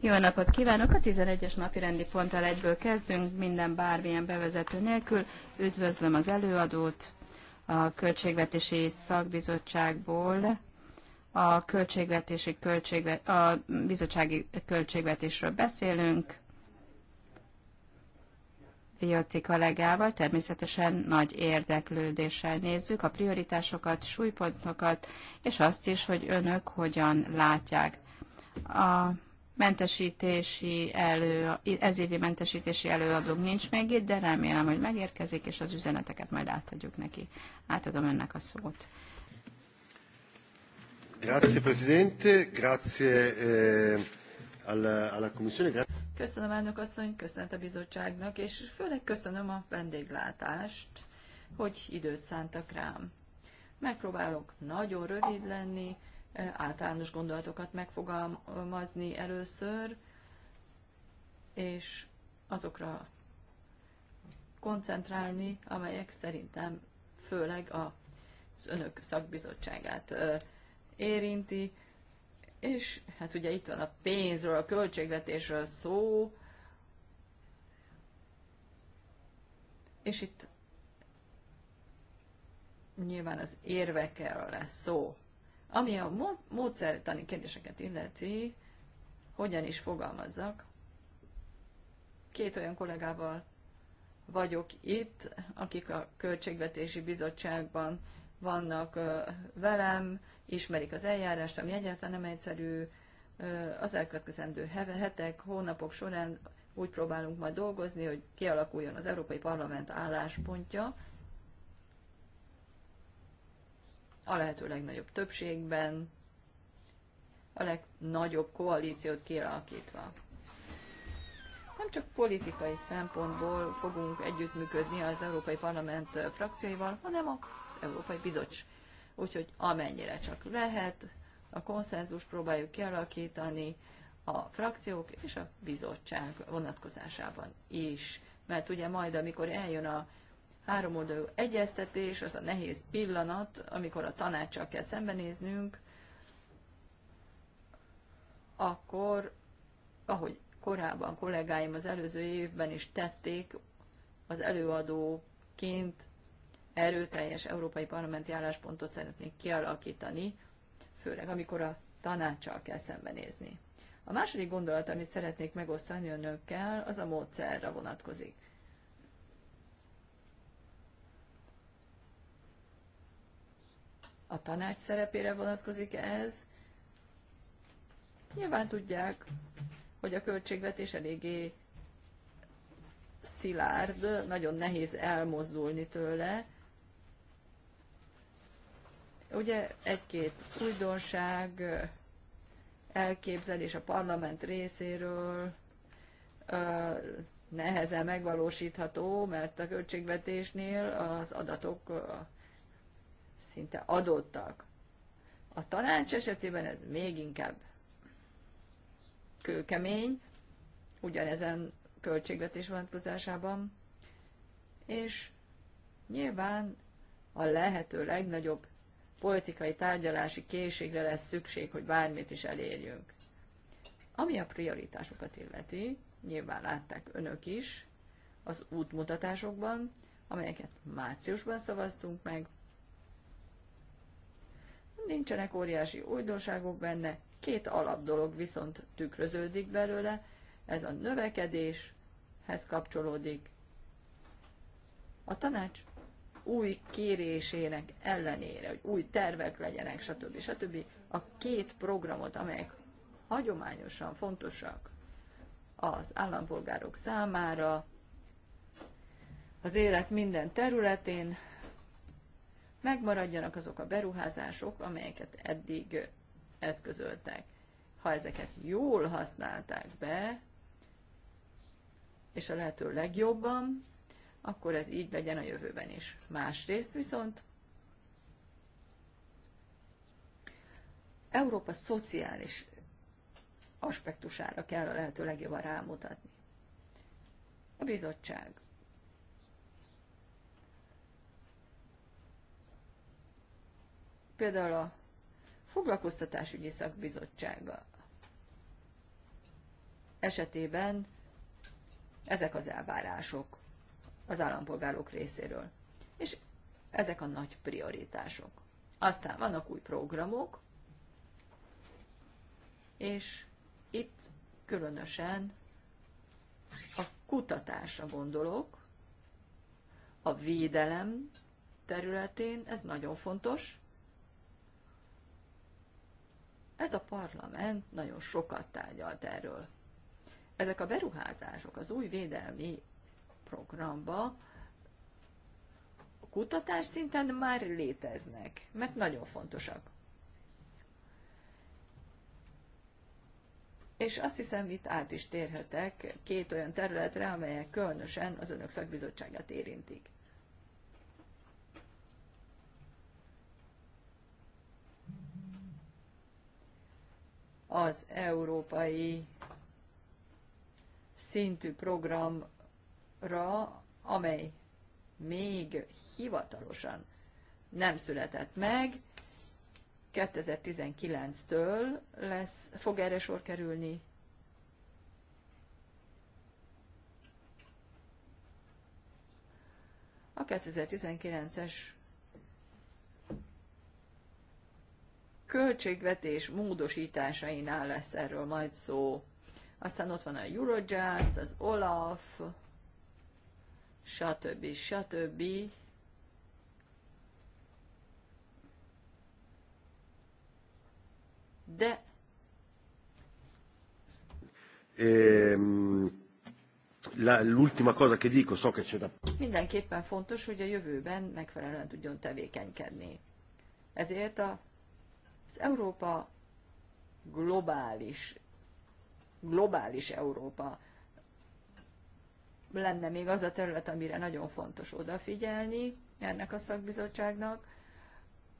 Jó napot kívánok! A 11-es napi rendi ponttal egyből kezdünk, minden bármilyen bevezető nélkül. Üdvözlöm az előadót a Költségvetési Szakbizottságból a költségvetési költségvet, a bizottsági költségvetésről beszélünk. Pioci kollégával természetesen nagy érdeklődéssel nézzük a prioritásokat, súlypontokat, és azt is, hogy önök hogyan látják. A mentesítési elő, ez évi mentesítési előadók nincs még itt, de remélem, hogy megérkezik, és az üzeneteket majd átadjuk neki. Átadom önnek a szót. Grazie Presidente, grazie eh, alla, alla Commissione. Köszönöm elnök asszony, köszönet a bizottságnak, és főleg köszönöm a vendéglátást, hogy időt szántak rám. Megpróbálok nagyon rövid lenni, e, általános gondolatokat megfogalmazni először, és azokra koncentrálni, amelyek szerintem főleg az önök szakbizottságát e, érinti, és hát ugye itt van a pénzről, a költségvetésről szó, és itt nyilván az érvekkel lesz szó. Ami a módszertani kérdéseket illeti, hogyan is fogalmazzak, két olyan kollégával vagyok itt, akik a Költségvetési Bizottságban vannak velem, ismerik az eljárást, ami egyáltalán nem egyszerű. Az elkövetkezendő hetek, hónapok során úgy próbálunk majd dolgozni, hogy kialakuljon az Európai Parlament álláspontja a lehető legnagyobb többségben, a legnagyobb koalíciót kialakítva. Nem csak politikai szempontból fogunk együttműködni az Európai Parlament frakcióival, hanem az Európai Bizottság úgyhogy amennyire csak lehet, a konszenzus próbáljuk kialakítani a frakciók és a bizottság vonatkozásában is. Mert ugye majd, amikor eljön a háromoldalú egyeztetés, az a nehéz pillanat, amikor a tanácssal kell szembenéznünk, akkor, ahogy korábban kollégáim az előző évben is tették, az előadóként erőteljes európai parlamenti álláspontot szeretnék kialakítani, főleg amikor a tanácssal kell szembenézni. A második gondolat, amit szeretnék megosztani önökkel, az a módszerre vonatkozik. A tanács szerepére vonatkozik ez. Nyilván tudják, hogy a költségvetés eléggé szilárd, nagyon nehéz elmozdulni tőle, Ugye egy-két újdonság, elképzelés a parlament részéről nehezen megvalósítható, mert a költségvetésnél az adatok szinte adottak. A tanács esetében ez még inkább kőkemény, ugyanezen költségvetés vonatkozásában, és nyilván a lehető legnagyobb politikai tárgyalási készségre lesz szükség, hogy bármit is elérjünk. Ami a prioritásokat illeti, nyilván látták önök is az útmutatásokban, amelyeket márciusban szavaztunk meg. Nincsenek óriási újdonságok benne, két alapdolog viszont tükröződik belőle, ez a növekedéshez kapcsolódik. A tanács új kérésének ellenére, hogy új tervek legyenek, stb. stb. A két programot, amelyek hagyományosan fontosak az állampolgárok számára, az élet minden területén, megmaradjanak azok a beruházások, amelyeket eddig eszközöltek. Ha ezeket jól használták be, és a lehető legjobban, akkor ez így legyen a jövőben is. Másrészt viszont Európa szociális aspektusára kell a lehető legjobban rámutatni. A bizottság. Például a foglalkoztatásügyi szakbizottsága esetében ezek az elvárások az állampolgárok részéről. És ezek a nagy prioritások. Aztán vannak új programok, és itt különösen a kutatásra gondolok, a védelem területén, ez nagyon fontos. Ez a parlament nagyon sokat tárgyalt erről. Ezek a beruházások az új védelmi programba kutatás szinten már léteznek, mert nagyon fontosak. És azt hiszem, itt át is térhetek két olyan területre, amelyek különösen az önök szakbizottságát érintik. Az európai szintű program ra, amely még hivatalosan nem született meg, 2019-től lesz, fog erre sor kerülni. A 2019-es költségvetés módosításainál lesz erről majd szó. Aztán ott van a Eurojust, az Olaf, stb. stb. De ehm, L'ultima cosa che dico, so che c'è da... Mindenképpen fontos, hogy a jövőben megfelelően tudjon tevékenykedni. Ezért a, az Európa globális, globális Európa lenne még az a terület, amire nagyon fontos odafigyelni ennek a szakbizottságnak.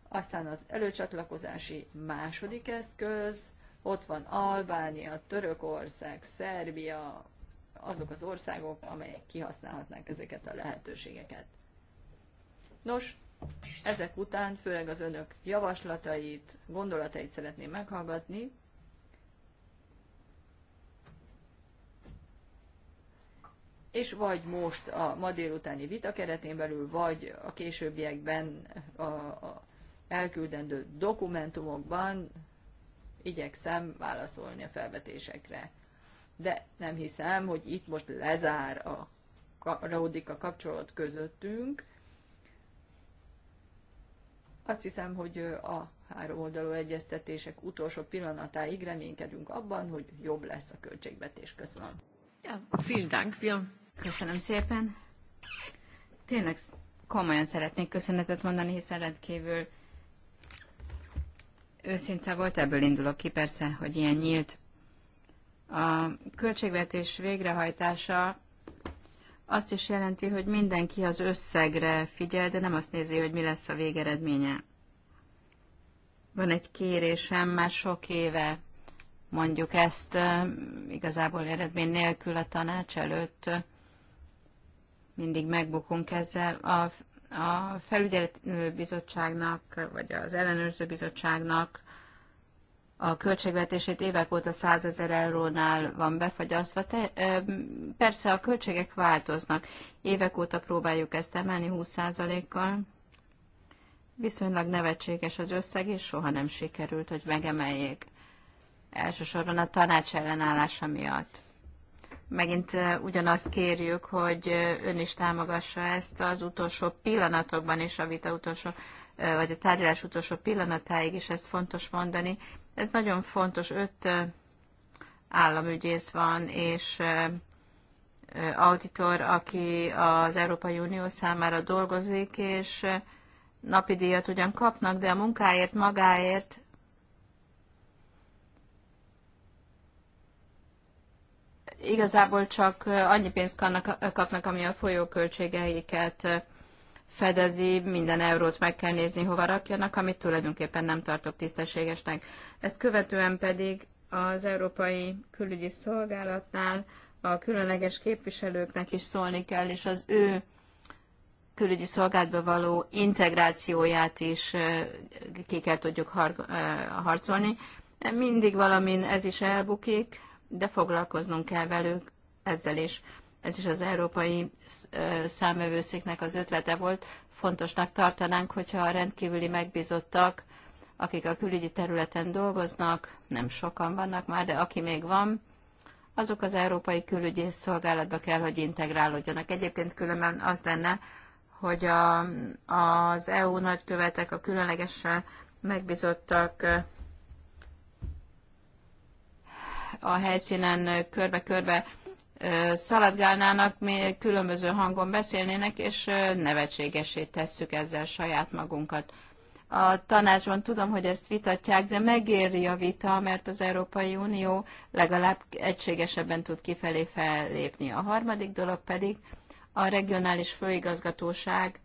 Aztán az előcsatlakozási második eszköz, ott van Albánia, Törökország, Szerbia, azok az országok, amelyek kihasználhatnák ezeket a lehetőségeket. Nos, ezek után főleg az önök javaslatait, gondolatait szeretném meghallgatni, és vagy most a ma délutáni vita keretén belül, vagy a későbbiekben a, a elküldendő dokumentumokban igyekszem válaszolni a felvetésekre. De nem hiszem, hogy itt most lezár a Raudika kapcsolat közöttünk. Azt hiszem, hogy a három oldalú egyeztetések utolsó pillanatáig reménykedünk abban, hogy jobb lesz a költségvetés. Köszönöm. Ja, vielen Dank. Wir Köszönöm szépen. Tényleg komolyan szeretnék köszönetet mondani, hiszen rendkívül őszinte volt, ebből indulok ki persze, hogy ilyen nyílt. A költségvetés végrehajtása azt is jelenti, hogy mindenki az összegre figyel, de nem azt nézi, hogy mi lesz a végeredménye. Van egy kérésem már sok éve, mondjuk ezt igazából eredmény nélkül a tanács előtt, mindig megbukunk ezzel. A, a bizottságnak vagy az ellenőrző bizottságnak a költségvetését évek óta 100 ezer eurónál van befagyasztva. Te, persze a költségek változnak. Évek óta próbáljuk ezt emelni 20%-kal. Viszonylag nevetséges az összeg, és soha nem sikerült, hogy megemeljék. Elsősorban a tanács ellenállása miatt megint ugyanazt kérjük, hogy ön is támogassa ezt az utolsó pillanatokban és a vita utolsó, vagy a tárgyalás utolsó pillanatáig is ezt fontos mondani. Ez nagyon fontos, öt államügyész van, és auditor, aki az Európai Unió számára dolgozik, és napi díjat ugyan kapnak, de a munkáért magáért igazából csak annyi pénzt kapnak, ami a folyóköltségeiket fedezi, minden eurót meg kell nézni, hova rakjanak, amit tulajdonképpen nem tartok tisztességesnek. Ezt követően pedig az Európai Külügyi Szolgálatnál a különleges képviselőknek is szólni kell, és az ő külügyi szolgálatba való integrációját is ki kell tudjuk harcolni. Mindig valamin ez is elbukik, de foglalkoznunk kell velük ezzel is. Ez is az európai számvevőszéknek az ötlete volt. Fontosnak tartanánk, hogyha a rendkívüli megbízottak, akik a külügyi területen dolgoznak, nem sokan vannak már, de aki még van, azok az Európai Külügyi Szolgálatba kell, hogy integrálódjanak. Egyébként különben az lenne, hogy a, az EU nagykövetek, a különlegesen megbizottak a helyszínen körbe-körbe szaladgálnának, különböző hangon beszélnének, és nevetségesé tesszük ezzel saját magunkat. A tanácsban tudom, hogy ezt vitatják, de megéri a vita, mert az Európai Unió legalább egységesebben tud kifelé fellépni. A harmadik dolog pedig a regionális főigazgatóság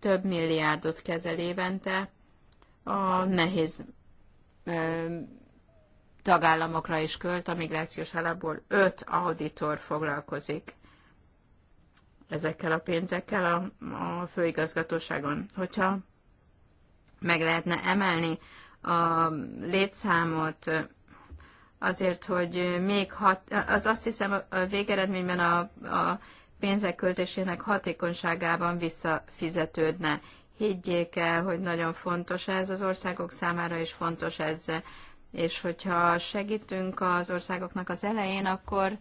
több milliárdot kezel évente a nehéz tagállamokra is költ, a migrációs alapból öt auditor foglalkozik ezekkel a pénzekkel a, a főigazgatóságon. Hogyha meg lehetne emelni a létszámot azért, hogy még hat, az azt hiszem a végeredményben a, a pénzek költésének hatékonyságában visszafizetődne. Higgyék el, hogy nagyon fontos ez az országok számára, és fontos ez és hogyha segítünk az országoknak az elején, akkor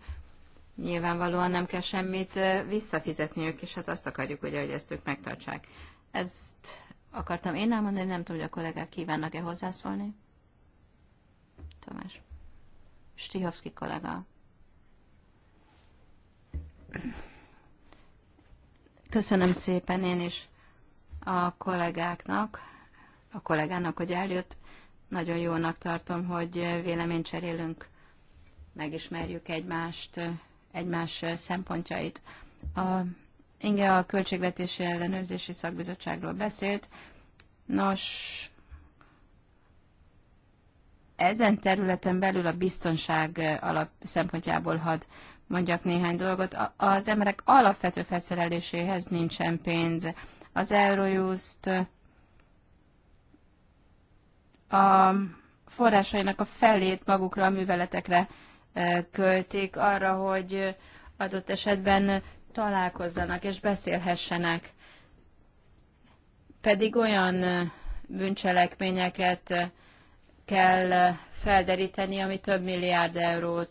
nyilvánvalóan nem kell semmit visszafizetniük, és hát azt akarjuk, ugye, hogy ezt ők megtartsák. Ezt akartam én elmondani, nem tudom, hogy a kollégák kívánnak-e hozzászólni. Tamás. Stihovszki kollega. Köszönöm szépen én is a kollégáknak, a kollégának, hogy eljött. Nagyon jónak tartom, hogy véleményt cserélünk, megismerjük egymást, egymás szempontjait. A, Inge a Költségvetési Ellenőrzési Szakbizottságról beszélt. Nos, ezen területen belül a biztonság alap szempontjából had mondjak néhány dolgot. Az emberek alapvető felszereléséhez nincsen pénz. Az Eurojust a forrásainak a felét magukra a műveletekre e, költik, arra, hogy adott esetben találkozzanak és beszélhessenek. Pedig olyan e, bűncselekményeket e, kell felderíteni, ami több milliárd eurót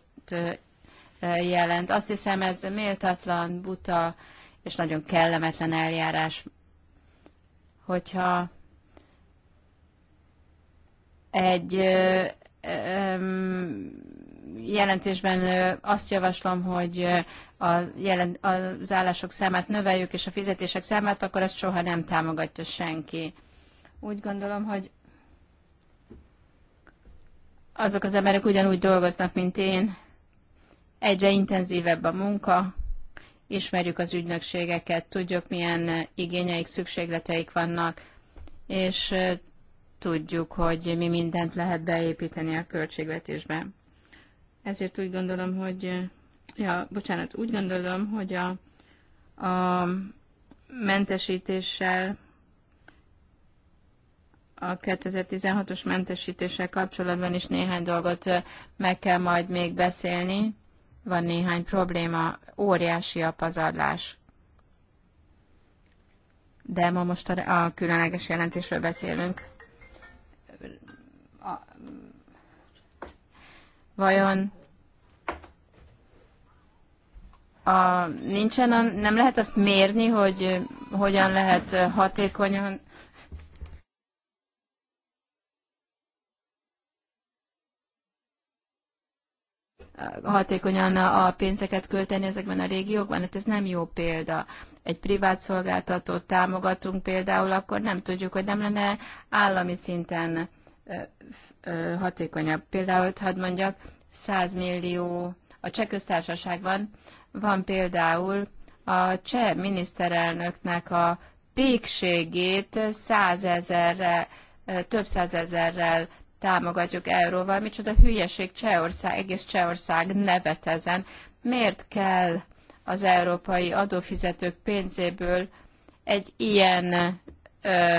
jelent. Azt hiszem, ez méltatlan, buta és nagyon kellemetlen eljárás, hogyha egy jelentésben azt javaslom, hogy a jelen, az állások számát növeljük, és a fizetések számát, akkor ezt soha nem támogatja senki. Úgy gondolom, hogy azok az emberek ugyanúgy dolgoznak, mint én. Egyre intenzívebb a munka, ismerjük az ügynökségeket, tudjuk, milyen igényeik, szükségleteik vannak, és tudjuk, hogy mi mindent lehet beépíteni a költségvetésbe. Ezért úgy gondolom, hogy, ja, bocsánat, úgy gondolom, hogy a, a mentesítéssel, a 2016-os mentesítéssel kapcsolatban is néhány dolgot meg kell majd még beszélni. Van néhány probléma, óriási a pazarlás. De ma most a, a különleges jelentésről beszélünk. Vajon a, nincsen, a, nem lehet azt mérni, hogy hogyan lehet hatékonyan hatékonyan a pénzeket költeni ezekben a régiókban, hát ez nem jó példa. Egy privát szolgáltatót támogatunk például, akkor nem tudjuk, hogy nem lenne állami szinten hatékonyabb. Például, hadd mondjak, 100 millió a cseh köztársaságban van például a cseh miniszterelnöknek a pékségét százezerre, több százezerrel támogatjuk euróval. Micsoda hülyeség Csehország, egész Csehország nevet ezen. Miért kell az európai adófizetők pénzéből egy ilyen ö,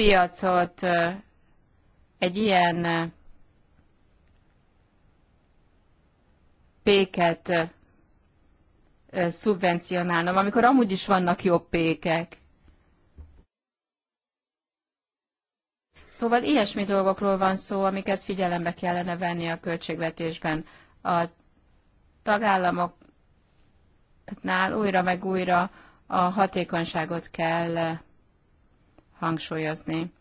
piacot egy ilyen péket szubvencionálnom, amikor amúgy is vannak jobb pékek. Szóval ilyesmi dolgokról van szó, amiket figyelembe kellene venni a költségvetésben. A tagállamoknál újra meg újra a hatékonyságot kell hangsúlyozni.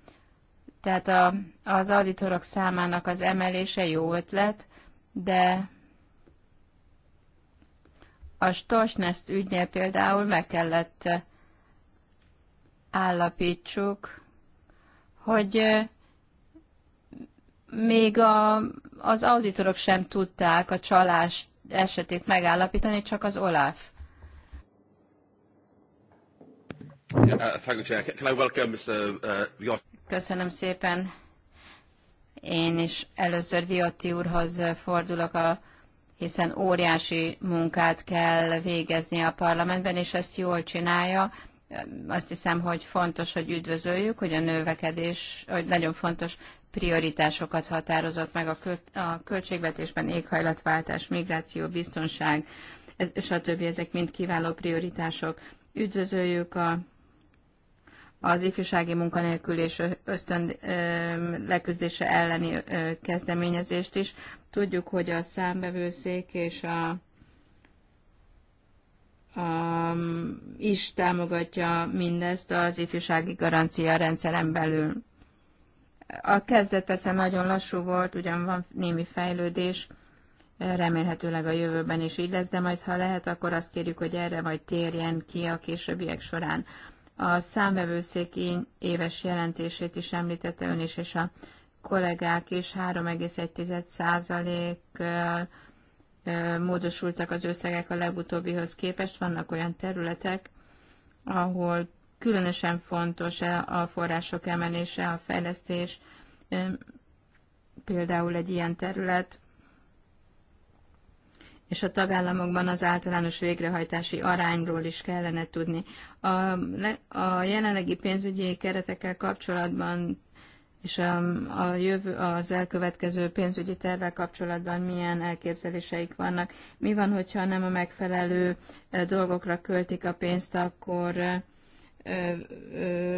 Tehát a, az auditorok számának az emelése jó ötlet, de a Stosnest ügynél például meg kellett állapítsuk, hogy még a, az auditorok sem tudták a csalás esetét megállapítani, csak az OLAF. Uh, uh, Köszönöm szépen. Én is először Viotti úrhoz uh, fordulok, a, hiszen óriási munkát kell végezni a parlamentben, és ezt jól csinálja. Azt hiszem, hogy fontos, hogy üdvözöljük, hogy a növekedés, hogy nagyon fontos prioritásokat határozott meg a, költ, a költségvetésben, éghajlatváltás, migráció, biztonság, stb. Ezek mind kiváló prioritások. Üdvözöljük a az ifjúsági és ösztön leküzdése elleni kezdeményezést is. Tudjuk, hogy a számbevőszék és a, a, is támogatja mindezt az ifjúsági garancia rendszeren belül. A kezdet persze nagyon lassú volt, ugyan van némi fejlődés, remélhetőleg a jövőben is így lesz, de majd ha lehet, akkor azt kérjük, hogy erre majd térjen ki a későbbiek során. A számvevőszék éves jelentését is említette ön is, és a kollégák is 3,1%-kal módosultak az összegek a legutóbbihoz képest. Vannak olyan területek, ahol különösen fontos e a források emelése, a fejlesztés, például egy ilyen terület, és a tagállamokban az általános végrehajtási arányról is kellene tudni. A, a jelenlegi pénzügyi keretekkel kapcsolatban és a, a jövő, az elkövetkező pénzügyi tervvel kapcsolatban milyen elképzeléseik vannak? Mi van, hogyha nem a megfelelő e, dolgokra költik a pénzt, akkor e, e,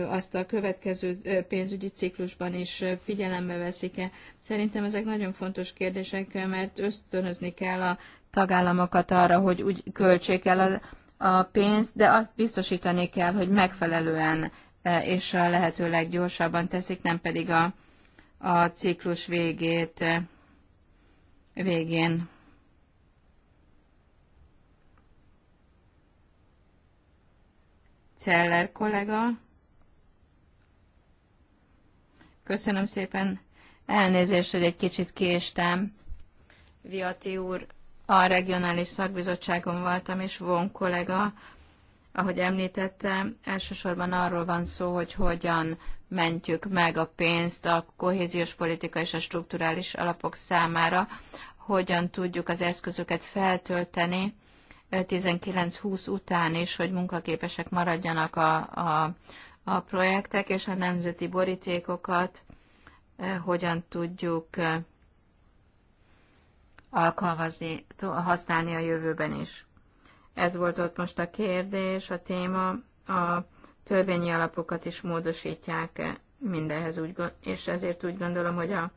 azt a következő pénzügyi ciklusban is figyelembe veszik-e. Szerintem ezek nagyon fontos kérdések, mert ösztönözni kell a tagállamokat arra, hogy úgy költsék el a, a pénzt, de azt biztosítani kell, hogy megfelelően e, és a lehető leggyorsabban teszik, nem pedig a, a ciklus végét e, végén. Celler kollega. Köszönöm szépen. Elnézést, hogy egy kicsit késtem. Viati úr a regionális szakbizottságon voltam, és von kollega, ahogy említettem, elsősorban arról van szó, hogy hogyan mentjük meg a pénzt a kohéziós politika és a strukturális alapok számára, hogyan tudjuk az eszközöket feltölteni 19-20 után is, hogy munkaképesek maradjanak a, a, a projektek, és a nemzeti borítékokat hogyan tudjuk alkalmazni, használni a jövőben is. Ez volt ott most a kérdés, a téma, a törvényi alapokat is módosítják -e mindenhez, úgy, és ezért úgy gondolom, hogy a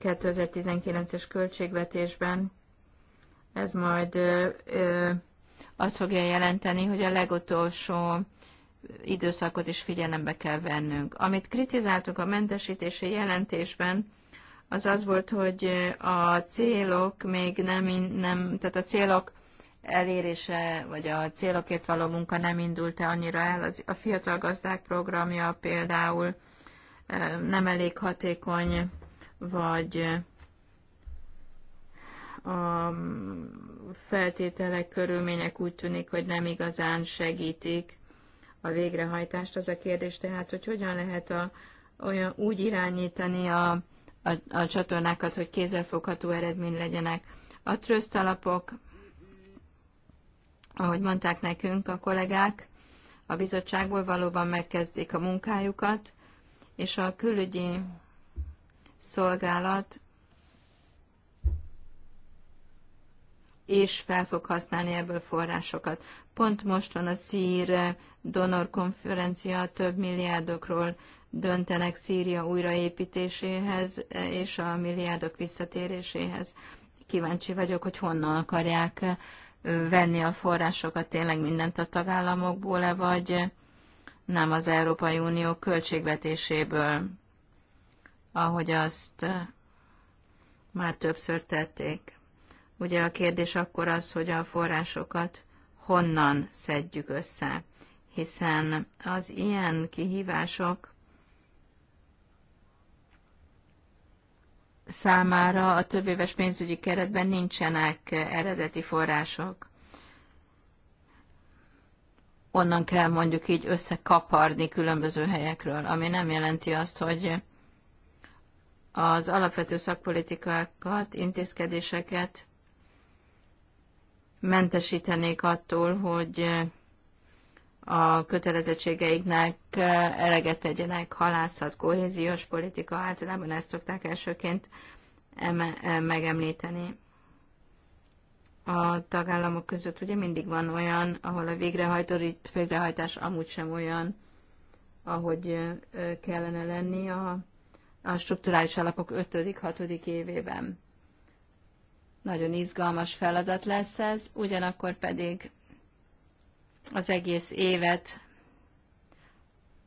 2019-es költségvetésben ez majd ö, ö, azt fogja jelenteni, hogy a legutolsó időszakot is figyelembe kell vennünk. Amit kritizáltuk a mentesítési jelentésben, az az volt, hogy a célok még nem, nem tehát a célok elérése, vagy a célokért való munka nem indult -e annyira el. Az, a Fiatal Gazdák programja például nem elég hatékony, vagy a feltételek, körülmények úgy tűnik, hogy nem igazán segítik a végrehajtást. Az a kérdés tehát, hogy hogyan lehet a, olyan, úgy irányítani a, a, a csatornákat, hogy kézzelfogható eredmény legyenek. A tröszt alapok, ahogy mondták nekünk a kollégák, a bizottságból valóban megkezdik a munkájukat, és a külügyi szolgálat és fel fog használni ebből forrásokat. Pont most van a szír konferencia több milliárdokról döntenek Szíria újraépítéséhez és a milliárdok visszatéréséhez. Kíváncsi vagyok, hogy honnan akarják venni a forrásokat, tényleg mindent a tagállamokból-e, vagy nem az Európai Unió költségvetéséből, ahogy azt már többször tették. Ugye a kérdés akkor az, hogy a forrásokat honnan szedjük össze, hiszen az ilyen kihívások számára a éves pénzügyi keretben nincsenek eredeti források. Onnan kell mondjuk így összekaparni különböző helyekről, ami nem jelenti azt, hogy az alapvető szakpolitikákat, intézkedéseket mentesítenék attól, hogy a kötelezettségeiknek eleget tegyenek, halászat, kohéziós politika, általában ezt szokták elsőként megemlíteni. A tagállamok között ugye mindig van olyan, ahol a végrehajtó, végrehajtás amúgy sem olyan, ahogy kellene lenni a, a strukturális alapok 5.-6. évében. Nagyon izgalmas feladat lesz ez, ugyanakkor pedig az egész évet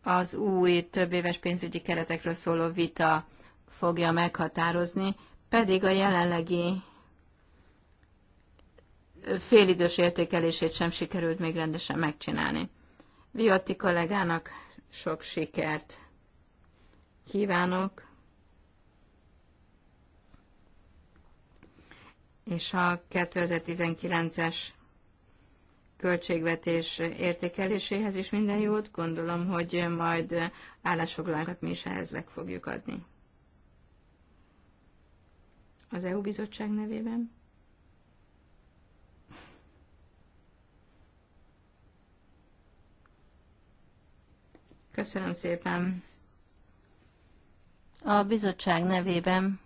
az új több éves pénzügyi keretekről szóló vita fogja meghatározni, pedig a jelenlegi félidős értékelését sem sikerült még rendesen megcsinálni. Viotti kollégának sok sikert kívánok, és a 2019-es költségvetés értékeléséhez is minden jót. Gondolom, hogy majd állásfoglalókat mi is ehhez leg fogjuk adni. Az EU bizottság nevében. Köszönöm szépen. A bizottság nevében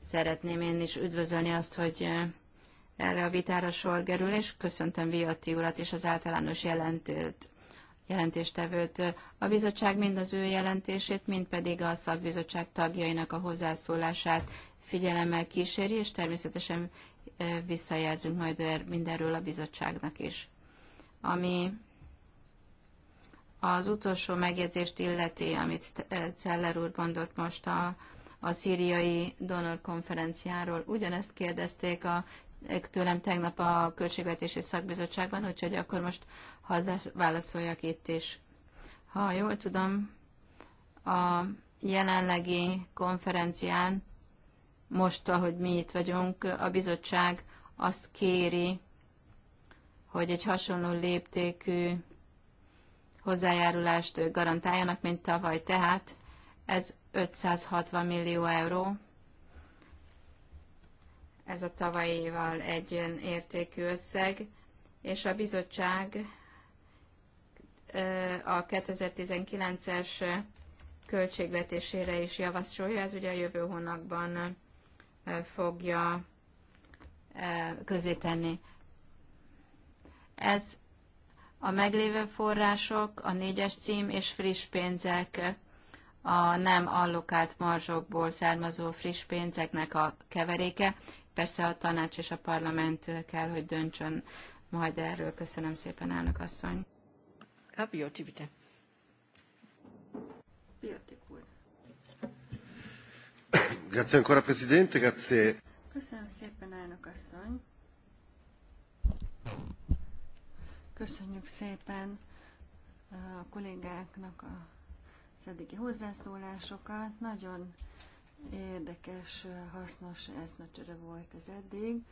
szeretném én is üdvözölni azt, hogy erre a vitára sor kerül, és köszöntöm Viatti urat és az általános jelentőt jelentéstevőt. A bizottság mind az ő jelentését, mind pedig a szakbizottság tagjainak a hozzászólását figyelemmel kíséri, és természetesen e, visszajelzünk majd er, mindenről a bizottságnak is. Ami az utolsó megjegyzést illeti, amit e, Celler úr mondott most a, a szíriai donor konferenciáról. Ugyanezt kérdezték a tőlem tegnap a Költségvetési Szakbizottságban, úgyhogy akkor most hadd válaszoljak itt is. Ha jól tudom, a jelenlegi konferencián, most, ahogy mi itt vagyunk, a bizottság azt kéri, hogy egy hasonló léptékű hozzájárulást garantáljanak, mint tavaly. Tehát ez 560 millió euró, ez a tavalyival ilyen értékű összeg, és a bizottság a 2019-es költségvetésére is javasolja, ez ugye a jövő hónapban fogja közétenni. Ez a meglévő források, a négyes cím és friss pénzek, a nem allokált marzsokból származó friss pénzeknek a keveréke, Persze a tanács és a parlament kell, hogy döntsön majd erről. Köszönöm szépen, elnök asszony. Biotibite. Grazie ancora, Presidente, grazie. Köszönöm szépen, elnök asszony. Köszönjük szépen uh, a kollégáknak az eddigi hozzászólásokat. Nagyon Érdekes, hasznos eszmecsere volt ez eddig.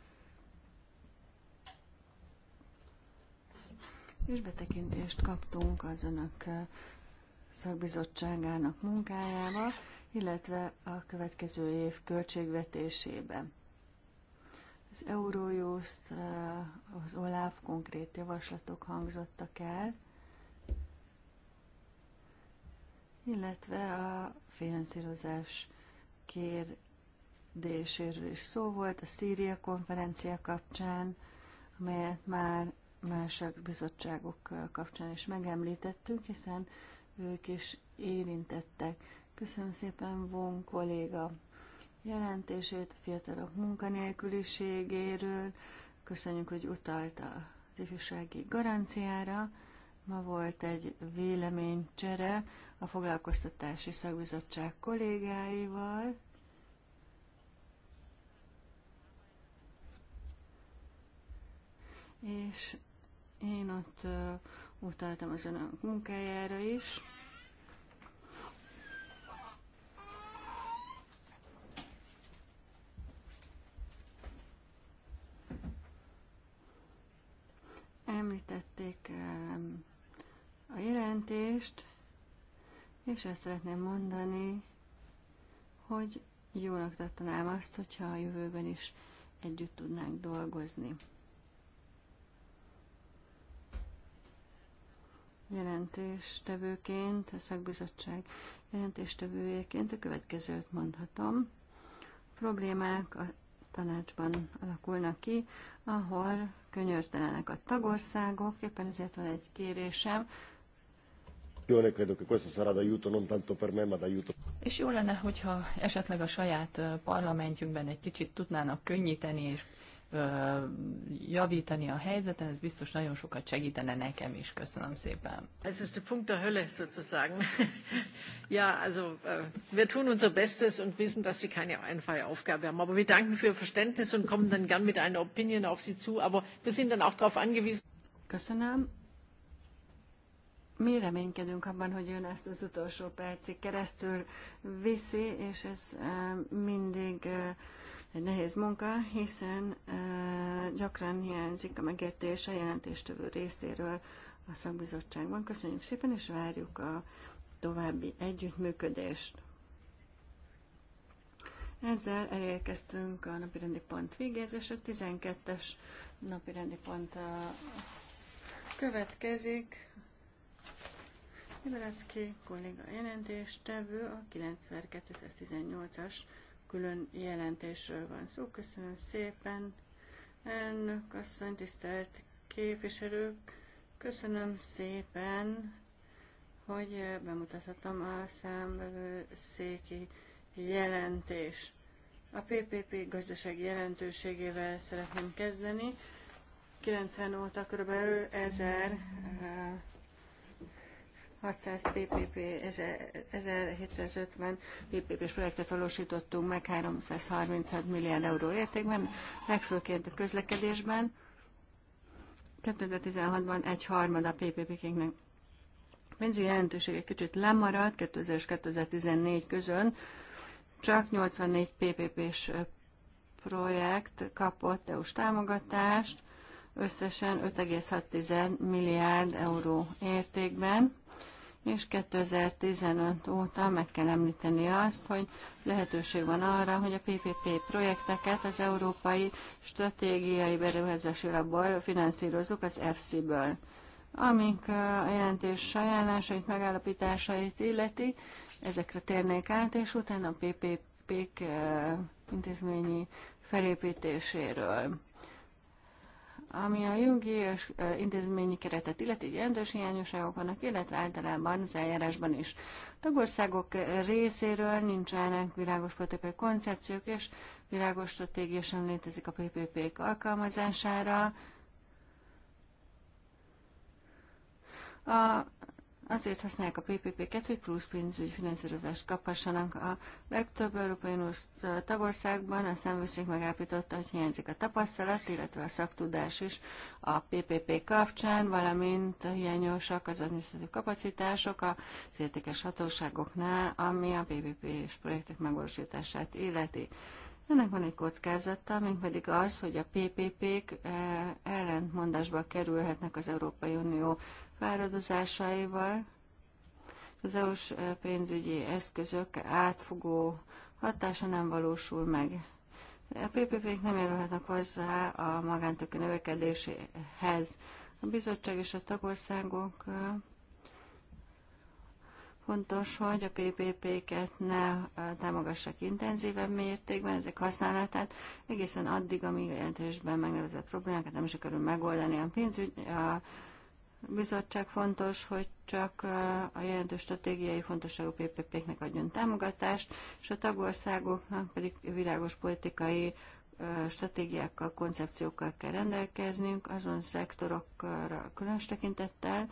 És betekintést kaptunk az önök szakbizottságának munkájába, illetve a következő év költségvetésébe. Az Eurojust, az OLAF konkrét javaslatok hangzottak el, illetve a finanszírozás kérdéséről is szó volt a Szíria konferencia kapcsán, amelyet már mások bizottságok kapcsán is megemlítettünk, hiszen ők is érintettek. Köszönöm szépen von kolléga jelentését a fiatalok munkanélküliségéről, köszönjük, hogy utalta az ifjúsági garanciára, Ma volt egy véleménycsere a foglalkoztatási szakbizottság kollégáival. És én ott utaltam az önök munkájára is. Említették a jelentést, és azt szeretném mondani, hogy jónak tartanám azt, hogyha a jövőben is együtt tudnánk dolgozni. Jelentéstevőként, a szakbizottság jelentéstevőjeként a következőt mondhatom. A problémák a tanácsban alakulnak ki, ahol könyörtelenek a tagországok, éppen ezért van egy kérésem, cooperazione, credo che questo sarà d'aiuto non tanto per me, ma És jó lenne, hogyha esetleg a saját parlamentjükben egy kicsit tudnának könnyíteni és javítani a helyzeten, ez biztos nagyon sokat segítene nekem is. Köszönöm szépen. Ez ist der Punkt der Hölle sozusagen. ja, also äh, wir tun unser Bestes und wissen, dass Sie keine einfache Aufgabe haben. Aber wir danken für Ihr Verständnis und kommen dann gern mit einer Opinion auf Sie zu. Aber wir sind dann auch darauf angewiesen. Köszönöm mi reménykedünk abban, hogy ön ezt az utolsó percig keresztül viszi, és ez mindig egy nehéz munka, hiszen gyakran hiányzik a megértés a jelentéstövő részéről a szakbizottságban. Köszönjük szépen, és várjuk a további együttműködést. Ezzel elérkeztünk a napirendi pont végéhez, és a 12-es napirendi pont következik. Liberacki kolléga jelentéstevő a 9218-as külön jelentésről van szó. Köszönöm szépen, elnök asszony, tisztelt képviselők, köszönöm szépen, hogy bemutathatom a számvevő széki jelentés. A PPP gazdaság jelentőségével szeretném kezdeni. 90 óta kb. 1000 600 PPP, 1750 PPP-s projektet valósítottunk meg 336 milliárd euró értékben, legfőként a közlekedésben. 2016-ban egy harmada PPP-kénknek pénzügyi jelentőség egy kicsit lemaradt 2000 és 2014 közön, csak 84 PPP-s projekt kapott EU-s támogatást, összesen 5,6 milliárd euró értékben és 2015 óta meg kell említeni azt, hogy lehetőség van arra, hogy a PPP projekteket az Európai Stratégiai Beruházási Labból finanszírozzuk az EFSI-ből. Amik a jelentés sajánlásait, megállapításait illeti, ezekre térnék át, és utána a PPP-k eh, intézményi felépítéséről. Ami a jogi és intézményi keretet illeti, jelentős hiányosságok vannak, illetve általában az eljárásban is. tagországok részéről nincsenek világos politikai koncepciók, és világos stratégia sem létezik a PPP-k alkalmazására. A Azért használják a PPP-ket, hogy plusz pénzügyi finanszírozást kaphassanak. A legtöbb Európai Uniós tagországban a szemvőszék megállapította, hogy hiányzik a tapasztalat, illetve a szaktudás is a PPP kapcsán, valamint hiányosak az adminisztratív kapacitások az értékes hatóságoknál, ami a ppp és projektek megvalósítását illeti. Ennek van egy kockázata, még pedig az, hogy a PPP-k eh, ellentmondásba kerülhetnek az Európai Unió fáradozásaival. Az EU-s e, pénzügyi eszközök átfogó hatása nem valósul meg. A PPP-k nem járulhatnak hozzá a magántöke növekedéséhez. A bizottság és a tagországok e, fontos, hogy a PPP-ket ne e, támogassák intenzívebb mértékben, ezek használatát egészen addig, amíg a jelentésben megnevezett problémákat nem sikerül megoldani. A pénzügy, a bizottság fontos, hogy csak a jelentős stratégiai fontosságú PPP-knek adjon támogatást, és a tagországoknak pedig világos politikai stratégiákkal, koncepciókkal kell rendelkeznünk, azon szektorokra különös tekintettel,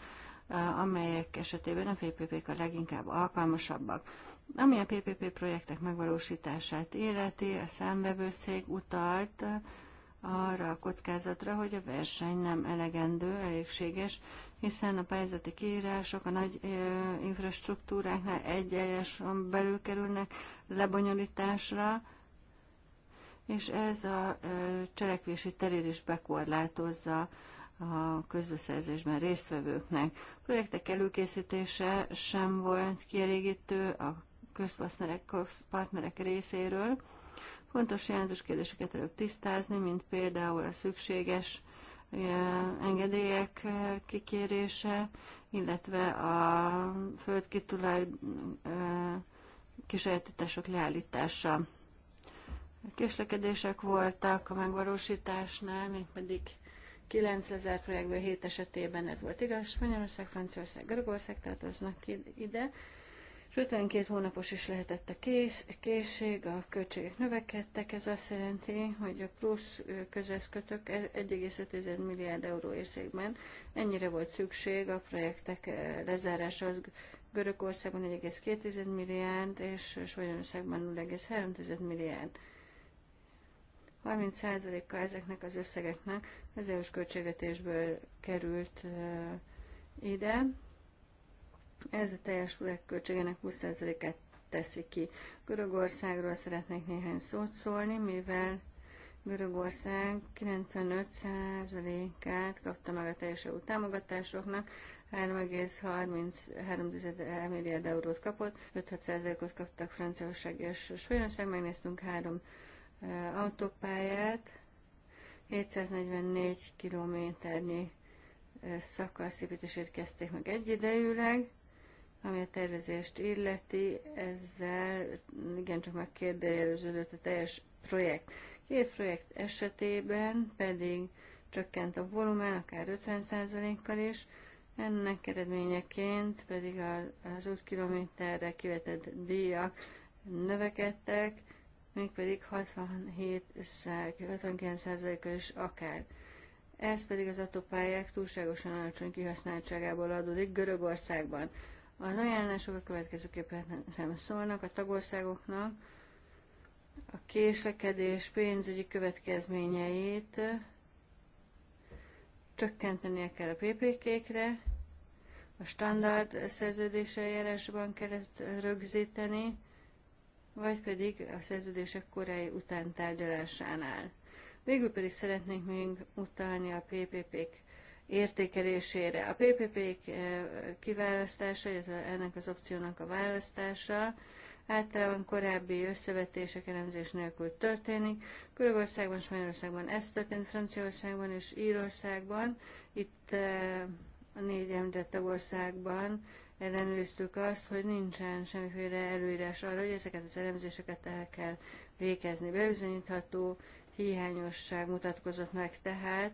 amelyek esetében a PPP-k a leginkább alkalmasabbak. Ami a PPP projektek megvalósítását életi, a számvevőszék utalt arra a kockázatra, hogy a verseny nem elegendő, elégséges, hiszen a pályázati kiírások a nagy ö, infrastruktúráknál egyenesen belül kerülnek lebonyolításra, és ez a ö, cselekvési terét is bekorlátozza a közbeszerzésben résztvevőknek. A projektek előkészítése sem volt kielégítő a közpartnerek részéről Fontos jelentős kérdéseket előbb tisztázni, mint például a szükséges eh, engedélyek eh, kikérése, illetve a földkitulaj eh, kisajátítások leállítása. Késlekedések voltak a megvalósításnál, mégpedig 9000 projektből 7 esetében ez volt igaz. Spanyolország, Franciaország, Görögország tartoznak ide, Főtelen két hónapos is lehetett a kész, a készség, a költségek növekedtek, ez azt jelenti, hogy a plusz közeszkötök 1,5 e- milliárd euró érszékben ennyire volt szükség a projektek lezárása Görögországban 1,2 milliárd, és Svajonországban 0,3 milliárd. 30%-a ezeknek az összegeknek az EU-s költségvetésből került ide, ez a teljes projekt költségének 20%-át teszi ki. Görögországról szeretnék néhány szót szólni, mivel Görögország 95%-át kapta meg a teljes EU támogatásoknak, 3,33 milliárd eurót kapott, 5-6%-ot kaptak Franciaország és Svédország, megnéztünk három autópályát, 744 kilométernyi szakaszépítését kezdték meg egyidejűleg, ami a tervezést illeti, ezzel igencsak megkérdőjeleződött a teljes projekt. Két projekt esetében pedig csökkent a volumen, akár 50%-kal is, ennek eredményeként pedig az útkilométerre kivetett díjak növekedtek, mégpedig 67-59%-kal is akár. Ez pedig az autópályák túlságosan alacsony kihasználtságából adódik Görögországban. Az ajánlások a következőképpen szólnak a tagországoknak, a késlekedés pénzügyi következményeit csökkentenie kell a PPK-kre, a standard szerződése eljárásban kell ezt rögzíteni, vagy pedig a szerződések korai után tárgyalásánál. Végül pedig szeretnék még utalni a PPP-k értékelésére. A PPP kiválasztása, illetve ennek az opciónak a választása általában korábbi összevetések elemzés nélkül történik. Körögországban, Spanyolországban ez történt, Franciaországban és Írországban. Itt eh, a négy említett tagországban ellenőriztük azt, hogy nincsen semmiféle előírás arra, hogy ezeket az elemzéseket el kell végezni. Bebizonyítható hiányosság mutatkozott meg tehát,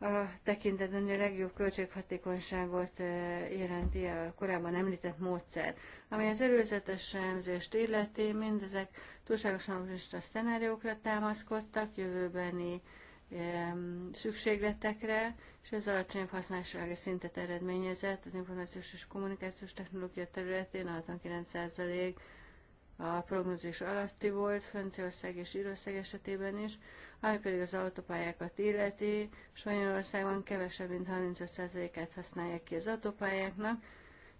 a tekintetben, hogy a legjobb költséghatékonyságot e, jelenti a korábban említett módszer. Ami az előzetes elemzést illeti, mindezek túlságosan a szenáriókra támaszkodtak, jövőbeni e, szükségletekre, és ez alacsonyabb használsági szintet eredményezett az információs és kommunikációs technológia területén 69% a prognózis alatti volt, Franciaország és Írország esetében is, ami pedig az autópályákat illeti, Spanyolországban kevesebb, mint 35%-át használják ki az autópályáknak,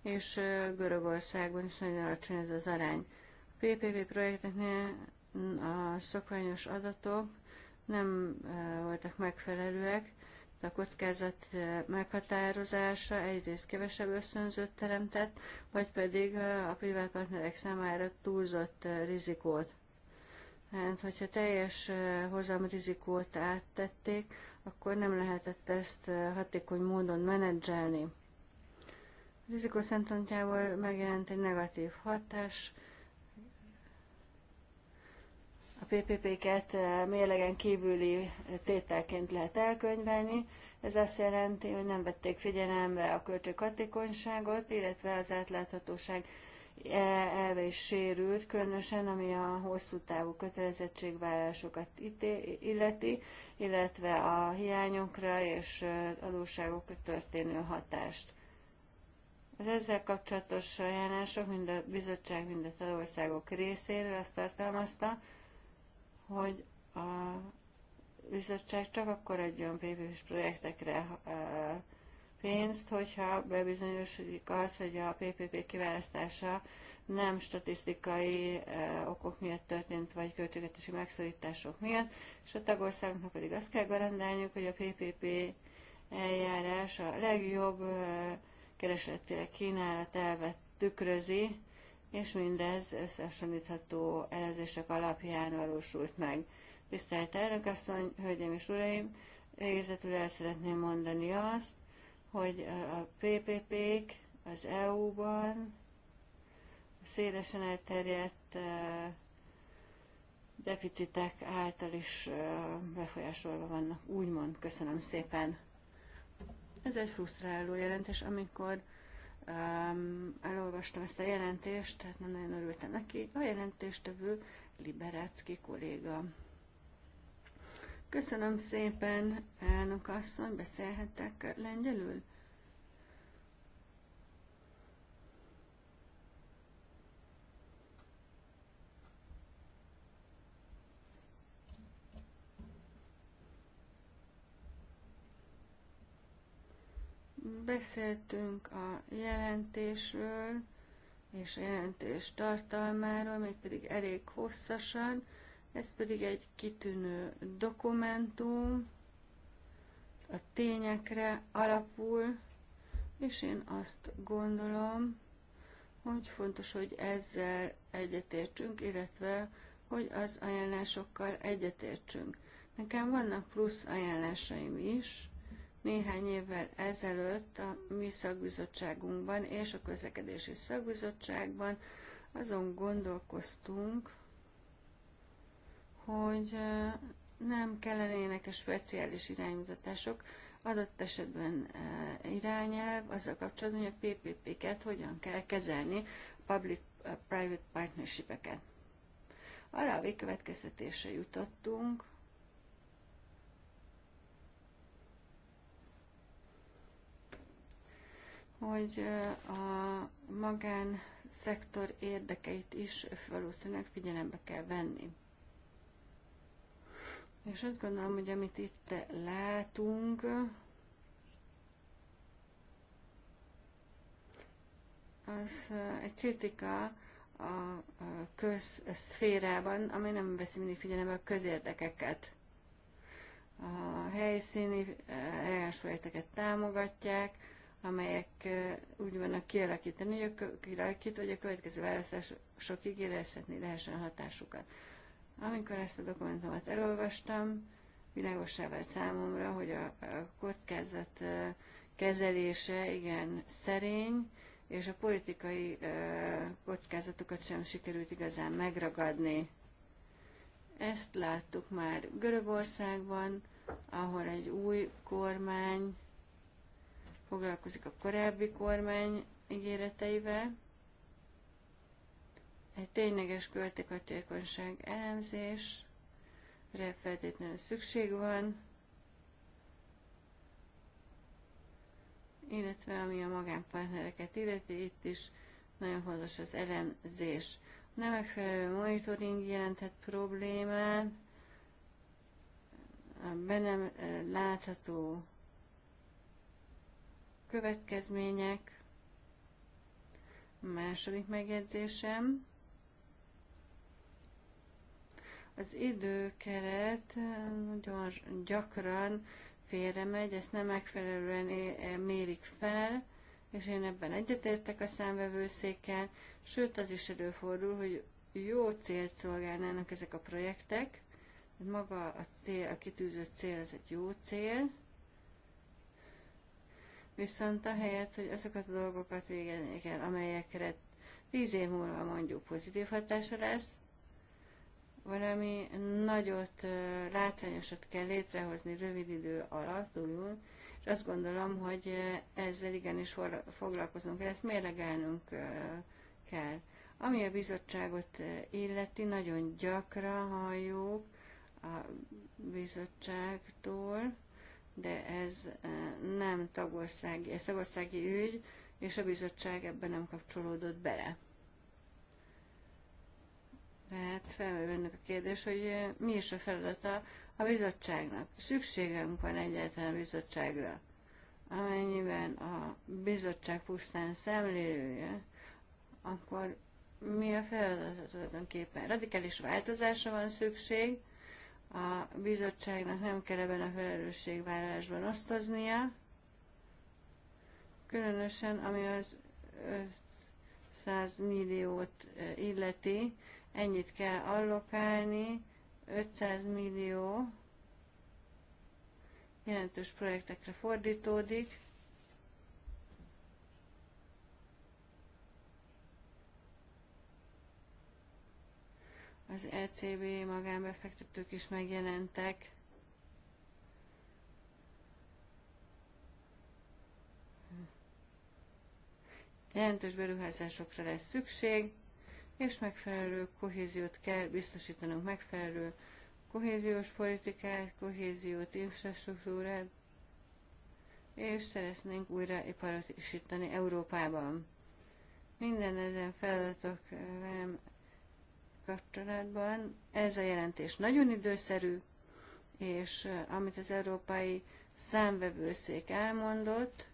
és Görögországban is nagyon alacsony ez az arány. A PPP projekteknél a szokványos adatok nem voltak megfelelőek, de a kockázat meghatározása egyrészt kevesebb ösztönzőt teremtett, vagy pedig a privát partnerek számára túlzott rizikót. Hát, hogyha teljes hozam rizikót áttették, akkor nem lehetett ezt hatékony módon menedzselni. A rizikó szempontjából megjelent egy negatív hatás. A PPP-ket mérlegen kívüli tételként lehet elkönyvelni. Ez azt jelenti, hogy nem vették figyelembe a költséghatékonyságot, illetve az átláthatóság elve is sérült, különösen ami a hosszú távú kötelezettségvállásokat illeti, illetve a hiányokra és adósságokra történő hatást. Az ezzel kapcsolatos ajánlások mind a bizottság, mind a tagországok részéről azt tartalmazta, hogy a bizottság csak akkor adjon PPP-s projektekre pénzt, hogyha bebizonyosodik az, hogy a PPP kiválasztása nem statisztikai eh, okok miatt történt, vagy költségvetési megszorítások miatt, és a tagországoknak pedig azt kell garantálniuk, hogy a PPP eljárás a legjobb eh, keresettére kínálat elvet tükrözi, és mindez összehasonlítható elezések alapján valósult meg. Tisztelt elnök asszony, hölgyeim és uraim, végezetül el szeretném mondani azt, hogy a PPP-k az EU-ban szélesen elterjedt deficitek által is befolyásolva vannak, úgymond. Köszönöm szépen. Ez egy frusztráló jelentés, amikor um, elolvastam ezt a jelentést, tehát nem nagyon örültem neki. A jelentéstevő Liberácki kolléga. Köszönöm szépen, elnök asszony, beszélhetek lengyelül? Beszéltünk a jelentésről és a jelentés tartalmáról, mégpedig elég hosszasan ez pedig egy kitűnő dokumentum, a tényekre alapul, és én azt gondolom, hogy fontos, hogy ezzel egyetértsünk, illetve hogy az ajánlásokkal egyetértsünk. Nekem vannak plusz ajánlásaim is. Néhány évvel ezelőtt a mi szakbizottságunkban és a közlekedési szakbizottságban azon gondolkoztunk, hogy nem kellenének a speciális iránymutatások, adott esetben irányelv azzal kapcsolatban, hogy a PPP-ket hogyan kell kezelni, public-private partnership-eket. Arra a végkövetkeztetésre jutottunk, hogy a magánszektor érdekeit is valószínűleg figyelembe kell venni. És azt gondolom, hogy amit itt látunk, az eh, egy kritika a közszférában, ami nem veszi mindig figyelembe a közérdekeket. A helyszíni eh, eljárás támogatják, amelyek eh, úgy vannak kialakítani, hogy a, vagy a következő választások ígérezhetni lehessen hatásukat. Amikor ezt a dokumentumot elolvastam, világosá vált számomra, hogy a, a kockázat kezelése igen szerény, és a politikai kockázatokat sem sikerült igazán megragadni. Ezt láttuk már Görögországban, ahol egy új kormány foglalkozik a korábbi kormány ígéreteivel, egy tényleges elemzés, elemzésre feltétlenül szükség van, illetve ami a magánpartnereket illeti, itt is nagyon fontos az elemzés. A nem megfelelő monitoring jelenthet problémát, a be nem eh, látható következmények. A második megjegyzésem. Az időkeret nagyon gyakran félremegy, ezt nem megfelelően mérik fel, és én ebben egyetértek a számvevőszékkel, sőt az is előfordul, hogy jó célt szolgálnának ezek a projektek, maga a cél, a kitűzött cél, az egy jó cél, viszont a helyet, hogy azokat a dolgokat végezni kell, amelyekre tíz év múlva mondjuk pozitív hatása lesz, valami nagyot, látványosat kell létrehozni rövid idő alatt, újul, és azt gondolom, hogy ezzel igenis foglalkozunk kell, ezt mérlegelnünk kell. Ami a bizottságot illeti, nagyon gyakran halljuk a bizottságtól, de ez nem tagországi, ez tagországi ügy, és a bizottság ebben nem kapcsolódott bele. Tehát felmerül bennük a kérdés, hogy mi is a feladata a bizottságnak. Szükségünk van egyáltalán a bizottságra. Amennyiben a bizottság pusztán szemlélője, akkor mi a feladat tulajdonképpen? Radikális változásra van szükség, a bizottságnak nem kell ebben a felelősségvállalásban osztoznia, különösen ami az 500 milliót illeti, ennyit kell allokálni, 500 millió jelentős projektekre fordítódik. Az ECB magánbefektetők is megjelentek. Jelentős beruházásokra lesz szükség és megfelelő kohéziót kell biztosítanunk, megfelelő kohéziós politikát, kohéziót, infrastruktúrát, és szeretnénk újra iparosítani Európában. Minden ezen feladatok eh, velem kapcsolatban. Ez a jelentés nagyon időszerű, és eh, amit az európai számvevőszék elmondott,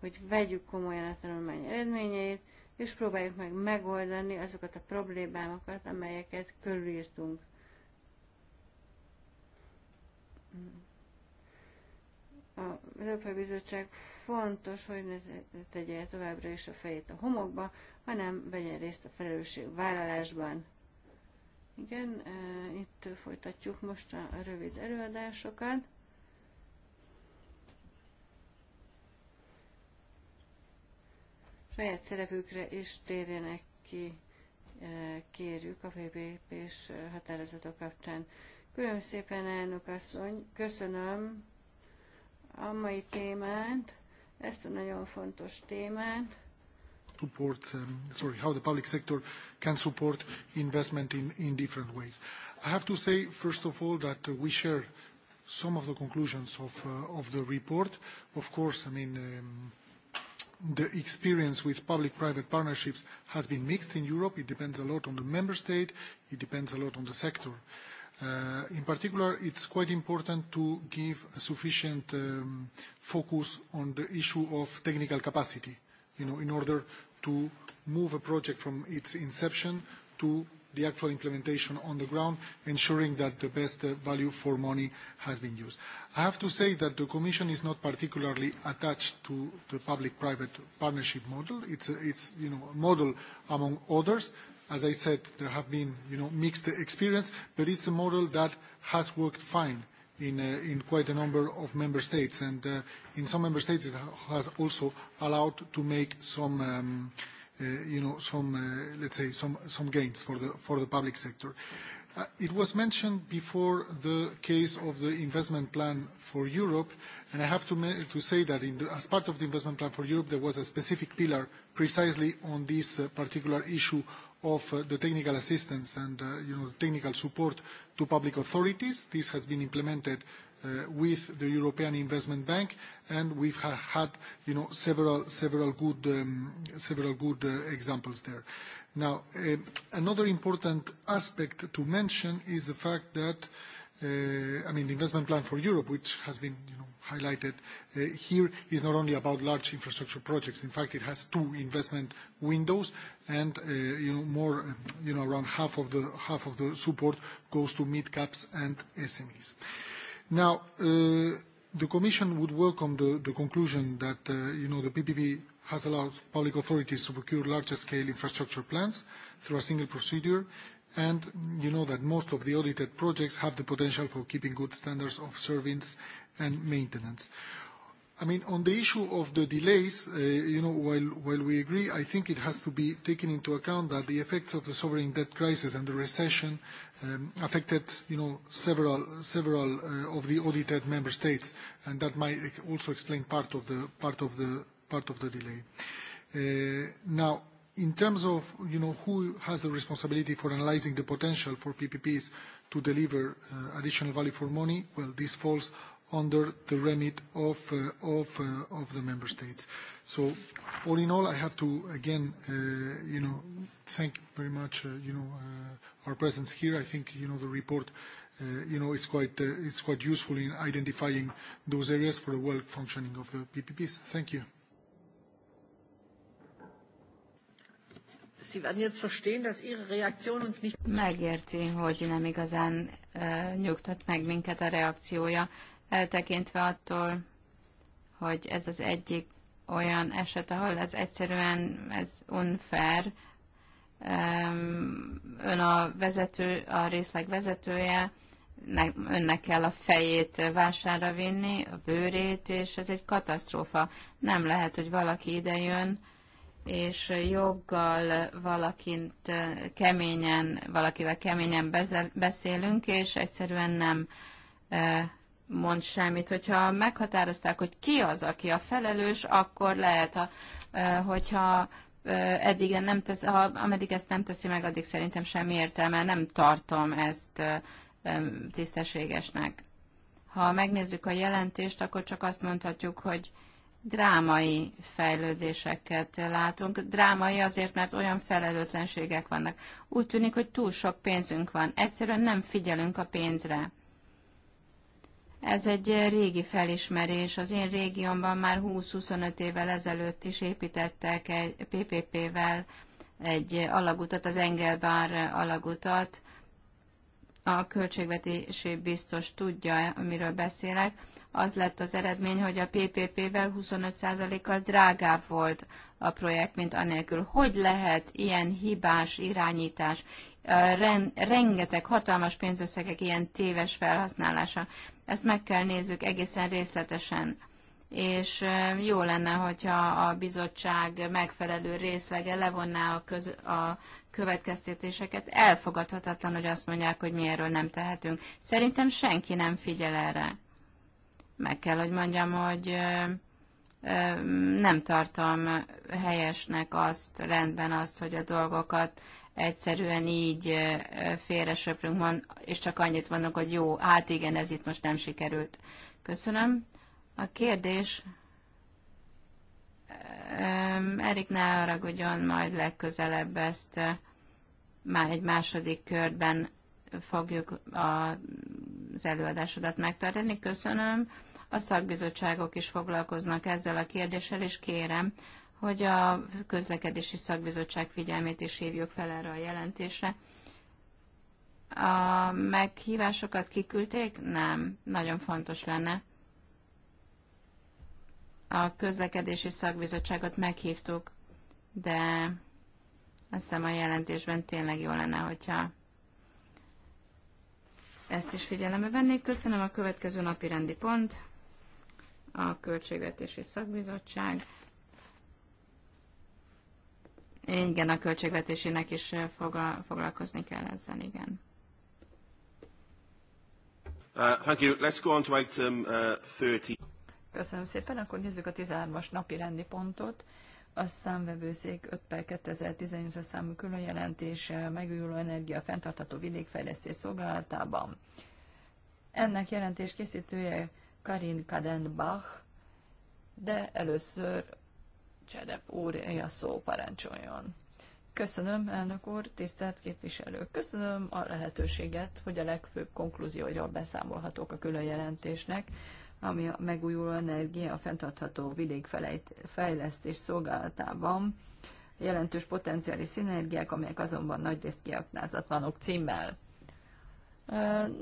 hogy vegyük komolyan a tanulmány eredményeit, és próbáljuk meg megoldani azokat a problémákat, amelyeket körülírtunk. Az Európai Bizottság fontos, hogy ne tegye továbbra is a fejét a homokba, hanem vegyen részt a felelősségvállalásban. Igen, eh, itt folytatjuk most a rövid előadásokat. saját szerepükre is térjenek ki, e, kérjük a ppp és határozatok kapcsán. Köszönöm szépen, elnök asszony, köszönöm a mai témát, ezt a nagyon fontos témát. Support, um, sorry, how the public sector can support investment in, in different ways. I have to say, first of all, that we share some of the conclusions of, uh, of the report. Of course, I mean, um, the experience with public-private partnerships has been mixed in Europe. It depends a lot on the member state. It depends a lot on the sector. Uh, in particular, it's quite important to give a sufficient um, focus on the issue of technical capacity, you know, in order to move a project from its inception to the actual implementation on the ground, ensuring that the best uh, value for money has been used. I have to say that the Commission is not particularly attached to the public-private partnership model. It's, a, uh, it's you know, a model among others. As I said, there have been you know, mixed experience, but it's a model that has worked fine in, uh, in quite a number of member states. And uh, in some member states, it has also allowed to make some um, uh, Uh, you know, some, uh, let's say, some, some gains for the, for the public sector. Uh, it was mentioned before the case of the investment plan for Europe, and I have to, to say that in the, as part of the investment plan for Europe, there was a specific pillar precisely on this uh, particular issue of uh, the technical assistance and uh, you know, technical support to public authorities. This has been implemented uh, Uh, with the European Investment Bank, and we've had, you know, several, several good, um, several good uh, examples there. Now, uh, another important aspect to mention is the fact that, I mean, the investment plan for Europe, which has been, you know, highlighted here, is not only about large infrastructure projects. In fact, it has two investment windows and, you know, more, you know, around half of the, half of the support goes to mid-caps and SMEs. Now, uh, the Commission would welcome the, the conclusion that uh, you know, the PPP has allowed public authorities to procure larger-scale infrastructure plans through a single procedure, and mm, you know that most of the audited projects have the potential for keeping good standards of service and maintenance. I mean, on the issue of the delays, uh, you know, while, while we agree, I think it has to be taken into account that the effects of the sovereign debt crisis and the recession Um, affected, you know, several, several uh, of the audited member states, and that might also explain part of the, part of the, part of the delay. Uh, now, in terms of, you know, who has the responsibility for analyzing the potential for PPPs to deliver uh, additional value for money, well, this falls under the remit of, uh, of, uh, of the member states. So all in all, I have to again, uh, you know, thank very much, uh, you know, uh, our presence here. I think, you know, the report, uh, you know, is quite, uh, it's quite useful in identifying those areas for the well functioning of the PPPs. Thank you. Sie werden jetzt verstehen, dass Ihre Reaktion uns nicht... Megérti, hogy nem igazán uh, nyugtat meg minket a reakciója eltekintve attól, hogy ez az egyik olyan eset, ahol ez egyszerűen ez unfair, ön a vezető, a részleg vezetője, önnek kell a fejét vására vinni, a bőrét, és ez egy katasztrófa. Nem lehet, hogy valaki ide jön, és joggal valakint eh, keményen, valakivel keményen beszélünk, és egyszerűen nem eh, mond semmit. Hogyha meghatározták, hogy ki az, aki a felelős, akkor lehet, a, hogyha eddig nem tesz, ha, ameddig ezt nem teszi meg, addig szerintem semmi értelme, nem tartom ezt tisztességesnek. Ha megnézzük a jelentést, akkor csak azt mondhatjuk, hogy drámai fejlődéseket látunk. Drámai azért, mert olyan felelőtlenségek vannak. Úgy tűnik, hogy túl sok pénzünk van. Egyszerűen nem figyelünk a pénzre. Ez egy régi felismerés. Az én régiómban már 20-25 évvel ezelőtt is építettek egy PPP-vel egy alagutat, az Engelbár alagutat. A költségvetési biztos tudja, amiről beszélek. Az lett az eredmény, hogy a PPP-vel 25%-kal drágább volt a projekt, mint anélkül. Hogy lehet ilyen hibás irányítás, rengeteg hatalmas pénzösszegek ilyen téves felhasználása. Ezt meg kell nézzük egészen részletesen, és jó lenne, hogyha a bizottság megfelelő részlege levonná a, köz, a következtetéseket. Elfogadhatatlan, hogy azt mondják, hogy mi erről nem tehetünk. Szerintem senki nem figyel erre. Meg kell, hogy mondjam, hogy nem tartom helyesnek azt, rendben azt, hogy a dolgokat egyszerűen így félre söprünk, és csak annyit mondunk, hogy jó, hát igen, ez itt most nem sikerült. Köszönöm. A kérdés, Erik ne haragudjon, majd legközelebb ezt már egy második körben fogjuk az előadásodat megtartani. Köszönöm. A szakbizottságok is foglalkoznak ezzel a kérdéssel, és kérem, hogy a közlekedési szakbizottság figyelmét is hívjuk fel erre a jelentésre. A meghívásokat kiküldték? Nem. Nagyon fontos lenne. A közlekedési szakbizottságot meghívtuk, de azt hiszem a jelentésben tényleg jó lenne, hogyha ezt is figyelembe vennék. Köszönöm a következő napi rendi pont, a Költségvetési Szakbizottság. Igen, a költségvetésének is eh, foglalkozni kell ezzel, igen. Uh, thank you. Let's go on to item uh, 30. Köszönöm szépen, akkor nézzük a 13-as napi rendi pontot. A számvevőszék 5 per 2018 számú külön jelentése megújuló energia fenntartható vidékfejlesztés szolgálatában. Ennek jelentés készítője Karin Kadenbach, de először Csedep úr, a szó parancsoljon. Köszönöm, elnök úr, tisztelt képviselő. Köszönöm a lehetőséget, hogy a legfőbb konklúzióiról beszámolhatok a külön jelentésnek, ami a megújuló energia a fenntartható vidékfejlesztés szolgálatában jelentős potenciális szinergiák, amelyek azonban nagyrészt kiaknázatlanok címmel.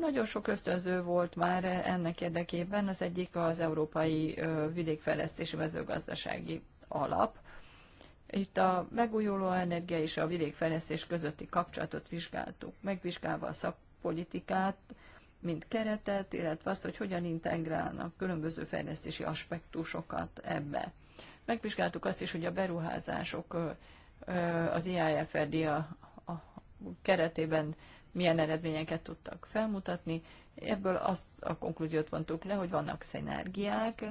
Nagyon sok ösztönző volt már ennek érdekében, az egyik az Európai Vidékfejlesztési Mezőgazdasági alap. Itt a megújuló energia és a vidékfejlesztés közötti kapcsolatot vizsgáltuk, megvizsgálva a szakpolitikát, mint keretet, illetve azt, hogy hogyan integrálnak különböző fejlesztési aspektusokat ebbe. Megvizsgáltuk azt is, hogy a beruházások az IIFRD a, a keretében milyen eredményeket tudtak felmutatni. Ebből azt a konklúziót vontuk le, hogy vannak szenergiák,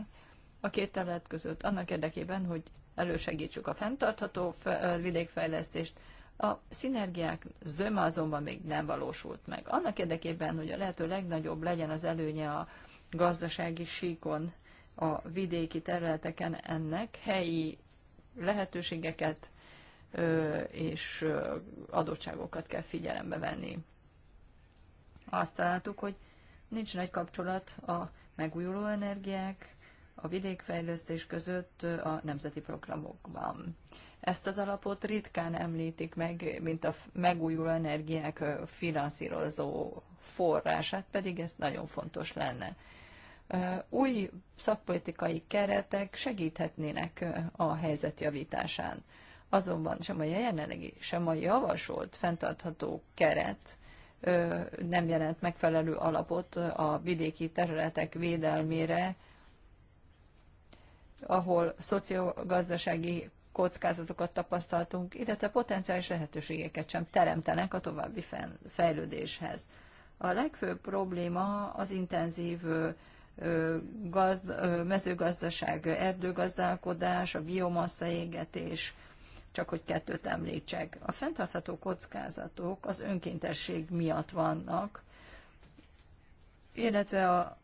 a két terület között, annak érdekében, hogy elősegítsük a fenntartható vidékfejlesztést. A szinergiák zöme azonban még nem valósult meg. Annak érdekében, hogy a lehető legnagyobb legyen az előnye a gazdasági síkon, a vidéki területeken ennek helyi lehetőségeket és adottságokat kell figyelembe venni. Azt találtuk, hogy nincs nagy kapcsolat a megújuló energiák a vidékfejlesztés között a nemzeti programokban. Ezt az alapot ritkán említik meg, mint a megújuló energiák finanszírozó forrását, pedig ez nagyon fontos lenne. Új szakpolitikai keretek segíthetnének a helyzet javításán. Azonban sem a jelenlegi, sem a javasolt fenntartható keret nem jelent megfelelő alapot a vidéki területek védelmére, ahol szociogazdasági kockázatokat tapasztaltunk, illetve potenciális lehetőségeket sem teremtenek a további fejlődéshez. A legfőbb probléma az intenzív gazd, mezőgazdaság, erdőgazdálkodás, a biomassa égetés, csak hogy kettőt említsek. A fenntartható kockázatok az önkéntesség miatt vannak, illetve a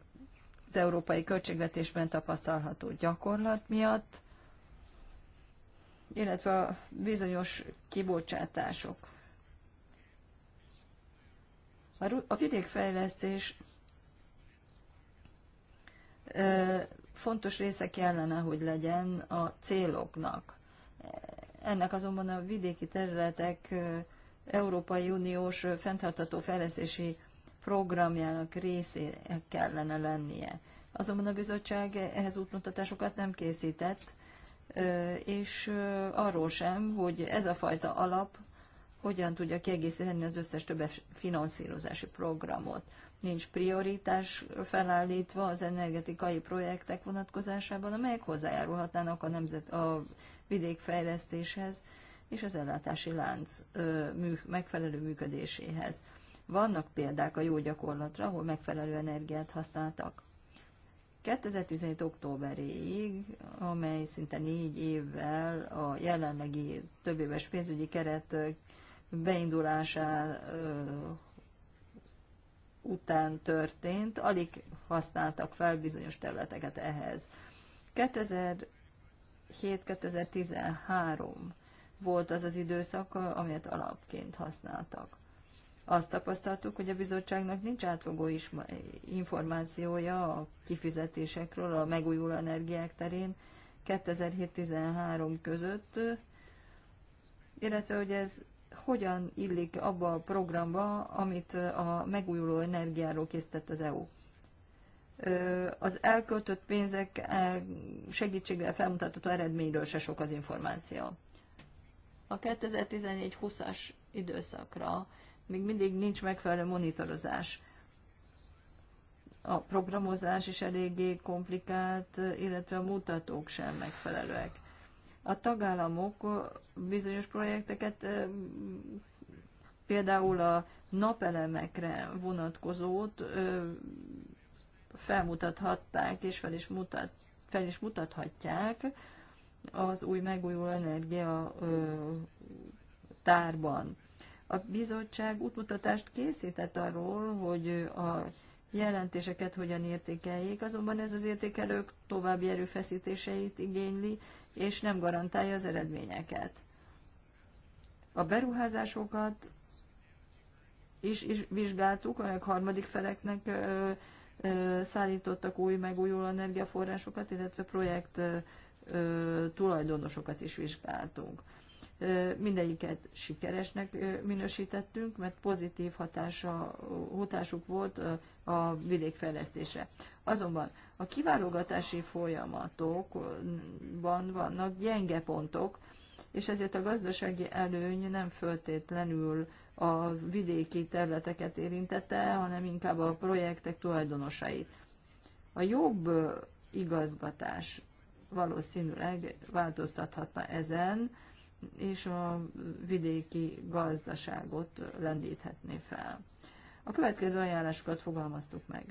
az európai költségvetésben tapasztalható gyakorlat miatt, illetve a bizonyos kibocsátások. A vidékfejlesztés fontos része kellene, hogy legyen a céloknak. Ennek azonban a vidéki területek Európai Uniós fenntartató fejlesztési programjának részé kellene lennie. Azonban a bizottság ehhez útmutatásokat nem készített, és arról sem, hogy ez a fajta alap hogyan tudja kiegészíteni az összes több finanszírozási programot. Nincs prioritás felállítva az energetikai projektek vonatkozásában, amelyek hozzájárulhatnának a, nemzet, a vidékfejlesztéshez és az ellátási lánc ö, mű, megfelelő működéséhez. Vannak példák a jó gyakorlatra, ahol megfelelő energiát használtak. 2017. októberéig, amely szinte négy évvel a jelenlegi többéves pénzügyi keret beindulása után történt, alig használtak fel bizonyos területeket ehhez. 2007-2013 volt az az időszak, amelyet alapként használtak. Azt tapasztaltuk, hogy a bizottságnak nincs átfogó isma- információja a kifizetésekről a megújuló energiák terén 2007-13 között, illetve hogy ez hogyan illik abba a programba, amit a megújuló energiáról készített az EU. Az elköltött pénzek e, segítségével felmutatható eredményről se sok az információ. A 2014-20-as időszakra még mindig nincs megfelelő monitorozás. A programozás is eléggé komplikált, illetve a mutatók sem megfelelőek. A tagállamok bizonyos projekteket, például a napelemekre vonatkozót felmutathatták, és fel is, mutat, fel is mutathatják az új megújuló energia tárban. A bizottság útmutatást készített arról, hogy a jelentéseket hogyan értékeljék, azonban ez az értékelők további erőfeszítéseit igényli, és nem garantálja az eredményeket. A beruházásokat is, is vizsgáltuk, a harmadik feleknek ö, ö, szállítottak új megújuló energiaforrásokat, illetve projekt ö, tulajdonosokat is vizsgáltunk mindegyiket sikeresnek minősítettünk, mert pozitív hatása, hatásuk volt a vidékfejlesztése. Azonban a kiválogatási folyamatokban vannak gyenge pontok, és ezért a gazdasági előny nem föltétlenül a vidéki területeket érintette, hanem inkább a projektek tulajdonosait. A jobb igazgatás valószínűleg változtathatna ezen, és a vidéki gazdaságot lendíthetné fel. A következő ajánlásokat fogalmaztuk meg.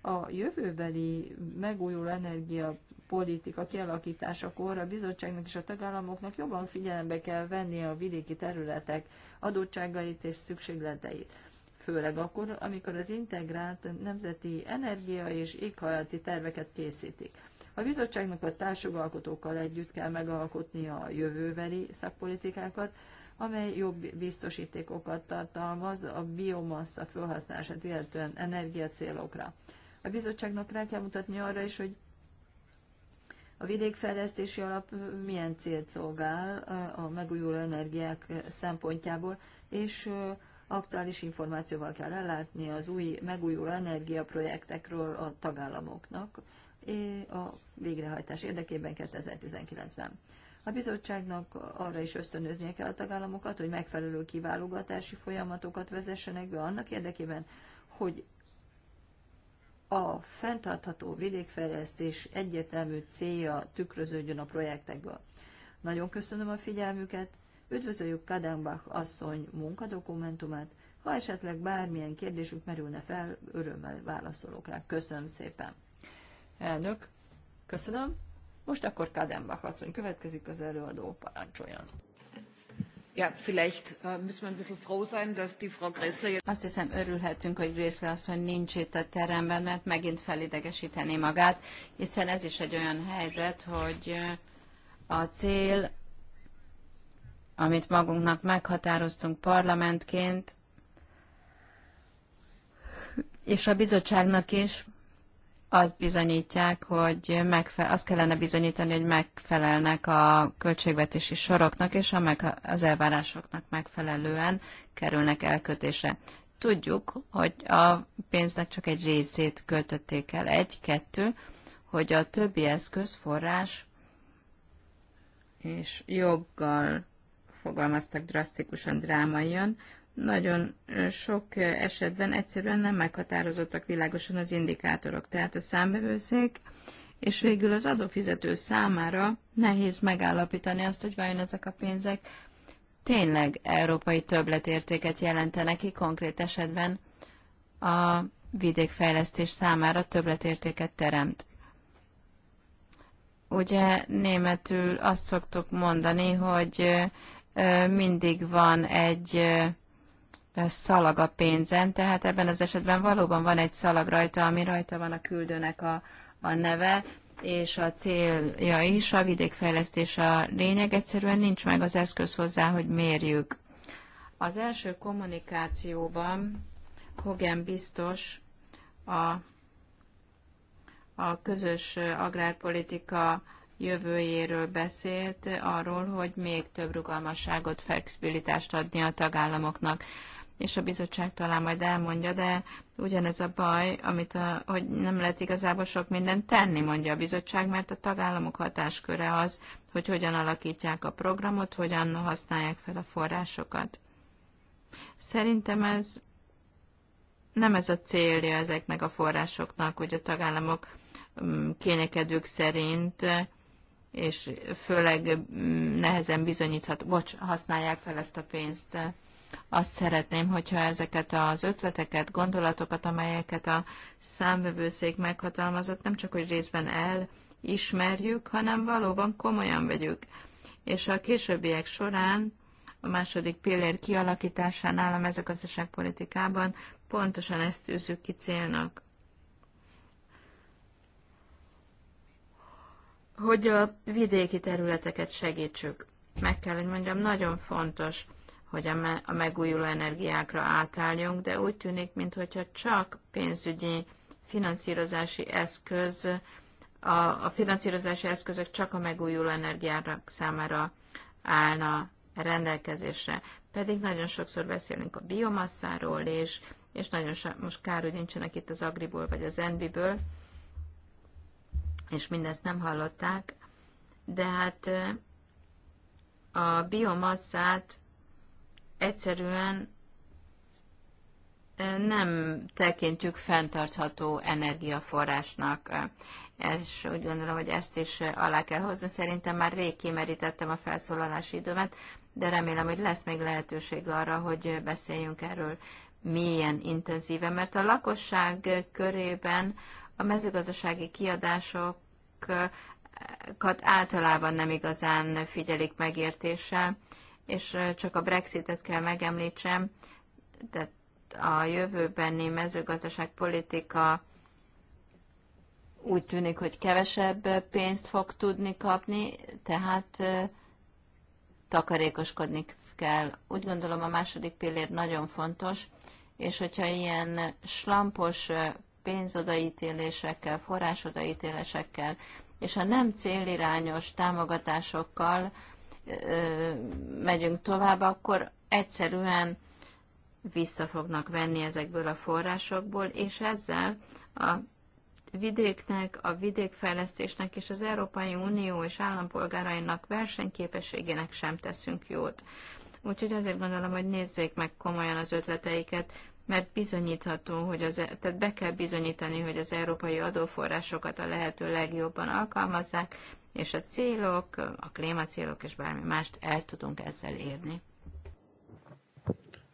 A jövőbeli megújuló energiapolitika kialakításakor a bizottságnak és a tagállamoknak jobban figyelembe kell vennie a vidéki területek adottságait és szükségleteit főleg akkor, amikor az integrált nemzeti energia és éghajlati terveket készítik. A bizottságnak a társjogalkotókkal együtt kell megalkotnia a jövőbeli szakpolitikákat, amely jobb biztosítékokat tartalmaz a biomassa felhasználását, illetően energiacélokra. A bizottságnak rá kell mutatni arra is, hogy a vidékfejlesztési alap milyen célt szolgál eh, a megújuló energiák szempontjából, és eh, aktuális információval kell ellátni az új megújuló energiaprojektekről a tagállamoknak, a végrehajtás érdekében 2019-ben. A bizottságnak arra is ösztönöznie kell a tagállamokat, hogy megfelelő kiválogatási folyamatokat vezessenek be annak érdekében, hogy a fenntartható vidékfejlesztés egyértelmű célja tükröződjön a projektekből. Nagyon köszönöm a figyelmüket, üdvözöljük Kadenbach asszony munkadokumentumát, ha esetleg bármilyen kérdésük merülne fel, örömmel válaszolok rá. Köszönöm szépen! Elnök, köszönöm. Most akkor Kadenbach asszony következik az előadó, parancsoljon. Ja, vielleicht äh, müssen wir ein bisschen froh sein, dass die Frau Gressler jetzt... Azt hiszem, örülhetünk, hogy Gressler asszony nincs itt a teremben, mert megint felidegesíteni magát, hiszen ez is egy olyan helyzet, hogy a cél, amit magunknak meghatároztunk parlamentként, és a bizottságnak is azt bizonyítják, hogy megfe- azt kellene bizonyítani, hogy megfelelnek a költségvetési soroknak, és a meg- az elvárásoknak megfelelően kerülnek elkötésre. Tudjuk, hogy a pénznek csak egy részét költötték el, egy-kettő, hogy a többi forrás és joggal fogalmaztak drasztikusan drámaian, nagyon sok esetben egyszerűen nem meghatározottak világosan az indikátorok, tehát a számbevőszék, és végül az adófizető számára nehéz megállapítani azt, hogy vajon ezek a pénzek tényleg európai többletértéket jelentenek ki konkrét esetben a vidékfejlesztés számára többletértéket teremt. Ugye németül azt szoktuk mondani, hogy mindig van egy szalag a pénzen, tehát ebben az esetben valóban van egy szalag rajta, ami rajta van a küldőnek a, a neve, és a célja is, a vidékfejlesztés a lényeg, egyszerűen nincs meg az eszköz hozzá, hogy mérjük. Az első kommunikációban Hogan biztos a, a közös agrárpolitika jövőjéről beszélt, arról, hogy még több rugalmasságot, flexibilitást adni a tagállamoknak és a bizottság talán majd elmondja, de ugyanez a baj, amit a, hogy nem lehet igazából sok mindent tenni, mondja a bizottság, mert a tagállamok hatásköre az, hogy hogyan alakítják a programot, hogyan használják fel a forrásokat. Szerintem ez nem ez a célja ezeknek a forrásoknak, hogy a tagállamok mm, kénekedők szerint és főleg mm, nehezen bizonyíthat, bocs, használják fel ezt a pénzt. Azt szeretném, hogyha ezeket az ötleteket, gondolatokat, amelyeket a számvevőszék meghatalmazott, nem csak hogy részben elismerjük, hanem valóban komolyan vegyük. És a későbbiek során a második pillér kialakításánál a politikában pontosan ezt tűzzük ki célnak. Hogy a vidéki területeket segítsük. Meg kell, hogy mondjam, nagyon fontos hogy a megújuló energiákra átálljunk, de úgy tűnik, mintha csak pénzügyi finanszírozási eszköz, a, a finanszírozási eszközök csak a megújuló energiára számára állna rendelkezésre. Pedig nagyon sokszor beszélünk a biomasszáról, és, és nagyon so, most kár, hogy nincsenek itt az Agriból vagy az Enviből, és mindezt nem hallották, de hát a biomasszát egyszerűen nem tekintjük fenntartható energiaforrásnak. És úgy gondolom, hogy ezt is alá kell hozni. Szerintem már rég kimerítettem a felszólalási időmet, de remélem, hogy lesz még lehetőség arra, hogy beszéljünk erről milyen intenzíven, mert a lakosság körében a mezőgazdasági kiadásokat általában nem igazán figyelik megértéssel, és csak a Brexitet kell megemlítsem, de a jövőbeni mezőgazdaságpolitika úgy tűnik, hogy kevesebb pénzt fog tudni kapni, tehát takarékoskodni kell. Úgy gondolom a második pillér nagyon fontos, és hogyha ilyen slampos pénzodaítélésekkel, forrásodaítélésekkel, és a nem célirányos támogatásokkal megyünk tovább, akkor egyszerűen vissza fognak venni ezekből a forrásokból, és ezzel a vidéknek, a vidékfejlesztésnek és az Európai Unió és állampolgárainak versenyképességének sem teszünk jót. Úgyhogy azért gondolom, hogy nézzék meg komolyan az ötleteiket, mert bizonyítható, hogy az, e- tehát be kell bizonyítani, hogy az európai adóforrásokat a lehető legjobban alkalmazzák, és a célok, a klímacélok és bármi mást el tudunk ezzel érni.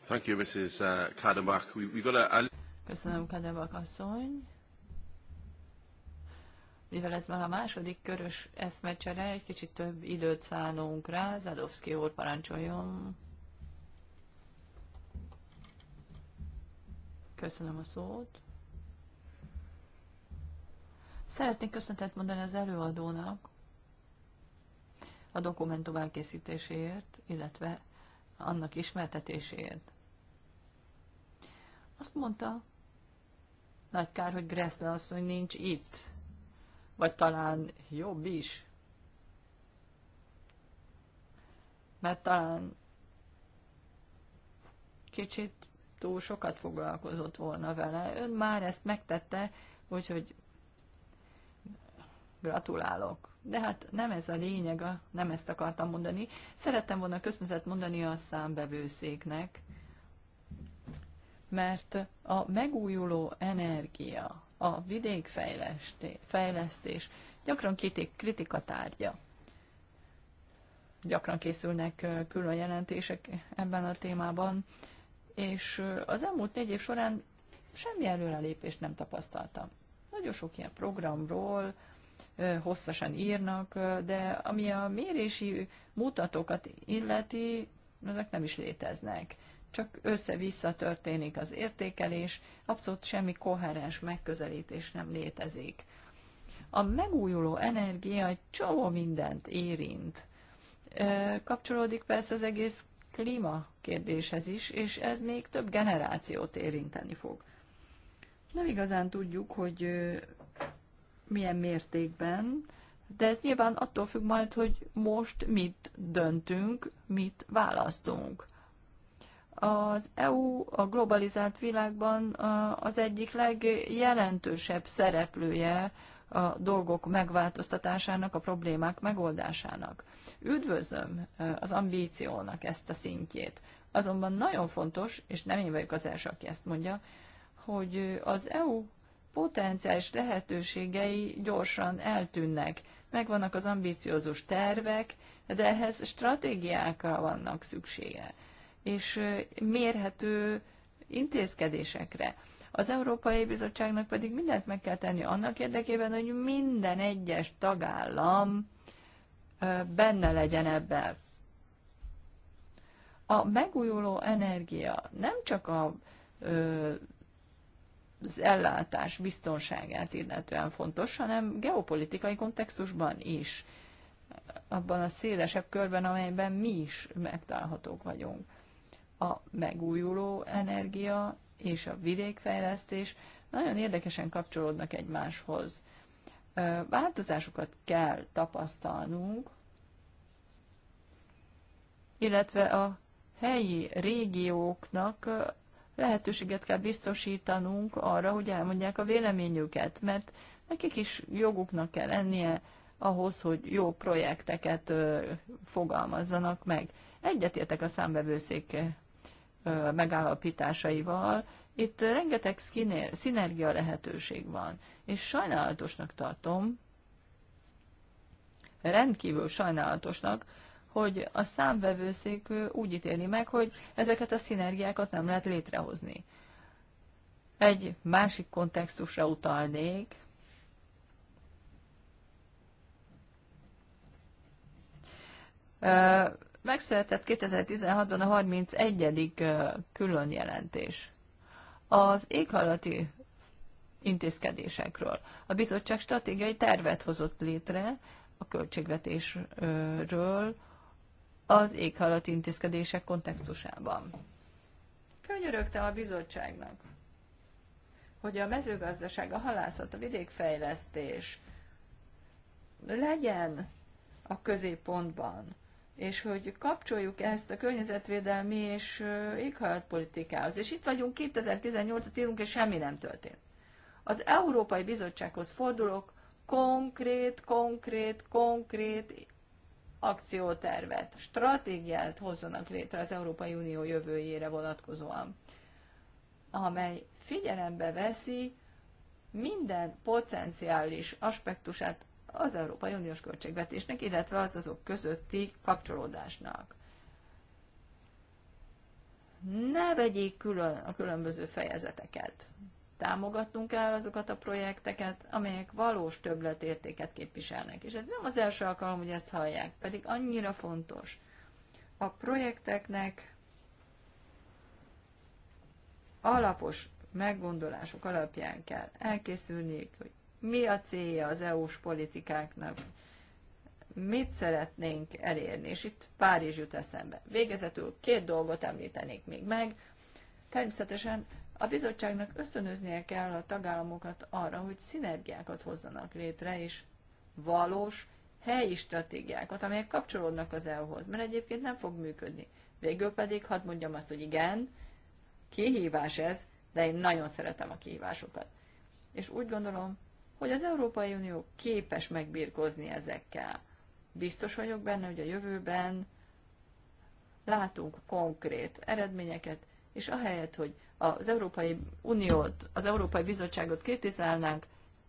Thank you, Mrs. Uh, Kadenbach. We, we got a... Köszönöm, Kadenbach asszony. Mivel ez már a második körös eszmecsere, egy kicsit több időt szánunk rá. Zadovszki úr, parancsoljon. Köszönöm a szót. Szeretnék köszöntet mondani az előadónak a dokumentum elkészítéséért, illetve annak ismertetéséért. Azt mondta, nagy kár, hogy Gressle asszony nincs itt. Vagy talán jobb is. Mert talán kicsit túl sokat foglalkozott volna vele. Ön már ezt megtette, úgyhogy gratulálok de hát nem ez a lényeg, nem ezt akartam mondani. Szerettem volna köszönetet mondani a számbevőszéknek, mert a megújuló energia, a vidékfejlesztés gyakran kritika tárgya. Gyakran készülnek külön jelentések ebben a témában, és az elmúlt négy év során semmi előrelépést nem tapasztaltam. Nagyon sok ilyen programról, hosszasan írnak, de ami a mérési mutatókat illeti, ezek nem is léteznek. Csak össze-vissza történik az értékelés, abszolút semmi koherens megközelítés nem létezik. A megújuló energia egy csomó mindent érint. Kapcsolódik persze az egész klíma kérdéshez is, és ez még több generációt érinteni fog. Nem igazán tudjuk, hogy milyen mértékben, de ez nyilván attól függ majd, hogy most mit döntünk, mit választunk. Az EU a globalizált világban az egyik legjelentősebb szereplője a dolgok megváltoztatásának, a problémák megoldásának. Üdvözlöm e, az ambíciónak ezt a szintjét. Azonban nagyon fontos, és nem én vagyok az első, aki ezt mondja, hogy az EU potenciális lehetőségei gyorsan eltűnnek. Megvannak az ambíciózus tervek, de ehhez stratégiákra vannak szüksége, és mérhető intézkedésekre. Az Európai Bizottságnak pedig mindent meg kell tenni annak érdekében, hogy minden egyes tagállam benne legyen ebben. A megújuló energia nem csak a az ellátás biztonságát illetően fontos, hanem geopolitikai kontextusban is, abban a szélesebb körben, amelyben mi is megtalálhatók vagyunk. A megújuló energia és a vidékfejlesztés nagyon érdekesen kapcsolódnak egymáshoz. Változásokat kell tapasztalnunk, illetve a helyi régióknak lehetőséget kell biztosítanunk arra, hogy elmondják a véleményüket, mert nekik is joguknak kell lennie ahhoz, hogy jó projekteket fogalmazzanak meg. Egyetértek a számbevőszék megállapításaival, itt rengeteg szkiner, szinergia lehetőség van, és sajnálatosnak tartom, rendkívül sajnálatosnak, hogy a számvevőszék úgy ítéli meg, hogy ezeket a szinergiákat nem lehet létrehozni. Egy másik kontextusra utalnék. Megszületett 2016-ban a 31. külön jelentés az éghajlati intézkedésekről. A bizottság stratégiai tervet hozott létre a költségvetésről az éghajlat intézkedések kontextusában. Könyörögtem a bizottságnak, hogy a mezőgazdaság, a halászat, a vidékfejlesztés legyen a középpontban, és hogy kapcsoljuk ezt a környezetvédelmi és éghajlatpolitikához. És itt vagyunk, 2018-at írunk, és semmi nem történt. Az Európai Bizottsághoz fordulok, konkrét, konkrét, konkrét akciótervet, stratégiát hozzanak létre az Európai Unió jövőjére vonatkozóan, amely figyelembe veszi minden potenciális aspektusát az Európai Uniós költségvetésnek, illetve az azok közötti kapcsolódásnak. Ne vegyék külön a különböző fejezeteket támogatnunk kell azokat a projekteket, amelyek valós többletértéket képviselnek. És ez nem az első alkalom, hogy ezt hallják, pedig annyira fontos. A projekteknek alapos meggondolások alapján kell elkészülniük, hogy mi a célja az EU-s politikáknak, mit szeretnénk elérni, és itt Párizs jut eszembe. Végezetül két dolgot említenék még meg. Természetesen a bizottságnak ösztönöznie kell a tagállamokat arra, hogy szinergiákat hozzanak létre, és valós helyi stratégiákat, amelyek kapcsolódnak az EU-hoz, mert egyébként nem fog működni. Végül pedig hadd mondjam azt, hogy igen, kihívás ez, de én nagyon szeretem a kihívásokat. És úgy gondolom, hogy az Európai Unió képes megbírkozni ezekkel. Biztos vagyok benne, hogy a jövőben látunk konkrét eredményeket, és ahelyett, hogy az Európai Uniót, az Európai Bizottságot kritizálnánk,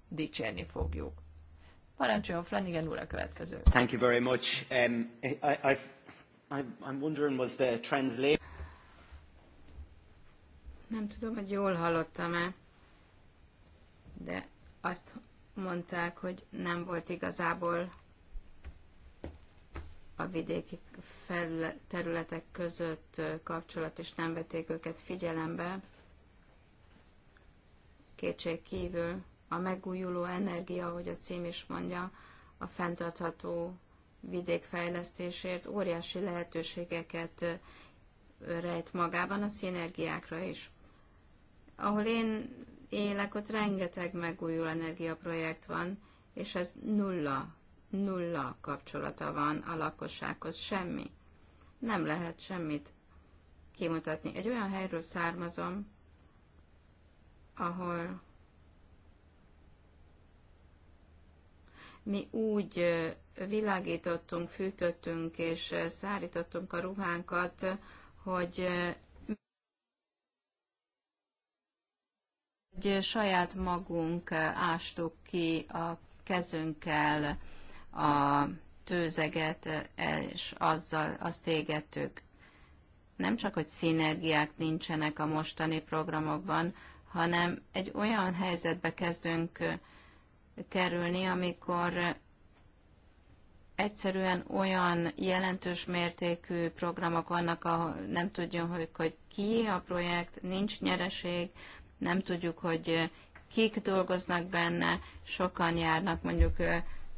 dicsérni fogjuk. Parancsoljon Flanigan úr a következő. Thank you very much. Um, I, I, I, I'm wondering was the translation... Nem tudom, hogy jól hallottam-e, de azt mondták, hogy nem volt igazából a vidéki területek között kapcsolat, és nem vették őket figyelembe. Kétség kívül a megújuló energia, ahogy a cím is mondja, a fenntartható vidékfejlesztésért óriási lehetőségeket rejt magában a szinergiákra is. Ahol én élek, ott rengeteg megújuló energiaprojekt van, és ez nulla nulla kapcsolata van a lakossághoz, semmi. Nem lehet semmit kimutatni. Egy olyan helyről származom, ahol mi úgy világítottunk, fűtöttünk és szárítottunk a ruhánkat, hogy hogy saját magunk ástuk ki a kezünkkel a tőzeget, és azzal azt égettük. Nem csak, hogy szinergiák nincsenek a mostani programokban, hanem egy olyan helyzetbe kezdünk kerülni, amikor egyszerűen olyan jelentős mértékű programok vannak, ahol nem tudjuk, hogy, hogy ki a projekt, nincs nyereség, nem tudjuk, hogy kik dolgoznak benne, sokan járnak mondjuk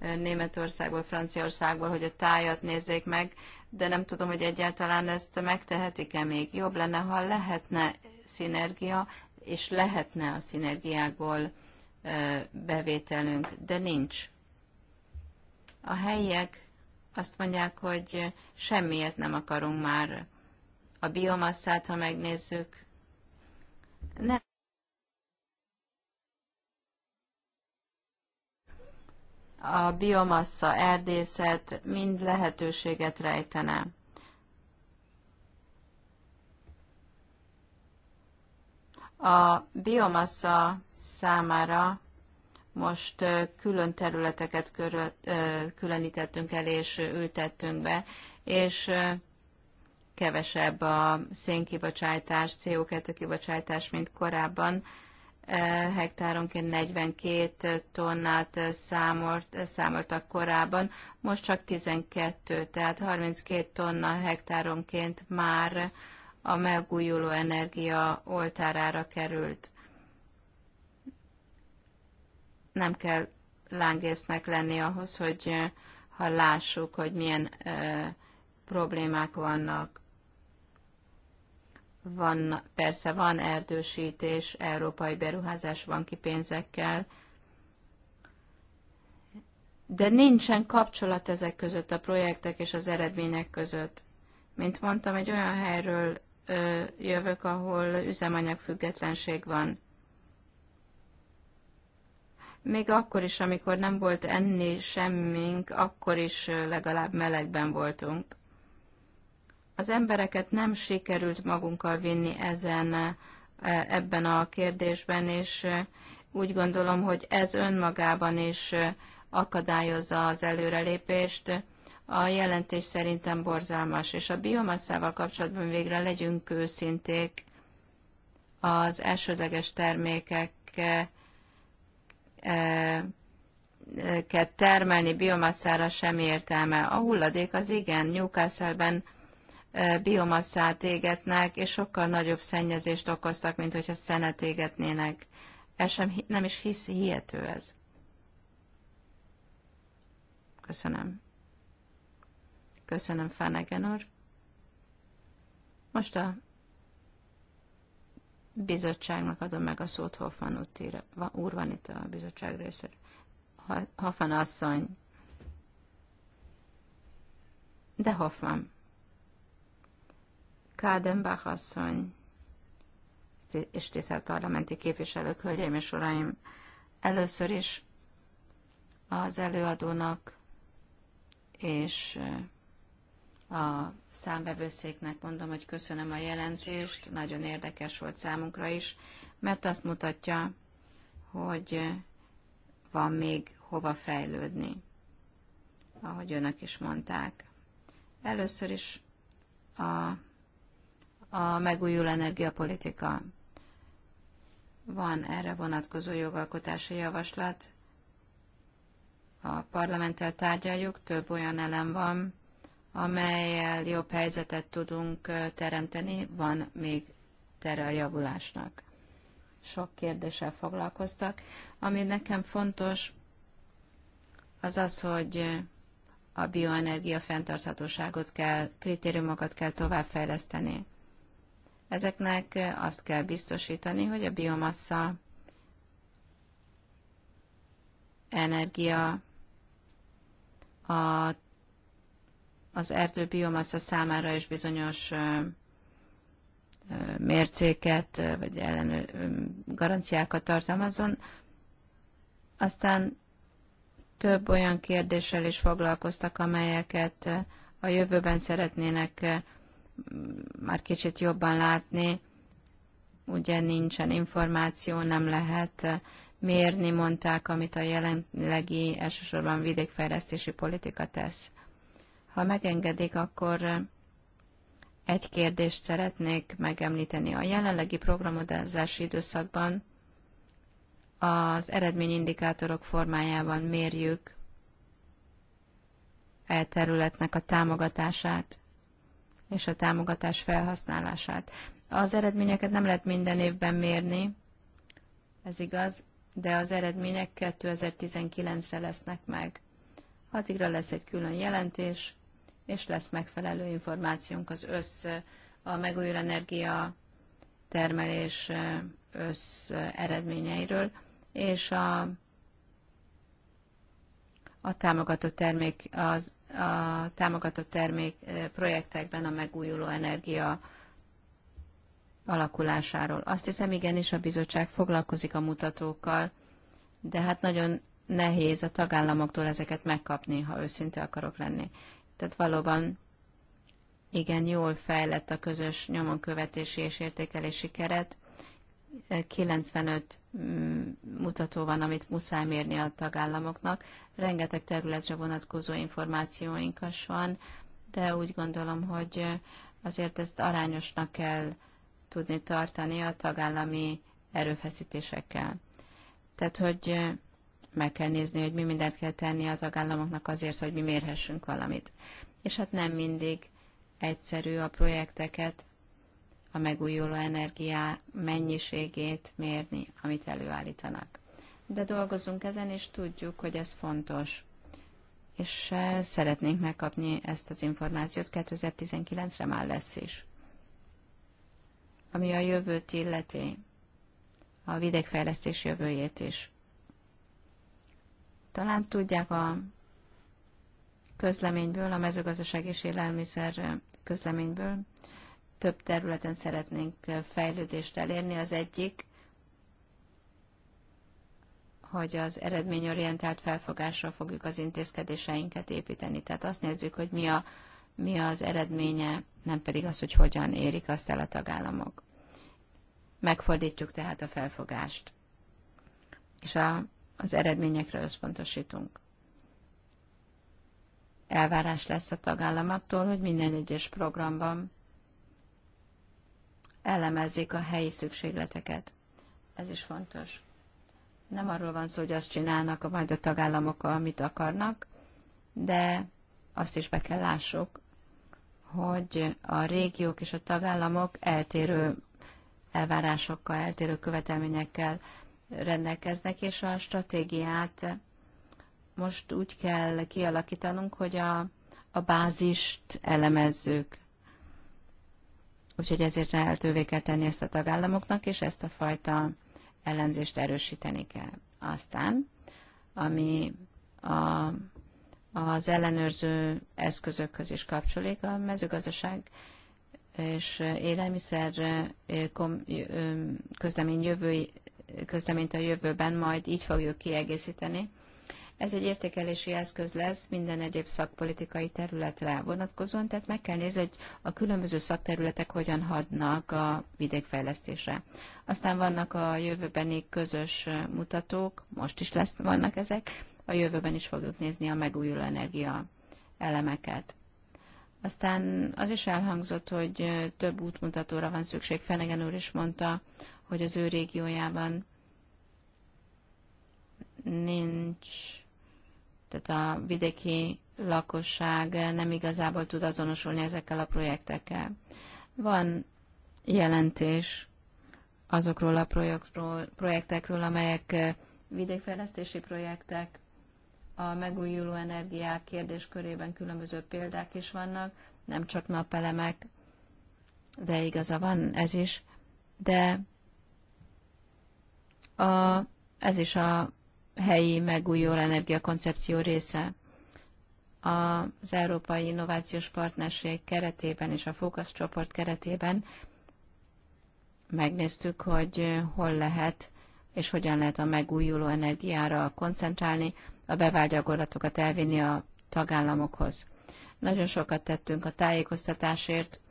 Németországból, Franciaországból, hogy a tájat nézzék meg, de nem tudom, hogy egyáltalán ezt megtehetik-e még. Jobb lenne, ha lehetne szinergia, és lehetne a szinergiákból bevételünk, de nincs. A helyiek azt mondják, hogy semmiért nem akarunk már. A biomasszát, ha megnézzük, nem. a biomassa, erdészet mind lehetőséget rejtene. A biomassa számára most külön területeket körül, különítettünk el és ültettünk be, és kevesebb a szénkibocsátás, CO2 kibocsátás, mint korábban, hektáronként 42 tonnát számolt, számoltak korábban, most csak 12, tehát 32 tonna hektáronként már a megújuló energia oltárára került. Nem kell lángésznek lenni ahhoz, hogy ha lássuk, hogy milyen ö, problémák vannak. Van, persze van erdősítés, Európai Beruházás van ki pénzekkel, de nincsen kapcsolat ezek között, a projektek és az eredmények között. Mint mondtam, egy olyan helyről ö, jövök, ahol üzemanyag függetlenség van. Még akkor is, amikor nem volt enni semmink, akkor is legalább melegben voltunk. Az embereket nem sikerült magunkkal vinni ezen, e, ebben a kérdésben, és e, úgy gondolom, hogy ez önmagában is e, akadályozza az előrelépést. A jelentés szerintem borzalmas, és a biomasszával kapcsolatban végre legyünk őszinték az elsődleges termékeket termelni biomasszára sem értelme. A hulladék az igen, Newcastle-ben biomasszát égetnek, és sokkal nagyobb szennyezést okoztak, mint hogyha szenet égetnének. Ez sem, nem is hisz, hihető ez. Köszönöm. Köszönöm, Fenegen úr. Most a bizottságnak adom meg a szót Hoffman úr van itt a bizottság részéről. Hoffman asszony. De Hoffman. Kádenbach asszony és tisztelt parlamenti képviselők, hölgyeim és uraim, először is az előadónak és a számvevőszéknek mondom, hogy köszönöm a jelentést, nagyon érdekes volt számunkra is, mert azt mutatja, hogy van még hova fejlődni, ahogy önök is mondták. Először is a a megújuló energiapolitika. Van erre vonatkozó jogalkotási javaslat. A parlamenttel tárgyaljuk, több olyan elem van, amelyel jobb helyzetet tudunk teremteni, van még tere a javulásnak. Sok kérdéssel foglalkoztak. Ami nekem fontos, az az, hogy a bioenergia fenntarthatóságot kell, kritériumokat kell továbbfejleszteni. Ezeknek azt kell biztosítani, hogy a biomassa energia a, az erdő biomassa számára is bizonyos mércéket, vagy ellenő garanciákat tartalmazzon. Aztán több olyan kérdéssel is foglalkoztak, amelyeket a jövőben szeretnének már kicsit jobban látni, ugye nincsen információ, nem lehet eh, mérni, mondták, amit a jelenlegi elsősorban vidékfejlesztési politika tesz. Ha megengedik, akkor eh, egy kérdést szeretnék megemlíteni. A jelenlegi programozási időszakban az eredményindikátorok formájában mérjük e területnek a támogatását és a támogatás felhasználását. Az eredményeket nem lehet minden évben mérni, ez igaz, de az eredmények 2019-re lesznek meg. Addigra lesz egy külön jelentés, és lesz megfelelő információnk az össz, a megújuló energia termelés össz eredményeiről, és a, a támogatott termék, az a támogatott termék projektekben a megújuló energia alakulásáról. Azt hiszem, igenis a bizottság foglalkozik a mutatókkal, de hát nagyon nehéz a tagállamoktól ezeket megkapni, ha őszinte akarok lenni. Tehát valóban igen jól fejlett a közös nyomonkövetési és értékelési keret, 95 mm, mutató van, amit muszáj mérni a tagállamoknak. Rengeteg területre vonatkozó információink is van, de úgy gondolom, hogy azért ezt arányosnak kell tudni tartani a tagállami erőfeszítésekkel. Tehát, hogy meg kell nézni, hogy mi mindent kell tenni a tagállamoknak azért, hogy mi mérhessünk valamit. És hát nem mindig egyszerű a projekteket a megújuló energiá mennyiségét mérni, amit előállítanak. De dolgozunk ezen, és tudjuk, hogy ez fontos. És eh, szeretnénk megkapni ezt az információt, 2019-re már lesz is. Ami a jövőt illeti, a vidékfejlesztés jövőjét is. Talán tudják a közleményből, a mezőgazdaság és élelmiszer közleményből, több területen szeretnénk fejlődést elérni. Az egyik, hogy az eredményorientált felfogásra fogjuk az intézkedéseinket építeni. Tehát azt nézzük, hogy mi, a, mi az eredménye, nem pedig az, hogy hogyan érik azt el a tagállamok. Megfordítjuk tehát a felfogást, és a, az eredményekre összpontosítunk. Elvárás lesz a tagállamoktól, hogy minden egyes programban elemezzék a helyi szükségleteket. Ez is fontos. Nem arról van szó, hogy azt csinálnak a majd a tagállamok, amit akarnak, de azt is be kell lássuk, hogy a régiók és a tagállamok eltérő elvárásokkal, eltérő követelményekkel rendelkeznek, és a stratégiát most úgy kell kialakítanunk, hogy a, a bázist elemezzük. Úgyhogy ezért lehetővé kell tenni ezt a tagállamoknak, és ezt a fajta elemzést erősíteni kell. Aztán, ami a, az ellenőrző eszközökhöz is kapcsolódik, a mezőgazdaság és élelmiszer közleményt a jövőben majd így fogjuk kiegészíteni, ez egy értékelési eszköz lesz minden egyéb szakpolitikai területre vonatkozóan, tehát meg kell nézni, hogy a különböző szakterületek hogyan hadnak a vidékfejlesztésre. Aztán vannak a jövőbeni közös mutatók, most is lesz, vannak ezek, a jövőben is fogjuk nézni a megújuló energia elemeket. Aztán az is elhangzott, hogy több útmutatóra van szükség. Fenegen úr is mondta, hogy az ő régiójában nincs tehát a vidéki lakosság nem igazából tud azonosulni ezekkel a projektekkel. Van jelentés azokról a projektekről, amelyek eh, vidékfejlesztési projektek, a megújuló energiák kérdéskörében különböző példák is vannak, nem csak napelemek, de igaza van ez is, de a, ez is a helyi megújuló energiakoncepció része. Az Európai Innovációs Partnerség keretében és a fókuszcsoport csoport keretében megnéztük, hogy hol lehet és hogyan lehet a megújuló energiára koncentrálni, a bevált elvinni a tagállamokhoz. Nagyon sokat tettünk a tájékoztatásért,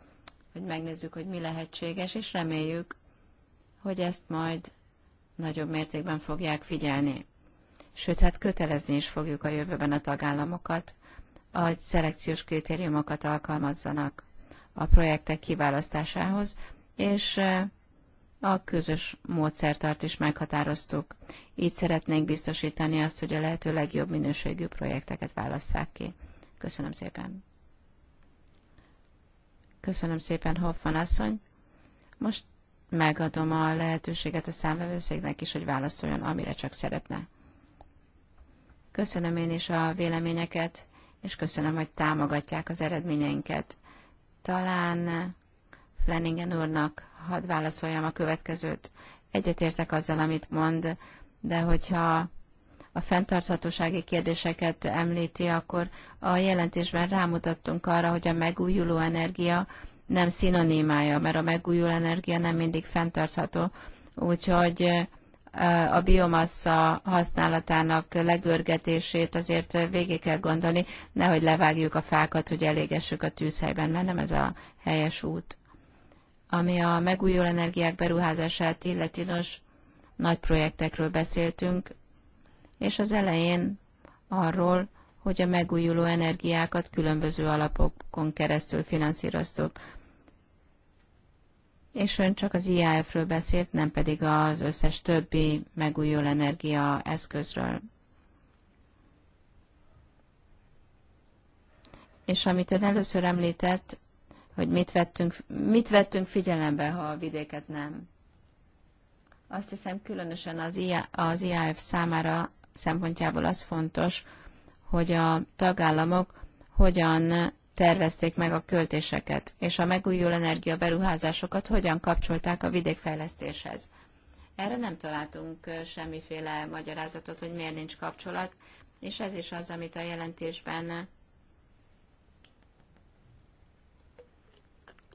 hogy megnézzük, hogy mi lehetséges, és reméljük, hogy ezt majd nagyobb mértékben fogják figyelni sőt, hát kötelezni is fogjuk a jövőben a tagállamokat, hogy szelekciós kritériumokat alkalmazzanak a projektek kiválasztásához, és a közös módszertart is meghatároztuk. Így szeretnénk biztosítani azt, hogy a lehető legjobb minőségű projekteket válasszák ki. Köszönöm szépen. Köszönöm szépen, Hoffman asszony. Most megadom a lehetőséget a számvevőszéknek is, hogy válaszoljon, amire csak szeretne. Köszönöm én is a véleményeket, és köszönöm, hogy támogatják az eredményeinket. Talán Fleningen úrnak hadd válaszoljam a következőt. Egyetértek azzal, amit mond, de hogyha a fenntarthatósági kérdéseket említi, akkor a jelentésben rámutattunk arra, hogy a megújuló energia nem szinonimája, mert a megújuló energia nem mindig fenntartható. Úgyhogy a biomassa használatának legörgetését azért végig kell gondolni, nehogy levágjuk a fákat, hogy elégessük a tűzhelyben, mert nem ez a helyes út. Ami a megújuló energiák beruházását illeti, nos, nagy projektekről beszéltünk, és az elején arról, hogy a megújuló energiákat különböző alapokon keresztül finanszíroztuk és ön csak az IAF-ről beszélt, nem pedig az összes többi megújuló energia eszközről. És amit ön először említett, hogy mit vettünk, mit vettünk figyelembe, ha a vidéket nem. Azt hiszem, különösen az, IA, az IAF számára szempontjából az fontos, hogy a tagállamok hogyan tervezték meg a költéseket, és a megújuló energia beruházásokat hogyan kapcsolták a vidékfejlesztéshez. Erre nem találtunk semmiféle magyarázatot, hogy miért nincs kapcsolat, és ez is az, amit a jelentésben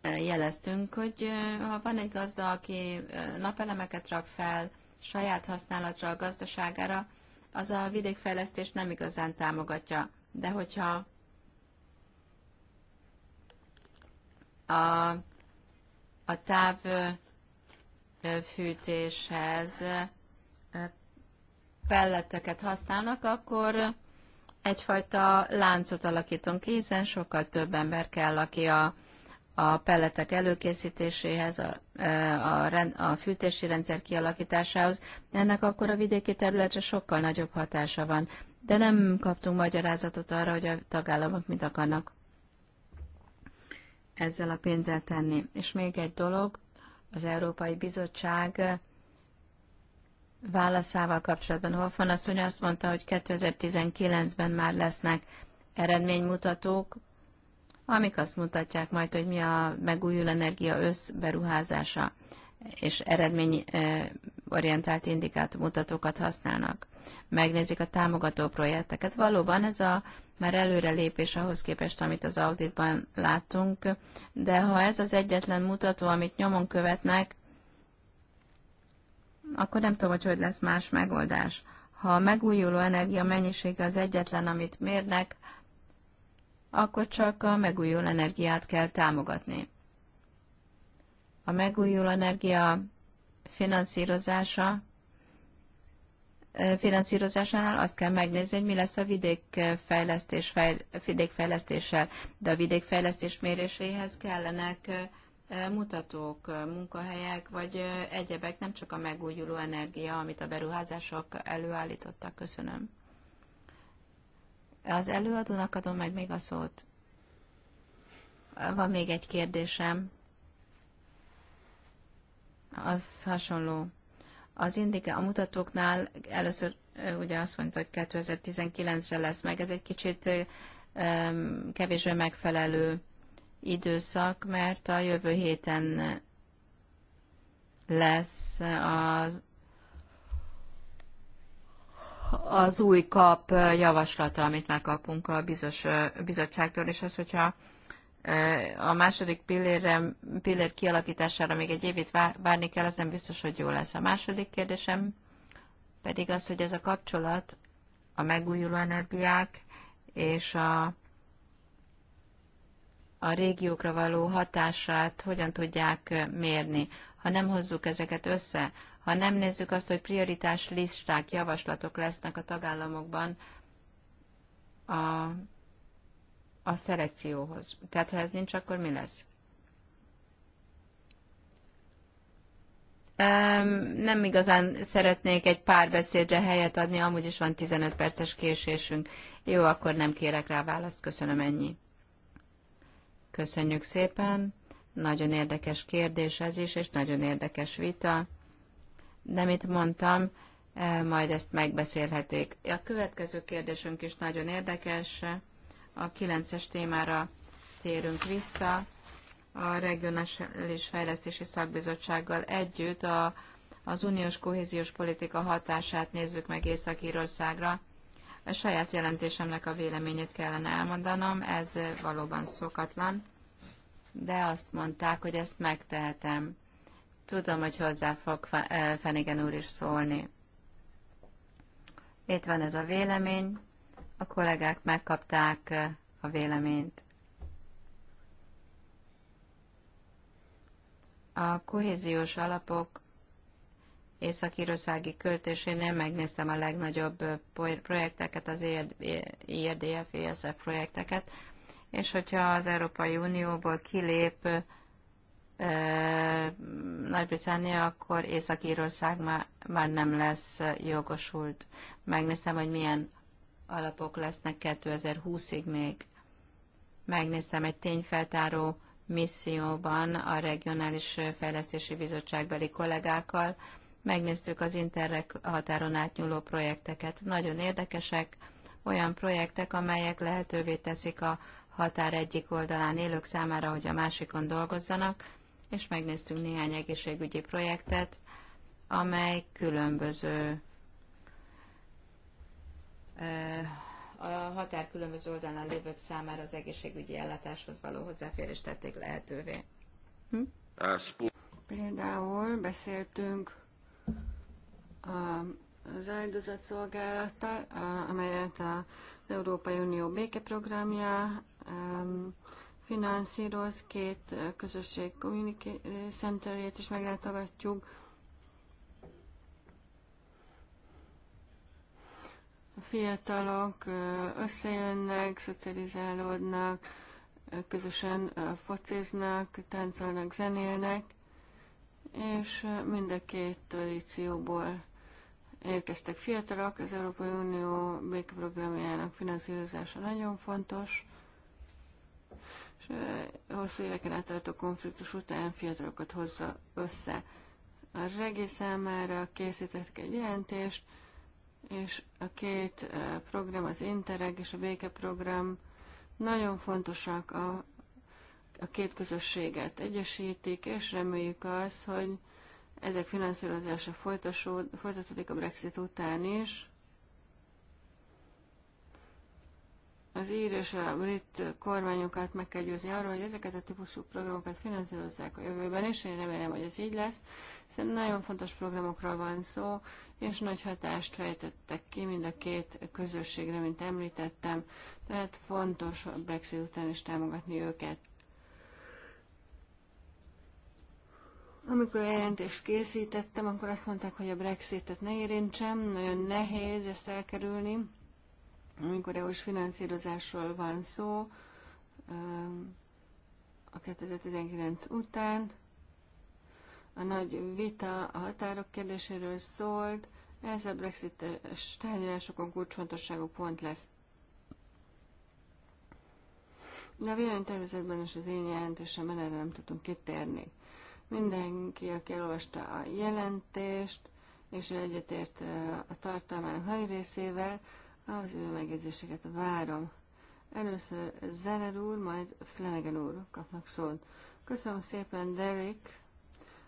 jeleztünk, hogy ha van egy gazda, aki napelemeket rak fel saját használatra a gazdaságára, az a vidékfejlesztést nem igazán támogatja. De hogyha a, a távfűtéshez pelleteket használnak, akkor egyfajta láncot alakítunk ki, hiszen sokkal több ember kell, aki a, a pelletek előkészítéséhez, a, a, rend, a fűtési rendszer kialakításához. Ennek akkor a vidéki területre sokkal nagyobb hatása van. De nem kaptunk magyarázatot arra, hogy a tagállamok mit akarnak ezzel a pénzzel tenni. És még egy dolog, az Európai Bizottság válaszával kapcsolatban. Hoffman asszony azt mondta, hogy 2019-ben már lesznek eredménymutatók, amik azt mutatják majd, hogy mi a megújul energia összberuházása és eredményorientált indikát mutatókat használnak. Megnézik a támogató projekteket. Valóban ez a már előrelépés ahhoz képest, amit az auditban láttunk, de ha ez az egyetlen mutató, amit nyomon követnek, akkor nem tudom, hogy hogy lesz más megoldás. Ha a megújuló energia mennyisége az egyetlen, amit mérnek, akkor csak a megújuló energiát kell támogatni. A megújuló energia finanszírozása finanszírozásánál azt kell megnézni, hogy mi lesz a vidékfejlesztés, fejl, vidékfejlesztéssel, de a vidékfejlesztés méréséhez kellenek mutatók, munkahelyek, vagy egyebek, nem csak a megújuló energia, amit a beruházások előállítottak. Köszönöm. Az előadónak adom meg még a szót. Van még egy kérdésem. Az hasonló. Az indike a mutatóknál először ugye azt mondta, hogy 2019-re lesz meg, ez egy kicsit kevésbé megfelelő időszak, mert a jövő héten lesz az, az új kap javaslata, amit megkapunk a bizottságtól, és az, hogyha a második pillérre, pillér kialakítására még egy évit várni kell, az nem biztos, hogy jó lesz. A második kérdésem pedig az, hogy ez a kapcsolat a megújuló energiák és a, a régiókra való hatását hogyan tudják mérni. Ha nem hozzuk ezeket össze, ha nem nézzük azt, hogy prioritás listák, javaslatok lesznek a tagállamokban a a szelekcióhoz. Tehát ha ez nincs, akkor mi lesz? Nem igazán szeretnék egy pár beszédre helyet adni, amúgy is van 15 perces késésünk. Jó, akkor nem kérek rá választ, köszönöm ennyi. Köszönjük szépen, nagyon érdekes kérdés ez is, és nagyon érdekes vita. Nem itt mondtam, majd ezt megbeszélhetik. A következő kérdésünk is nagyon érdekes a 9-es témára térünk vissza. A Regionális Fejlesztési Szakbizottsággal együtt a, az uniós kohéziós politika hatását nézzük meg Észak-Írországra. A saját jelentésemnek a véleményét kellene elmondanom, ez valóban szokatlan, de azt mondták, hogy ezt megtehetem. Tudom, hogy hozzá fog Fenigen eh, úr is szólni. Itt van ez a vélemény, a kollégák megkapták a véleményt. A kohéziós alapok Észak-Írországi költésénél megnéztem a legnagyobb projekteket, az e IRDF, ESF projekteket, és hogyha az Európai Unióból kilép Nagy-Britannia, akkor Észak-Írország már, már nem lesz jogosult. Megnéztem, hogy milyen alapok lesznek 2020-ig még. Megnéztem egy tényfeltáró misszióban a Regionális Fejlesztési Bizottságbeli kollégákkal, megnéztük az interreg határon átnyúló projekteket. Nagyon érdekesek, olyan projektek, amelyek lehetővé teszik a határ egyik oldalán élők számára, hogy a másikon dolgozzanak, és megnéztünk néhány egészségügyi projektet, amely különböző a határ különböző oldalán lévők számára az egészségügyi ellátáshoz való hozzáférést tették lehetővé. Hm? Például beszéltünk az áldozatszolgálattal, amelyet az Európai Unió békeprogramja finanszíroz, két közösség community centerét is meglátogatjuk, fiatalok összejönnek, szocializálódnak, közösen fociznak, táncolnak, zenélnek, és mind a két tradícióból érkeztek fiatalok. Az Európai Unió békeprogramjának finanszírozása nagyon fontos, és hosszú éveken át tartó konfliktus után fiatalokat hozza össze. A regi számára készítettek egy jelentést, és a két program, az Interreg és a program nagyon fontosak a, a két közösséget egyesítik, és reméljük az, hogy ezek finanszírozása folytatódik a Brexit után is, az ír és a brit kormányokat meg kell győzni arról, hogy ezeket a típusú programokat finanszírozzák a jövőben is, én remélem, hogy ez így lesz, hiszen nagyon fontos programokról van szó, és nagy hatást fejtettek ki mind a két közösségre, mint említettem, tehát fontos a Brexit után is támogatni őket. Amikor a jelentést készítettem, akkor azt mondták, hogy a Brexitet ne érintsem, nagyon nehéz ezt elkerülni, amikor EU-s finanszírozásról van szó, a 2019 után a nagy vita a határok kérdéséről szólt, ez a brexit-es tárgyalásokon kulcsfontosságú pont lesz. De a véleménytervezetben és az én jelentésemben erre nem tudtunk kitérni. Mindenki, aki elolvasta a jelentést, és egyetért a tartalmának nagy részével, az ő megjegyzéseket várom. Először Zeller úr, majd Flanagan úr kapnak szót. Köszönöm szépen, Derek.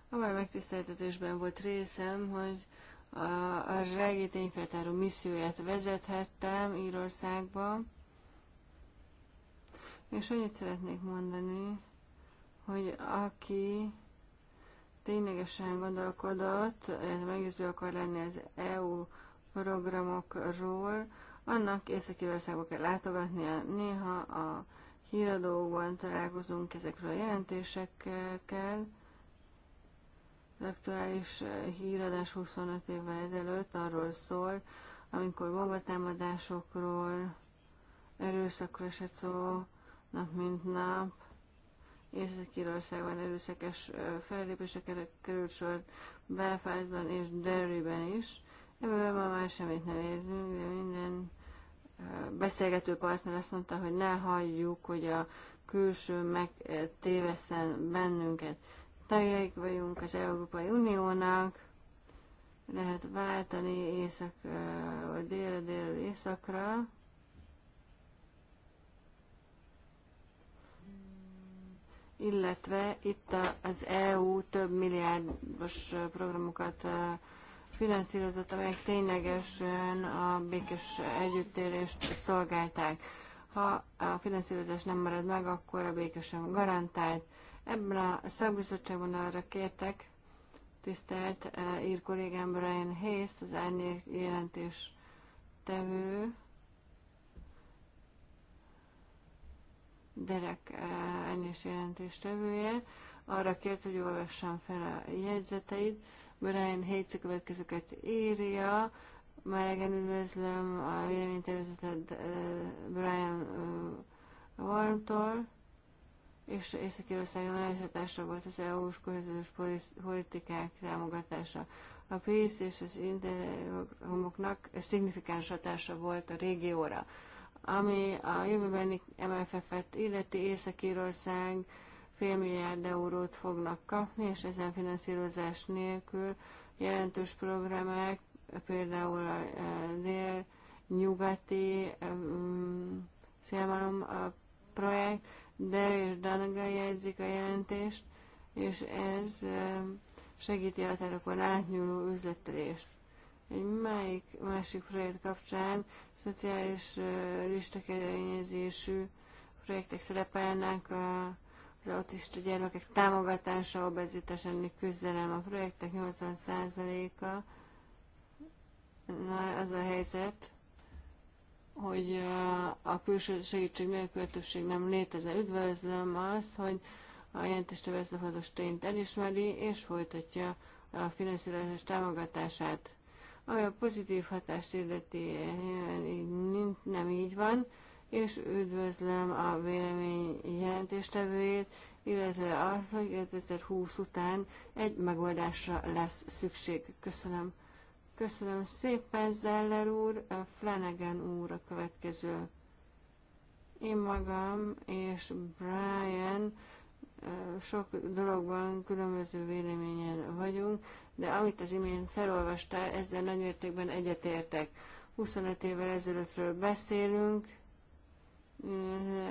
Abban a megtiszteltetésben volt részem, hogy a, a regi tényfeltáró misszióját vezethettem Írországba. És annyit szeretnék mondani, hogy aki ténylegesen gondolkodott, meggyőző akar lenni az EU programokról, vannak északi írországba kell látogatnia, néha a híradóban találkozunk ezekről a jelentésekkel. Az aktuális eh, híradás 25 évvel ezelőtt arról szól, amikor bombatámadásokról, erőszakról esett szó nap mint nap, Észak-Írországban erőszakes eh, fellépésekre került sor Belfastban és Derryben is. Ebből ma már semmit nem érzünk, de minden beszélgető partner azt mondta, hogy ne halljuk, hogy a külső megtéveszen bennünket. Tagjaik vagyunk az Európai Uniónak, lehet váltani vagy délre, délről északra. Illetve itt az EU több milliárdos programokat finanszírozott, amelyek ténylegesen a békés együttélést szolgálták. Ha a finanszírozás nem marad meg, akkor a békesen garantált. Ebben a szakbizottságban arra kértek, tisztelt eh, ír kollégám Brian Hayes, az árnyék jelentés tevő, Derek eh, árnyék jelentés tevője, arra kért, hogy olvassam fel a jegyzeteit, Brian Hayes a következőket írja. Már igen üdvözlöm a véleménytervezetet eh, Brian eh, Warmtól, és Észak-Irországon elhatásra volt az EU-s kohéziós politikák támogatása. A PISZ és az interhomoknak eh, szignifikáns hatása volt a régióra. Ami a jövőbeni MFF-et illeti észak irország félmilliárd eurót fognak kapni, és ezen finanszírozás nélkül jelentős programek, például a dél-nyugati szélmalom projekt, de és Danaga jegyzik a jelentést, és ez segíti a határokon átnyúló üzletelést. Egy máik, másik projekt kapcsán szociális eh, listakedvezményezésű projektek szerepelnek a az autista gyermekek támogatása, obezitás elleni küzdelem. A projektek 80%-a az a helyzet, hogy a külső segítség nélkül a többség nem létezik. Üdvözlöm azt, hogy a jelentéstevő ezt a fontos tényt elismeri, és folytatja a finanszírozás támogatását. Ami a pozitív hatást illeti, nem így van és üdvözlöm a vélemény jelentéstevőjét, illetve azt, hogy 2020 után egy megoldásra lesz szükség. Köszönöm. Köszönöm szépen, Zeller úr, Flanagan úr a következő. Én magam és Brian sok dologban különböző véleményen vagyunk, de amit az imént felolvastál, ezzel nagymértékben egyetértek. 25 évvel ezelőttről beszélünk, Mhm.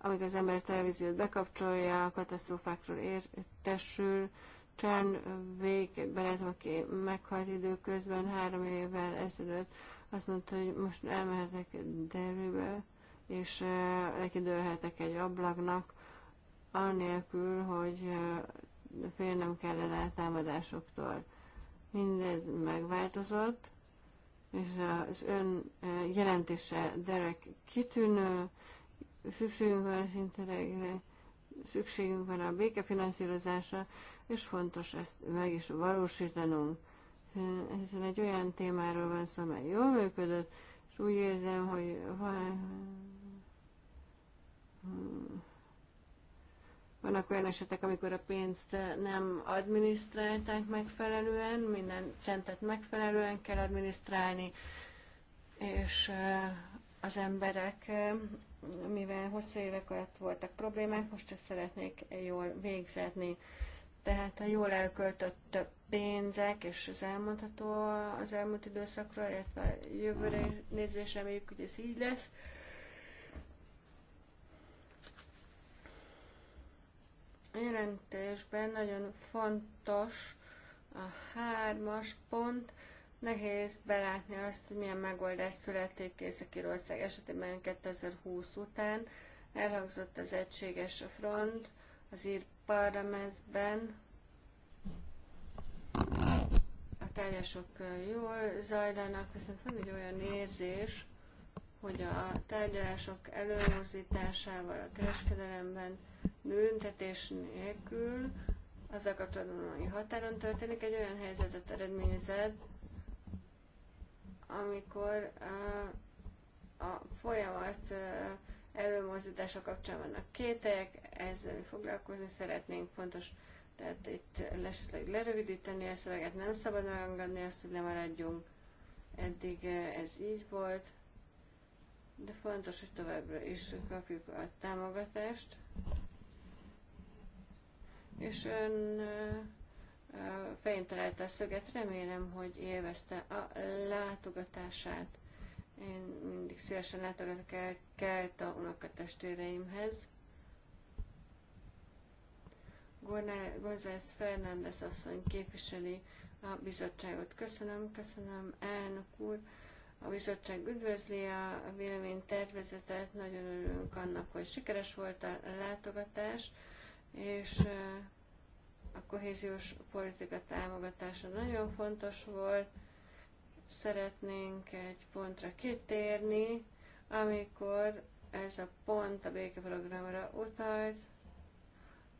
amíg az ember televíziót bekapcsolja, a katasztrófákról értesül, Csern végét barátom, aki meghalt időközben három évvel ezelőtt, azt mondta, hogy most elmehetek derűbe, és eh, lekidőlhetek egy ablaknak, anélkül, hogy eh, félnem kellene a támadásoktól. Mindez megváltozott, és az ön eh, jelentése derek kitűnő, szükségünk van az interregre, szükségünk van a békefinanszírozásra, és fontos ezt meg is valósítanunk. Eh, hiszen egy olyan témáról van szó, amely jól működött, és úgy érzem, hogy van, vannak olyan esetek, amikor a pénzt eh, nem adminisztrálták megfelelően, minden centet megfelelően kell adminisztrálni, és eh, az emberek, eh, mivel hosszú évek alatt voltak problémák, most ezt szeretnék jól végzetni. Tehát a jól elköltött pénzek, és az elmondható az elmúlt időszakról, illetve a jövőre nézésre, reméljük, hogy ez így lesz, jelentésben nagyon fontos a hármas pont, nehéz belátni azt, hogy milyen megoldás születik Észak-Írország esetében 2020 után. Elhangzott az egységes a front az ír parlamentben. A tárgyások jól zajlanak, viszont van egy olyan érzés, hogy a tárgyalások előmozdításával a kereskedelemben büntetés nélkül a kapcsolatban, határon történik, egy olyan helyzetet eredményezett, amikor a, a folyamat előmozdítása kapcsán vannak kételyek, ezzel foglalkozni szeretnénk, fontos, tehát itt esetleg lerövidíteni a szöveget, nem szabad megengedni azt, hogy lemaradjunk. Eddig ez így volt de fontos, hogy továbbra is kapjuk a támogatást. És ön fején találta a szöget, remélem, hogy élvezte a látogatását. Én mindig szívesen látogatok el kelt a unokatestvéreimhez. González Fernández asszony képviseli a bizottságot. Köszönöm, köszönöm, elnök úr. A bizottság üdvözli a tervezetet, nagyon örülünk annak, hogy sikeres volt a látogatás, és a kohéziós politika támogatása nagyon fontos volt. Szeretnénk egy pontra kitérni, amikor ez a pont a békeprogramra utalt,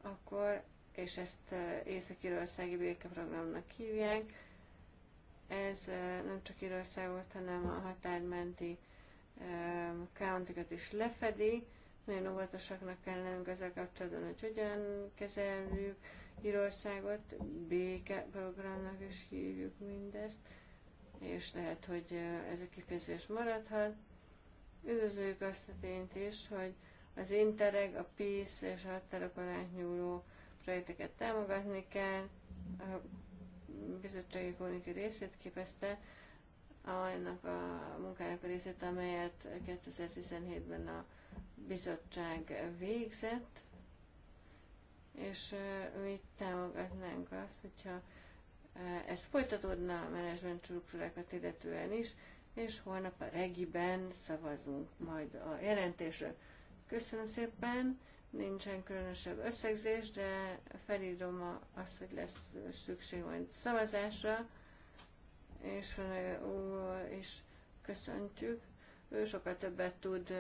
akkor, és ezt észak irországi békeprogramnak hívják, ez nem csak Írországot, hanem a határmenti countikat is lefedi. Nagyon óvatosaknak kell lennünk ezzel kapcsolatban, hogy hogyan kezeljük Írországot, békeprogramnak is hívjuk mindezt, és lehet, hogy ez a kifejezés maradhat. Üdvözlőjük azt a tényt is, hogy az Interreg, a PISZ és a határokon nyúló projekteket támogatni kell, a bizottsági kommunikai részét képezte, annak a munkának a részét, amelyet 2017-ben a bizottság végzett, és mi támogatnánk azt, hogyha ez folytatódna a menedzsment struktúrákat illetően is, és holnap a regiben szavazunk majd a jelentésről. Köszönöm szépen, Nincsen különösebb összegzés, de felírom azt, hogy lesz szükség majd szavazásra, és főleg és köszöntjük. Ő sokkal többet tud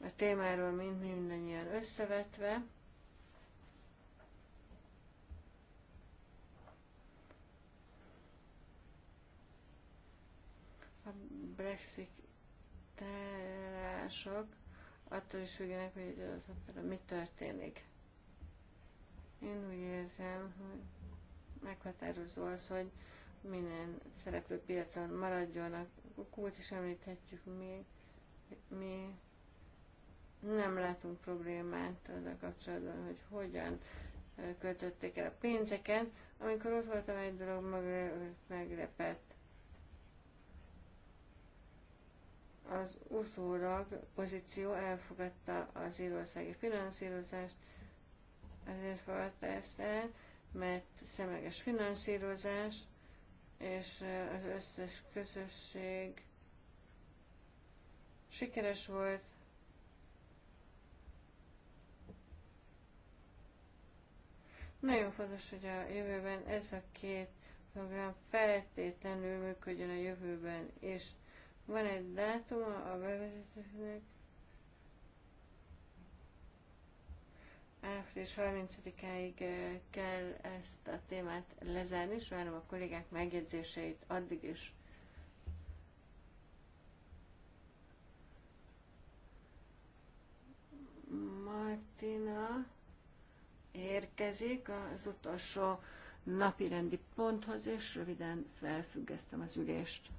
a témáról, mint mi mindannyian összevetve. A brexit tárások attól is függenek, hogy egy adott napra mi történik. Én úgy érzem, hogy meghatározó az, hogy minden szereplő piacon maradjon, a kult is említhetjük mi mi nem látunk problémát azzal kapcsolatban, hogy hogyan költötték el a pénzeken. Amikor ott voltam, egy dolog meglepett. az utólag pozíció elfogadta az írországi finanszírozást, azért fogadta ezt el, mert szemleges finanszírozás, és az összes közösség sikeres volt, Nagyon fontos, hogy a jövőben ez a két program feltétlenül működjön a jövőben, és van egy dátuma a bevezetésnek. Április 30-áig eh, kell ezt a témát lezárni, és várom a kollégák megjegyzéseit addig is. Martina érkezik az utolsó napirendi ponthoz, és röviden felfüggesztem az ülést.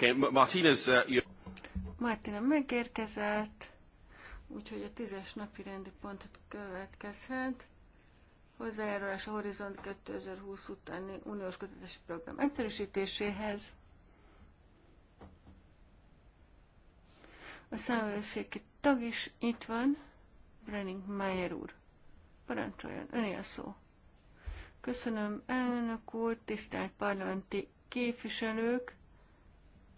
Okay, Martinez, uh, you... Martina megérkezett, úgyhogy a tízes napi rendi pontot következhet. Hozzájárulás a Horizont 2020 utáni uniós kutatási program egyszerűsítéséhez. A számvevőszéki tag is itt van, Brenning Mayer úr. Parancsoljon, öné a szó. Köszönöm, elnök úr, tisztelt parlamenti képviselők!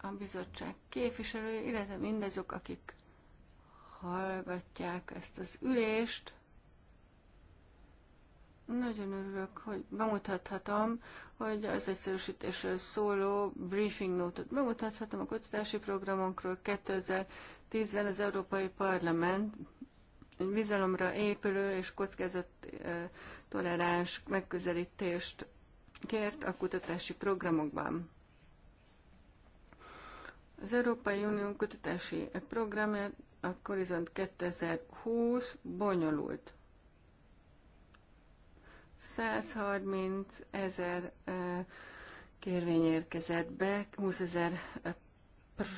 a bizottság képviselői, illetve mindazok, akik hallgatják ezt az ülést. Nagyon örülök, hogy bemutathatom, hogy az egyszerűsítésről szóló briefing notot bemutathatom a kutatási programokról 2010-ben az Európai Parlament bizalomra épülő és kockázat toleráns megközelítést kért a kutatási programokban. Az Európai Unió kutatási programja a Horizont 2020 bonyolult. 130 ezer kérvény érkezett be, 20 ezer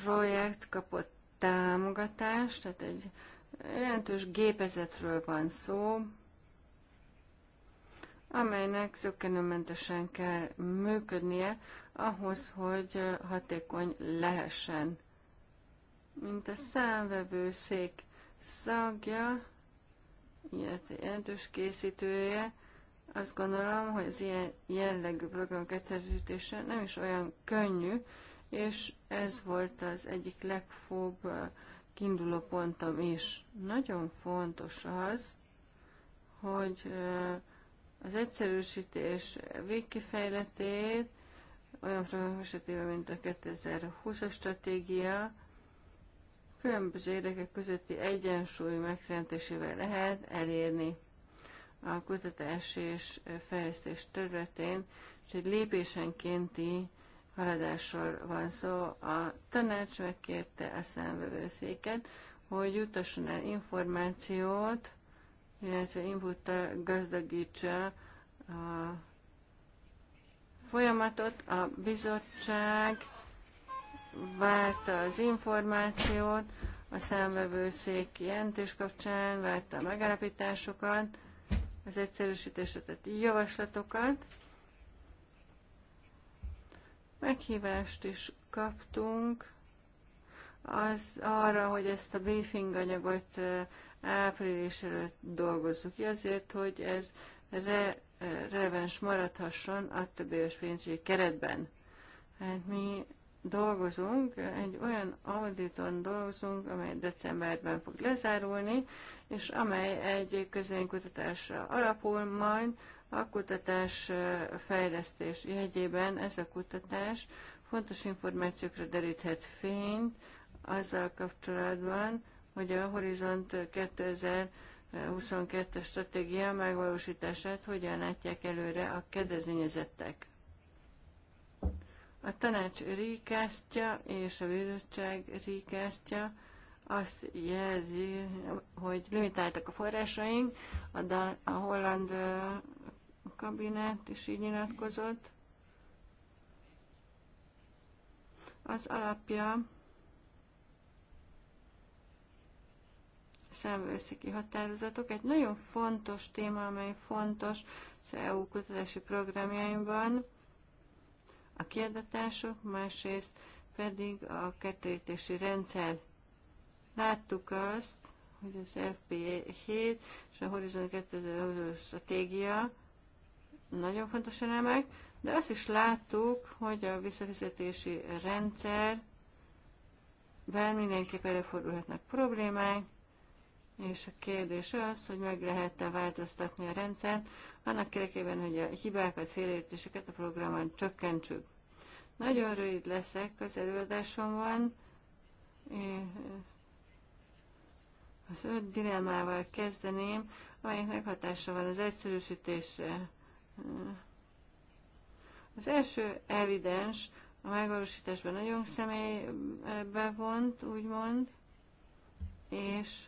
projekt kapott támogatást, tehát egy jelentős gépezetről van szó, amelynek zökkenőmentesen kell működnie ahhoz, hogy hatékony lehessen. Mint a szék szagja, illetve jelentős készítője, azt gondolom, hogy az ilyen jellegű programok egyszerűsítése nem is olyan könnyű, és ez volt az egyik legfóbb kiinduló pontom is. Nagyon fontos az, hogy az egyszerűsítés végkifejletét olyan programok esetében, mint a 2020-as stratégia, különböző érdekek közötti egyensúly megteremtésével lehet elérni a kutatás és fejlesztés területén, és egy lépésenkénti haladásról van szó. A tanács megkérte a számvevőszéket, hogy jutasson el információt, illetve inputtal gazdagítsa a folyamatot, a bizottság várta az információt, a számvevőszék jelentés kapcsán várta a megállapításokat, az egyszerűsítésre tett javaslatokat. Meghívást is kaptunk az arra, hogy ezt a briefing anyagot április előtt dolgozzuk ki, azért, hogy ez re releváns maradhasson a több éves pénzügyi keretben. Hát mi dolgozunk, egy olyan auditon dolgozunk, amely decemberben fog lezárulni, és amely egy közönkutatásra alapul, majd a kutatás fejlesztés jegyében ez a kutatás fontos információkra deríthet fényt azzal kapcsolatban, hogy a Horizont 2000 22-es stratégia megvalósítását hogyan látják előre a kedvezményezettek. A tanács ríkásztja és a bizottság ríkásztja azt jelzi, hogy limitáltak a forrásaink, a, da, a holland kabinet is így nyilatkozott. Az alapja számvőszéki határozatok. Egy nagyon fontos téma, amely fontos az EU kutatási programjaimban, a kiadatások, másrészt pedig a kettőítési rendszer. Láttuk azt, hogy az FP7 e és a Horizon 2020 stratégia nagyon fontos elemek, de azt is láttuk, hogy a visszafizetési rendszer bár mindenképp előfordulhatnak problémák, és a kérdés az, hogy meg lehet-e változtatni a rendszert, annak érdekében, hogy a hibákat, félértéseket a programon csökkentsük. Nagyon rövid leszek az előadásomban. Eh, az öt dilemmával kezdeném, amelyeknek hatása van az egyszerűsítésre. Eh, az első evidens, a megvalósításban nagyon személy bevont, úgymond, és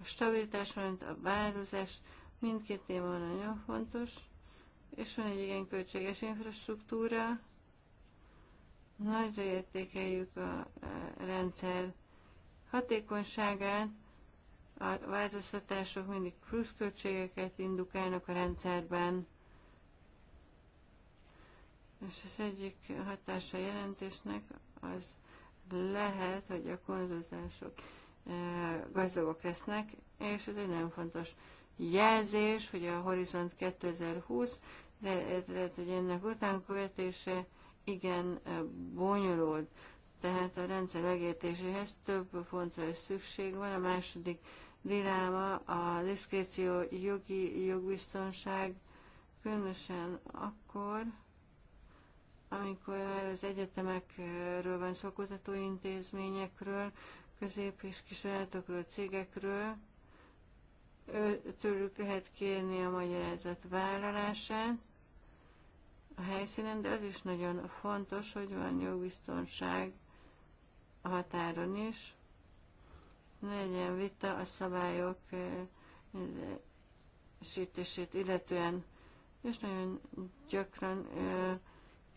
a stabilitás, valamint a változás, mindkét téma nagyon fontos, és van egy igen költséges infrastruktúra, nagyra értékeljük a rendszer hatékonyságát, a változtatások mindig költségeket indukálnak a rendszerben, és az egyik hatása jelentésnek az lehet, hogy a konzultások gazdagok lesznek, és ez egy nagyon fontos jelzés, hogy a Horizont 2020, lehet, hogy ennek utánkövetése igen bonyolult. Tehát a rendszer megértéséhez több fontos is szükség van. A második diláma a diszkréció jogi jogbiztonság, különösen akkor, amikor az egyetemekről van szó, intézményekről közép és vállalatokról, cégekről, tőlük lehet kérni a magyarázat vállalását a helyszínen, de az is nagyon fontos, hogy van jogbiztonság a határon is, ne legyen vita a szabályok sítését illetően, és nagyon gyakran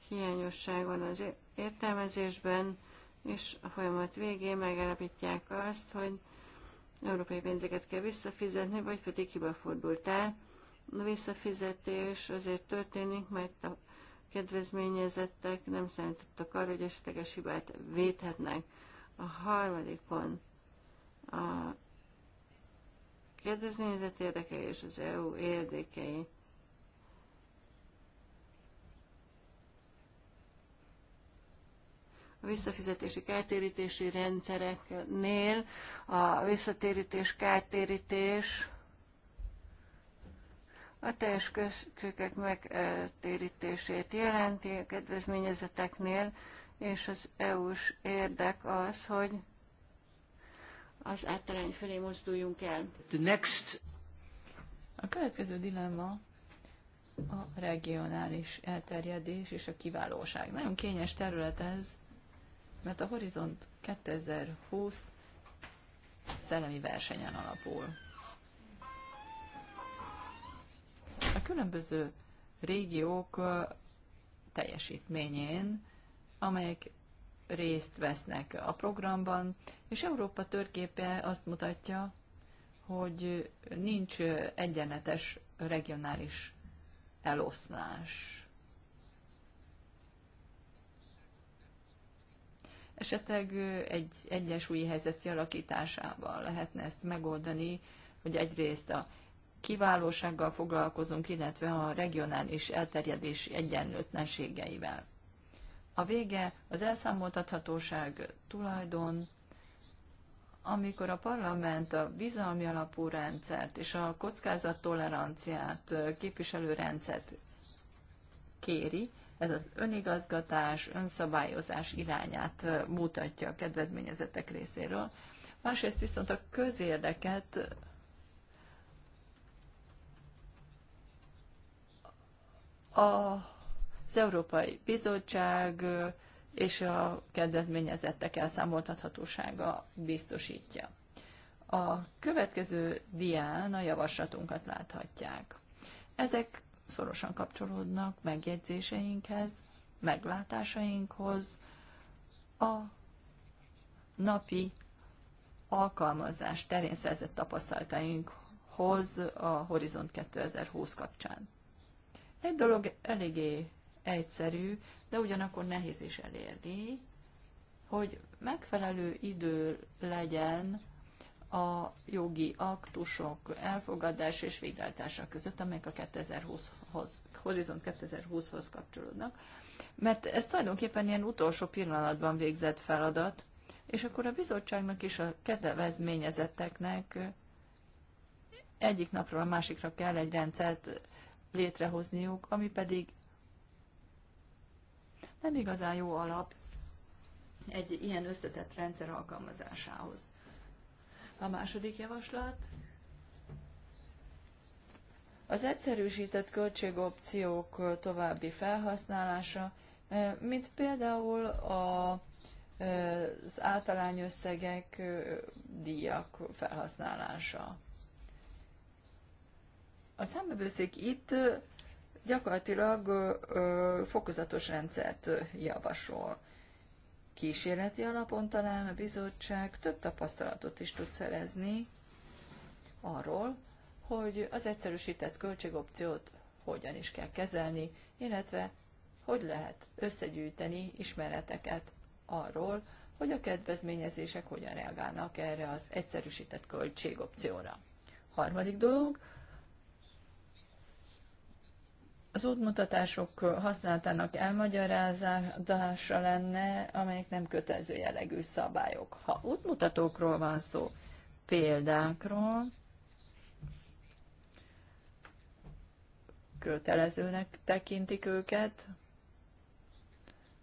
hiányosság van az értelmezésben, és a folyamat végén megállapítják azt, hogy európai pénzeket kell visszafizetni, vagy pedig hiba fordult el. A visszafizetés azért történik, mert a kedvezményezettek nem számítottak arra, hogy esetleges hibát védhetnek. A harmadikon a kedvezményezett érdekei és az EU érdekei. a visszafizetési kártérítési rendszereknél a visszatérítés kártérítés a teljes költségek megtérítését jelenti a kedvezményezeteknél, és az EU-s érdek az, hogy az átterány felé mozduljunk el. The next. A következő dilemma a regionális elterjedés és a kiválóság. Nagyon kényes terület ez, mert a Horizont 2020 szellemi versenyen alapul. A különböző régiók teljesítményén, amelyek részt vesznek a programban, és Európa törképe azt mutatja, hogy nincs egyenletes regionális eloszlás. Esetleg egy egyensúlyi helyzet kialakításával lehetne ezt megoldani, hogy egyrészt a kiválósággal foglalkozunk, illetve a regionális elterjedés egyenlőtlenségeivel. A vége az elszámoltathatóság tulajdon, amikor a parlament a bizalmi alapú rendszert és a kockázattoleranciát képviselő rendszert kéri, ez az önigazgatás, önszabályozás irányát mutatja a kedvezményezetek részéről. Másrészt viszont a közérdeket az Európai Bizottság és a kedvezményezettek elszámoltathatósága biztosítja. A következő dián a javaslatunkat láthatják. Ezek szorosan kapcsolódnak megjegyzéseinkhez, meglátásainkhoz, a napi alkalmazás terén szerzett tapasztalatainkhoz a Horizont 2020 kapcsán. Egy dolog eléggé egyszerű, de ugyanakkor nehéz is elérni, hogy megfelelő idő legyen a jogi aktusok elfogadása és végrehajtása között, amelyek a 2020 hoz Horizont 2020-hoz kapcsolódnak, mert ez tulajdonképpen ilyen utolsó pillanatban végzett feladat, és akkor a bizottságnak is a kedvezményezetteknek egyik napról a másikra kell egy rendszert létrehozniuk, ami pedig nem igazán jó alap egy ilyen összetett rendszer alkalmazásához. A második javaslat az egyszerűsített költségopciók további felhasználása, mint például a, az általány összegek díjak felhasználása. A számbevőszék itt gyakorlatilag fokozatos rendszert javasol. Kísérleti alapon talán a bizottság több tapasztalatot is tud szerezni arról, hogy az egyszerűsített költségopciót hogyan is kell kezelni, illetve hogy lehet összegyűjteni ismereteket arról, hogy a kedvezményezések hogyan reagálnak erre az egyszerűsített költségopcióra. Harmadik dolog, az útmutatások használatának elmagyarázása lenne, amelyek nem kötelező jellegű szabályok. Ha útmutatókról van szó, példákról, kötelezőnek tekintik őket,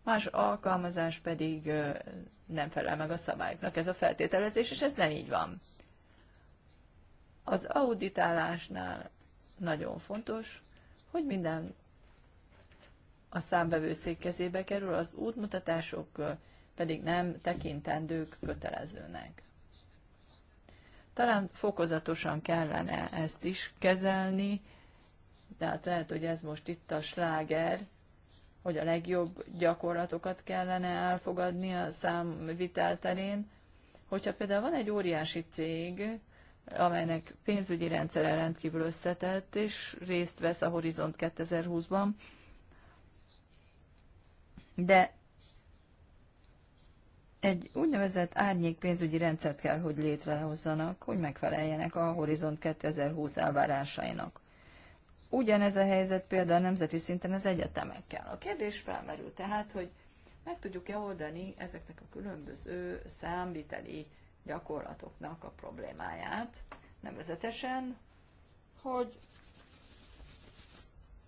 más alkalmazás pedig nem felel meg a szabályoknak ez a feltételezés, és ez nem így van. Az auditálásnál nagyon fontos, hogy minden a számbevőszék kezébe kerül, az útmutatások pedig nem tekintendők kötelezőnek. Talán fokozatosan kellene ezt is kezelni, tehát lehet, hogy ez most itt a sláger, hogy a legjobb gyakorlatokat kellene elfogadni a számvitel terén. Hogyha például van egy óriási cég, amelynek pénzügyi rendszere rendkívül összetett, és részt vesz a Horizont 2020-ban, de egy úgynevezett árnyék pénzügyi rendszert kell, hogy létrehozzanak, hogy megfeleljenek a Horizont 2020 elvárásainak. Ugyanez a helyzet például nemzeti szinten az egyetemekkel. A kérdés felmerül tehát, hogy meg tudjuk-e oldani ezeknek a különböző számviteli gyakorlatoknak a problémáját, nevezetesen, hogy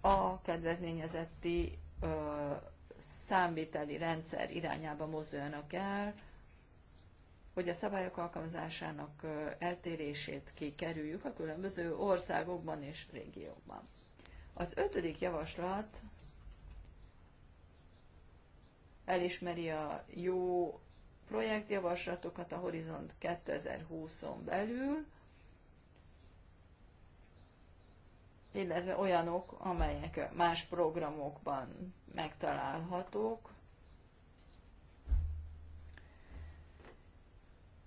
a kedvezményezetti ö, számviteli rendszer irányába mozduljanak el, hogy a szabályok alkalmazásának eltérését kikerüljük a különböző országokban és régiókban. Az ötödik javaslat elismeri a jó projektjavaslatokat a Horizont 2020-on belül, illetve olyanok, amelyek más programokban megtalálhatók,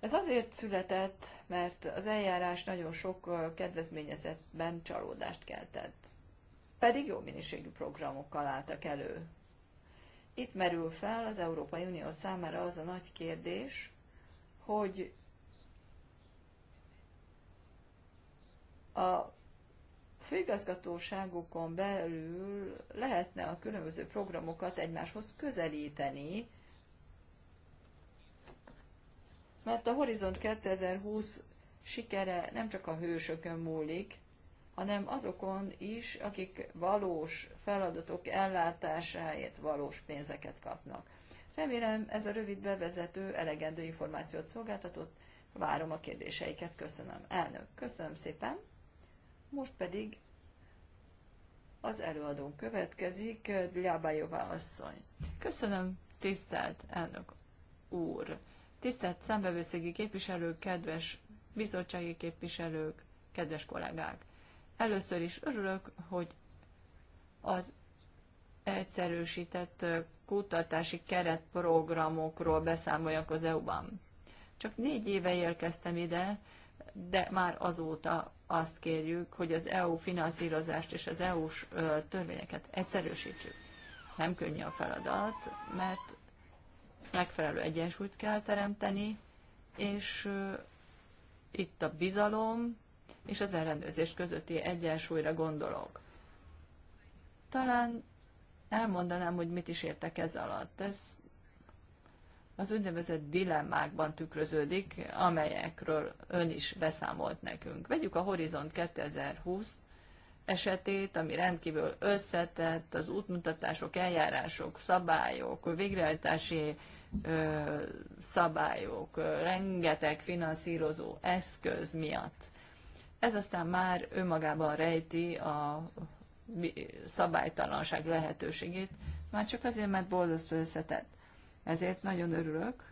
Ez azért született, mert az eljárás nagyon sok kedvezményezetben csalódást keltett. Pedig jó minőségű programokkal álltak elő. Itt merül fel az Európai Unió számára az a nagy kérdés, hogy a főigazgatóságokon belül lehetne a különböző programokat egymáshoz közelíteni, mert a Horizont 2020 sikere nem csak a hősökön múlik, hanem azokon is, akik valós feladatok ellátásáért valós pénzeket kapnak. Remélem ez a rövid bevezető elegendő információt szolgáltatott, várom a kérdéseiket, köszönöm. Elnök, köszönöm szépen. Most pedig az előadón következik, Dlábájová asszony. Köszönöm, tisztelt elnök úr. Tisztelt szembevőszégi képviselők, kedves bizottsági képviselők, kedves kollégák! Először is örülök, hogy az egyszerűsített kutatási keretprogramokról beszámoljak az EU-ban. Csak négy éve érkeztem ide, de már azóta azt kérjük, hogy az EU finanszírozást és az EU-s törvényeket egyszerűsítsük. Nem könnyű a feladat, mert megfelelő egyensúlyt kell teremteni, és itt a bizalom és az ellenőrzés közötti egyensúlyra gondolok. Talán elmondanám, hogy mit is értek ez alatt. Ez az úgynevezett dilemmákban tükröződik, amelyekről ön is beszámolt nekünk. Vegyük a Horizont 2020-t, esetét, ami rendkívül összetett, az útmutatások, eljárások, szabályok, végrehajtási szabályok, rengeteg finanszírozó eszköz miatt. Ez aztán már önmagában rejti a szabálytalanság lehetőségét, már csak azért, mert borzasztó összetett. Ezért nagyon örülök,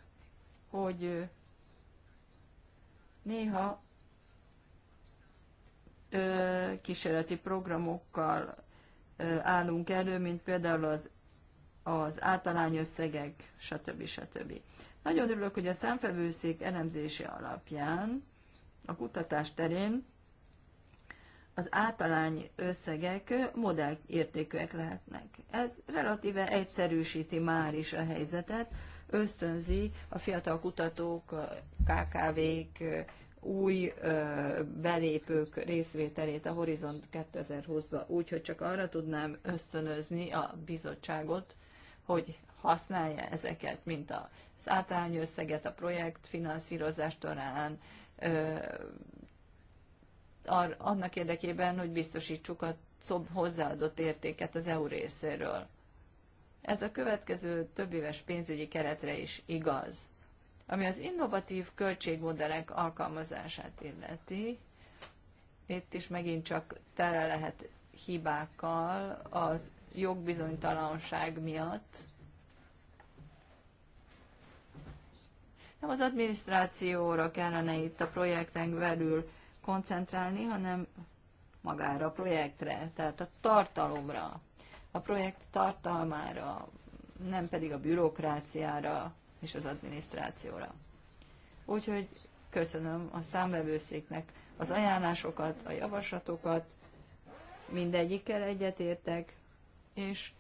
hogy néha kísérleti programokkal állunk elő, mint például az, az általány összegek, stb. stb. Nagyon örülök, hogy a számfevőszék elemzése alapján a kutatás terén az általány összegek modellértékűek lehetnek. Ez relatíve egyszerűsíti már is a helyzetet, ösztönzi a fiatal kutatók, KKV-k, új belépők részvételét a Horizont 2020-ba, úgyhogy csak arra tudnám ösztönözni a bizottságot, hogy használja ezeket, mint a szátány összeget a projekt finanszírozás során, annak érdekében, hogy biztosítsuk a hozzáadott értéket az EU részéről. Ez a következő több éves pénzügyi keretre is igaz. Ami az innovatív költségmodellek alkalmazását illeti, itt is megint csak tele lehet hibákkal az jogbizonytalanság miatt. Nem az adminisztrációra kellene itt a projekten belül koncentrálni, hanem magára a projektre, tehát a tartalomra, a projekt tartalmára, nem pedig a bürokráciára, és az adminisztrációra. Úgyhogy köszönöm a számvevőszéknek az ajánlásokat, a javaslatokat, mindegyikkel egyetértek, és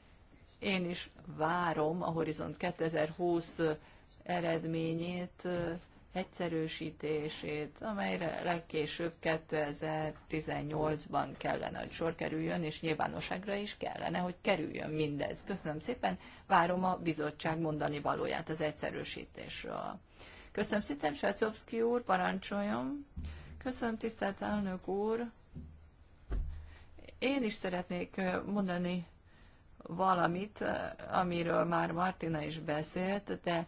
én is várom a Horizont 2020 eredményét egyszerűsítését, amelyre legkésőbb 2018-ban kellene, hogy sor kerüljön, és nyilvánosságra is kellene, hogy kerüljön mindez. Köszönöm szépen, várom a bizottság mondani valóját az egyszerűsítésről. Köszönöm szépen, Sacovszki úr, parancsoljon. Köszönöm, tisztelt elnök úr. Én is szeretnék mondani valamit, amiről már Martina is beszélt, de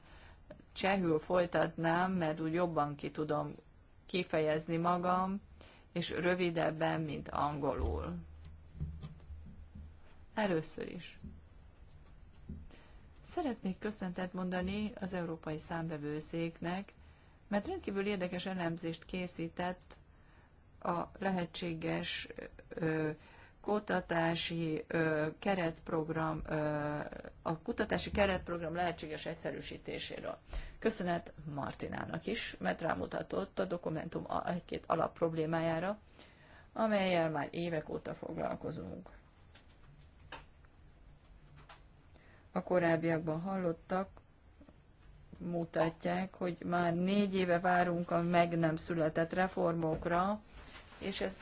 csehül folytatnám, mert úgy jobban ki tudom kifejezni magam, és rövidebben, mint angolul. Először is. Szeretnék köszöntet mondani az Európai Számbevőszéknek, mert rendkívül érdekes elemzést készített a lehetséges kutatási ö, keretprogram, ö, a kutatási keretprogram lehetséges egyszerűsítéséről. Köszönet Martinának is, mert rámutatott a dokumentum egy-két alap problémájára, amelyel már évek óta foglalkozunk. A korábbiakban hallottak, mutatják, hogy már négy éve várunk a meg nem született reformokra, és ez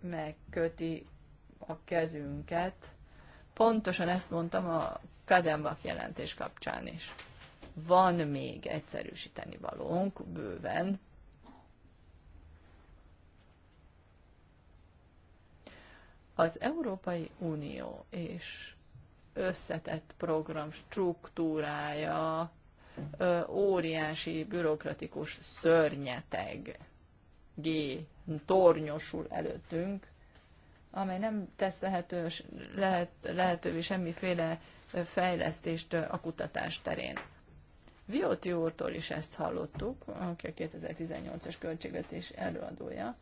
megköti a kezünket. Pontosan ezt mondtam a Kadembak jelentés kapcsán is. Van még egyszerűsíteni valónk, bőven. Az Európai Unió és összetett program struktúrája óriási bürokratikus szörnyeteg G tornyosul előttünk, amely nem tesz lehető lehet, lehetővé semmiféle fejlesztést a kutatás terén. Vioti úrtól is ezt hallottuk, aki a 2018-as költségvetés előadója,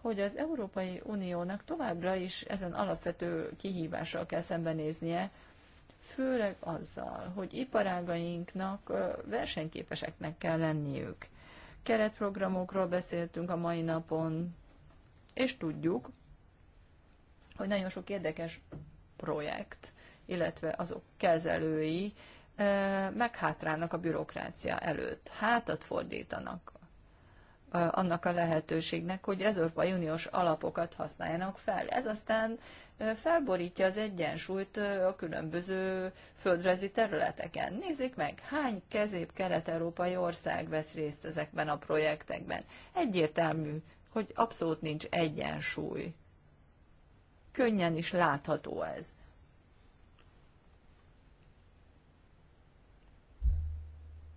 hogy az Európai Uniónak továbbra is ezen alapvető kihívással kell szembenéznie, főleg azzal, hogy iparágainknak versenyképeseknek kell lenniük. Keretprogramokról beszéltünk a mai napon, és tudjuk, hogy nagyon sok érdekes projekt, illetve azok kezelői meghátrálnak a bürokrácia előtt, hátat fordítanak annak a lehetőségnek, hogy az Európai Uniós alapokat használjanak fel. Ez aztán felborítja az egyensúlyt a különböző földrajzi területeken. Nézzék meg, hány kezép-kelet-európai ország vesz részt ezekben a projektekben. Egyértelmű, hogy abszolút nincs egyensúly könnyen is látható ez.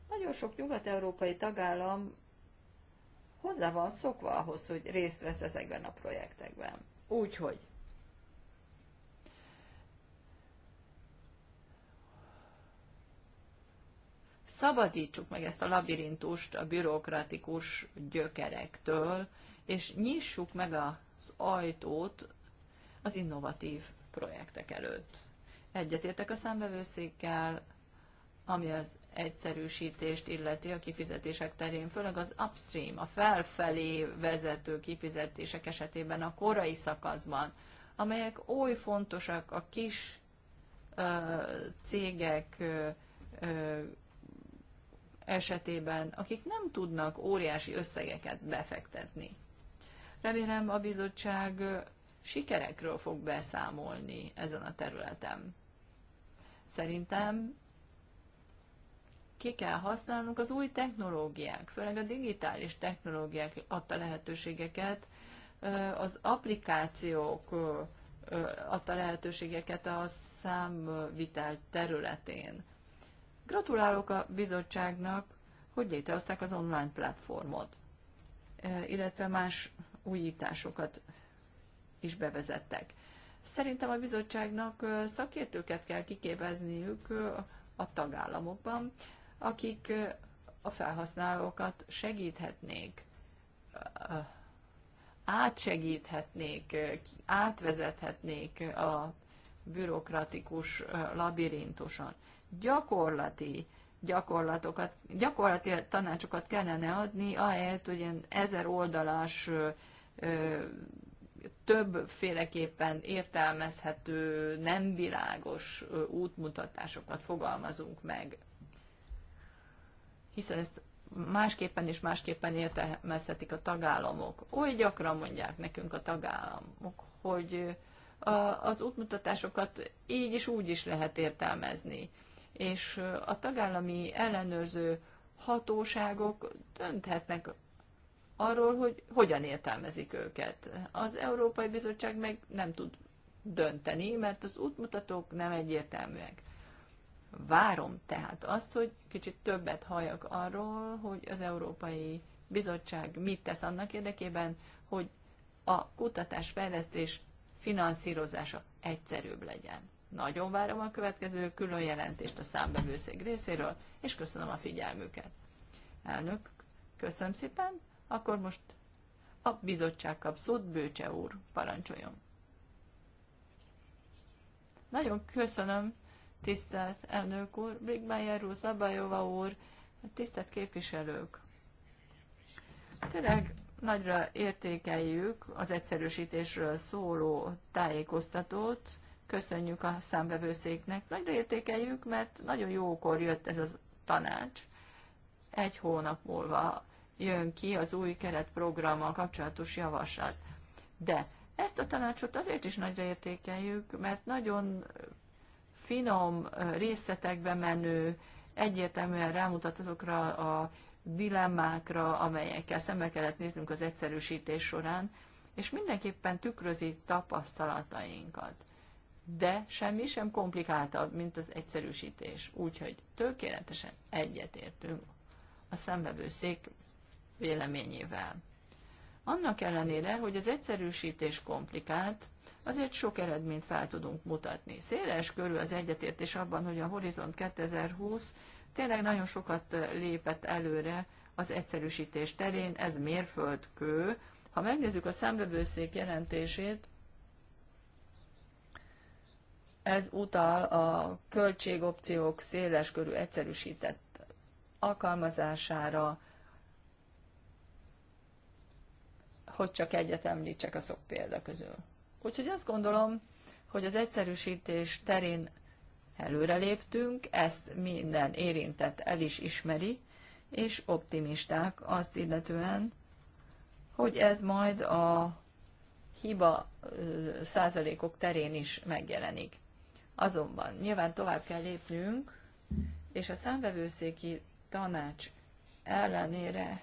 Nagyon sok nyugat-európai tagállam hozzá van szokva ahhoz, hogy részt vesz ezekben a projektekben. Úgyhogy szabadítsuk meg ezt a labirintust a bürokratikus gyökerektől, és nyissuk meg az ajtót az innovatív projektek előtt. Egyetértek a számbevőszékkel, ami az egyszerűsítést illeti a kifizetések terén, főleg az upstream, a felfelé vezető kifizetések esetében a korai szakaszban, amelyek oly fontosak a kis ö, cégek ö, ö, esetében, akik nem tudnak óriási összegeket befektetni. Remélem a bizottság sikerekről fog beszámolni ezen a területen. Szerintem ki kell használnunk az új technológiák, főleg a digitális technológiák adta lehetőségeket, az applikációk adta lehetőségeket a számvitel területén. Gratulálok a bizottságnak, hogy létrehozták az online platformot, illetve más újításokat is bevezettek. Szerintem a bizottságnak szakértőket kell kiképezniük a tagállamokban, akik a felhasználókat segíthetnék, átsegíthetnék, átvezethetnék a bürokratikus labirintuson. Gyakorlati gyakorlatokat, gyakorlati tanácsokat kellene adni, ahelyett, hogy ilyen ezer oldalas többféleképpen értelmezhető, nem világos útmutatásokat fogalmazunk meg. Hiszen ezt másképpen és másképpen értelmezhetik a tagállamok. Oly gyakran mondják nekünk a tagállamok, hogy az útmutatásokat így is úgy is lehet értelmezni. És a tagállami ellenőrző hatóságok dönthetnek arról, hogy hogyan értelmezik őket. Az Európai Bizottság meg nem tud dönteni, mert az útmutatók nem egyértelműek. Várom tehát azt, hogy kicsit többet halljak arról, hogy az Európai Bizottság mit tesz annak érdekében, hogy a kutatásfejlesztés finanszírozása egyszerűbb legyen. Nagyon várom a következő külön jelentést a számbevőszék részéről, és köszönöm a figyelmüket. Elnök, köszönöm szépen! Akkor most a bizottság kap szót, Bőcse úr, parancsoljon. Nagyon köszönöm, tisztelt elnök úr, Brigmeier úr, Zabajova úr, tisztelt képviselők. Tényleg nagyra értékeljük az egyszerűsítésről szóló tájékoztatót, köszönjük a számbevőszéknek, nagyra értékeljük, mert nagyon jókor jött ez a tanács, egy hónap múlva jön ki az új keretprogrammal kapcsolatos javaslat. De ezt a tanácsot azért is nagyra értékeljük, mert nagyon finom részletekbe menő, egyértelműen rámutat azokra a dilemmákra, amelyekkel szembe kellett néznünk az egyszerűsítés során, és mindenképpen tükrözi tapasztalatainkat. De semmi sem komplikáltabb, mint az egyszerűsítés. Úgyhogy tökéletesen egyetértünk a szembevő szék véleményével. Annak ellenére, hogy az egyszerűsítés komplikált, azért sok eredményt fel tudunk mutatni. Széles körül az egyetértés abban, hogy a Horizont 2020 tényleg nagyon sokat lépett előre az egyszerűsítés terén, ez mérföldkő. Ha megnézzük a számbevőszék jelentését, ez utal a költségopciók körű egyszerűsített alkalmazására, hogy csak egyet említsek a sok példa közül. Úgyhogy azt gondolom, hogy az egyszerűsítés terén előreléptünk, ezt minden érintett el is ismeri, és optimisták azt illetően, hogy ez majd a hiba százalékok terén is megjelenik. Azonban nyilván tovább kell lépnünk, és a számvevőszéki tanács ellenére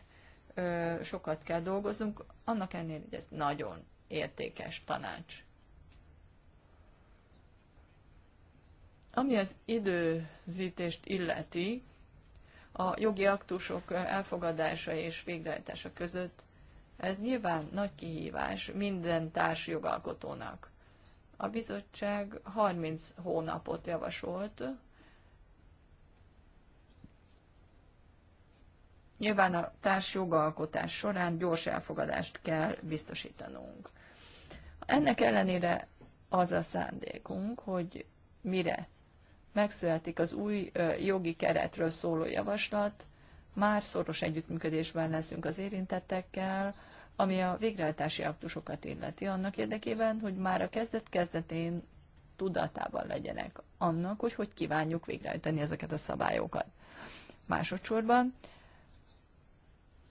sokat kell dolgoznunk, annak ellenére, hogy ez nagyon értékes tanács. Ami az időzítést illeti, a jogi aktusok elfogadása és végrehajtása között, ez nyilván nagy kihívás minden társ jogalkotónak. A bizottság 30 hónapot javasolt, Nyilván a társ jogalkotás során gyors elfogadást kell biztosítanunk. Ennek ellenére az a szándékunk, hogy mire megszületik az új jogi keretről szóló javaslat, már szoros együttműködésben leszünk az érintettekkel, ami a végrehajtási aktusokat illeti annak érdekében, hogy már a kezdet-kezdetén tudatában legyenek annak, hogy hogy kívánjuk végrehajtani ezeket a szabályokat. Másodszorban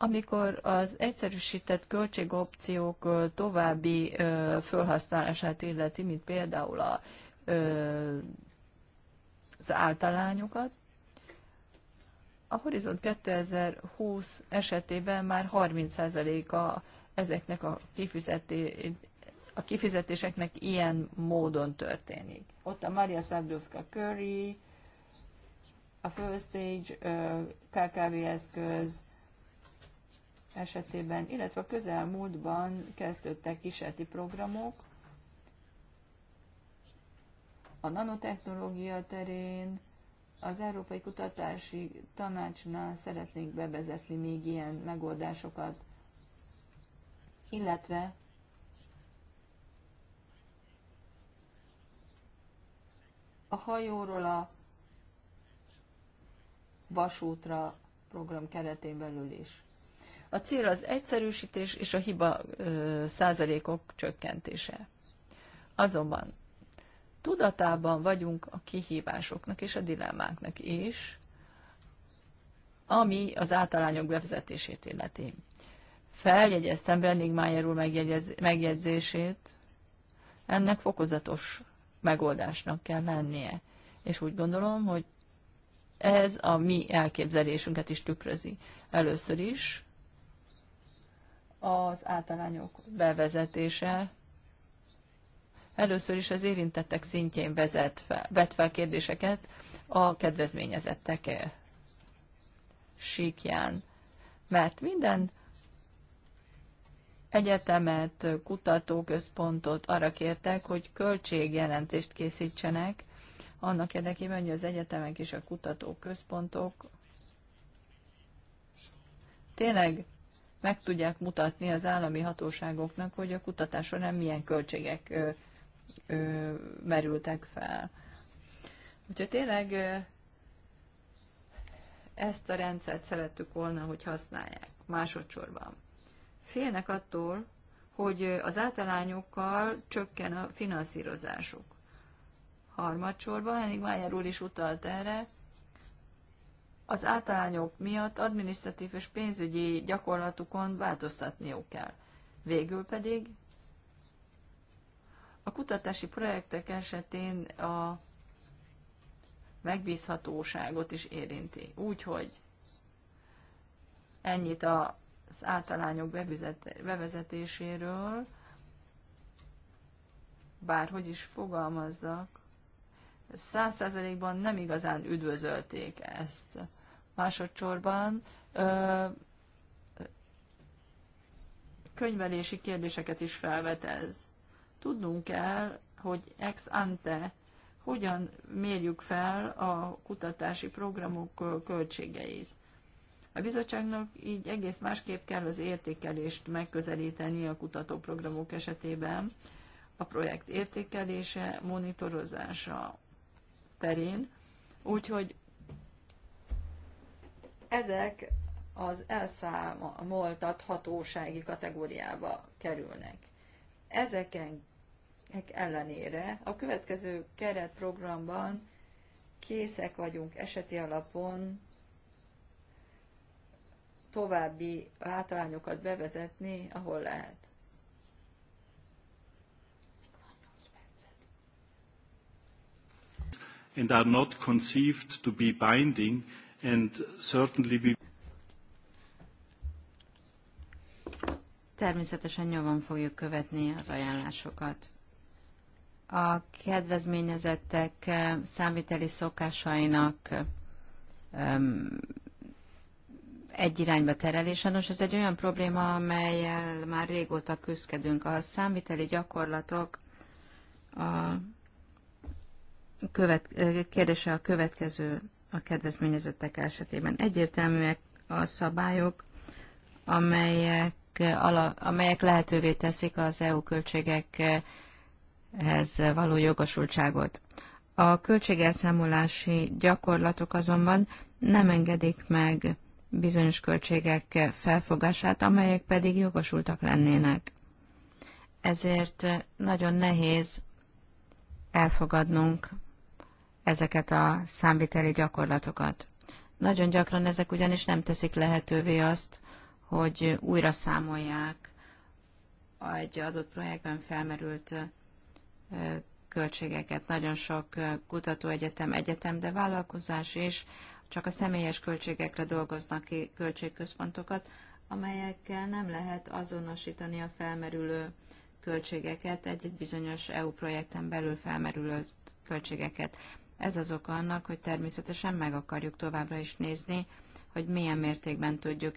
amikor az egyszerűsített költségopciók további felhasználását illeti, mint például a, az általányokat, a Horizont 2020 esetében már 30%-a ezeknek a, kifizeté, a kifizetéseknek ilyen módon történik. Ott a Maria Szabdowska Curry, a First Stage KKV eszköz, esetében, illetve a közelmúltban kezdődtek kísérleti programok a nanotechnológia terén, az Európai Kutatási Tanácsnál szeretnénk bevezetni még ilyen megoldásokat, illetve a hajóról a vasútra program keretén belül is. A cél az egyszerűsítés és a hiba százalékok csökkentése. Azonban tudatában vagyunk a kihívásoknak és a dilemmáknak is, ami az általányok bevezetését illeti. Feljegyeztem Brenning Mayer úr megjegyez, megjegyzését, ennek fokozatos megoldásnak kell lennie. És úgy gondolom, hogy ez a mi elképzelésünket is tükrözi. Először is az általányok bevezetése először is az érintettek szintjén vezet fel, vet fel kérdéseket a kedvezményezettek eh, síkján. Mert minden egyetemet, kutatóközpontot arra kértek, hogy költségjelentést készítsenek, annak érdekében, hogy az egyetemek és a kutatóközpontok tényleg meg tudják mutatni az állami hatóságoknak, hogy a kutatás során milyen költségek ö, ö, merültek fel. Úgyhogy tényleg ö, ezt a rendszert szerettük volna, hogy használják másodszorban. Félnek attól, hogy az általányokkal csökken a finanszírozásuk. Harmadsorban, Henning Májer úr is utalt erre, az általányok miatt adminisztratív és pénzügyi gyakorlatukon változtatniuk kell. Végül pedig a kutatási projektek esetén a megbízhatóságot is érinti. Úgyhogy ennyit az általányok bevezetéséről, bárhogy is fogalmazzak, száz százalékban nem igazán üdvözölték ezt. Másodszorban ö, könyvelési kérdéseket is felvet ez. Tudnunk kell, hogy ex ante hogyan mérjük fel a kutatási programok költségeit. A bizottságnak így egész másképp kell az értékelést megközelíteni a kutatóprogramok esetében, a projekt értékelése, monitorozása, terén, úgyhogy ezek az hatósági kategóriába kerülnek. Ezeken ellenére a következő keretprogramban készek vagyunk eseti alapon további hátrányokat bevezetni, ahol lehet. and are not conceived to be binding and certainly we Természetesen nyomon fogjuk követni az ajánlásokat. A kedvezményezettek számviteli szokásainak egy irányba terelése. Nos, ez egy olyan probléma, amelyel már régóta küzdkedünk. A számviteli gyakorlatok a követ, kérdése a következő a kedvezményezettek esetében. Egyértelműek a szabályok, amelyek, ala, amelyek lehetővé teszik az EU költségekhez való jogosultságot. A költségelszámolási gyakorlatok azonban nem engedik meg bizonyos költségek felfogását, amelyek pedig jogosultak lennének. Ezért nagyon nehéz elfogadnunk ezeket a számviteli gyakorlatokat. Nagyon gyakran ezek ugyanis nem teszik lehetővé azt, hogy újra számolják egy adott projektben felmerült költségeket. Nagyon sok kutatóegyetem, egyetem, de vállalkozás is csak a személyes költségekre dolgoznak ki költségközpontokat, amelyekkel nem lehet azonosítani a felmerülő költségeket, egy-egy bizonyos EU projekten belül felmerülő költségeket. Ez az oka annak, hogy természetesen meg akarjuk továbbra is nézni, hogy milyen mértékben tudjuk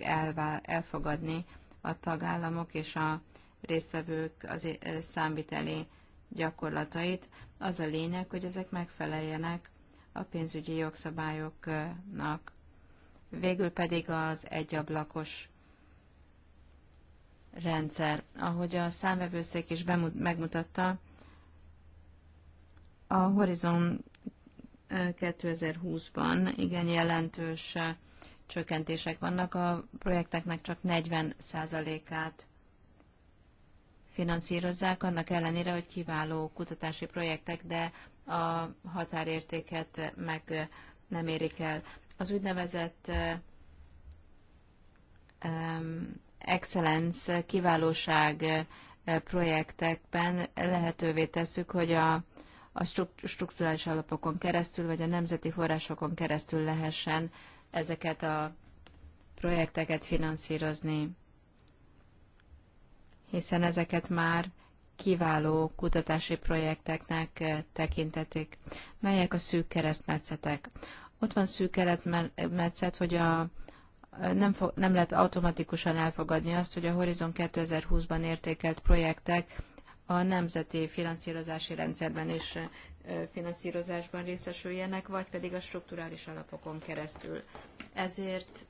elfogadni a tagállamok és a résztvevők az e, számviteli gyakorlatait. Az a lényeg, hogy ezek megfeleljenek a pénzügyi jogszabályoknak. Végül pedig az egyablakos rendszer. Ahogy a számvevőszék is bemut- megmutatta, a Horizon 2020-ban igen jelentős eh, csökkentések vannak. A projekteknek csak 40%-át finanszírozzák, annak ellenére, hogy kiváló kutatási projektek, de a határértéket meg nem érik el. Az úgynevezett eh, excellence, kiválóság eh, projektekben lehetővé tesszük, hogy a a strukturális alapokon keresztül, vagy a nemzeti forrásokon keresztül lehessen ezeket a projekteket finanszírozni, hiszen ezeket már kiváló kutatási projekteknek eh, tekintetik, melyek a szűk keresztmetszetek. Ott van szűk keresztmetszet, hogy a, eh, nem, fog, nem lehet automatikusan elfogadni azt, hogy a Horizon 2020-ban értékelt projektek a nemzeti finanszírozási rendszerben is finanszírozásban részesüljenek, vagy pedig a strukturális alapokon keresztül. Ezért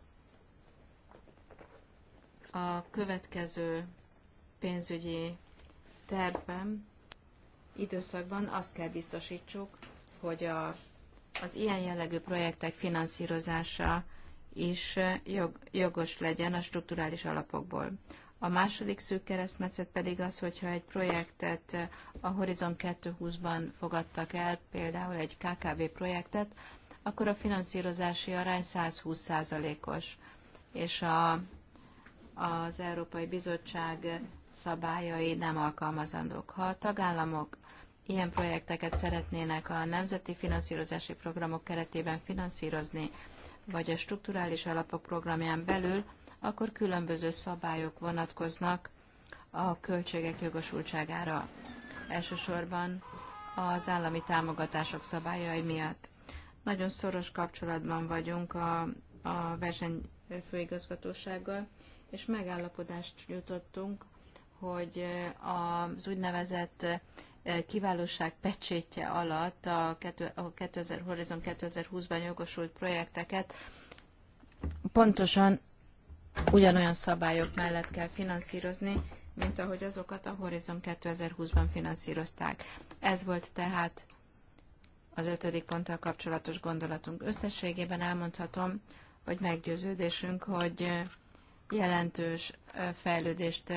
a következő pénzügyi tervben, időszakban azt kell biztosítsuk, hogy a, az ilyen jellegű projektek finanszírozása is eh, jog, jogos legyen a strukturális alapokból. A második szűk keresztmetszet pedig az, hogyha egy projektet eh, a Horizon 2020-ban fogadtak el, például egy KKV projektet, akkor a finanszírozási arány 120%-os, és a, az Európai Bizottság szabályai nem alkalmazandók. Ha a tagállamok ilyen projekteket szeretnének a nemzeti finanszírozási programok keretében finanszírozni, vagy a strukturális alapok programján belül, akkor különböző szabályok vonatkoznak a költségek jogosultságára. Elsősorban az állami támogatások szabályai miatt. Nagyon szoros kapcsolatban vagyunk a, a versenyfőigazgatósággal, és megállapodást jutottunk, hogy az úgynevezett Eh, kiválóság pecsétje alatt a 2000 Horizon 2020-ban jogosult projekteket pontosan ugyanolyan szabályok mellett kell finanszírozni, mint ahogy azokat a Horizon 2020-ban finanszírozták. Ez volt tehát az ötödik ponttal kapcsolatos gondolatunk. Összességében elmondhatom, hogy meggyőződésünk, hogy eh, jelentős eh, fejlődést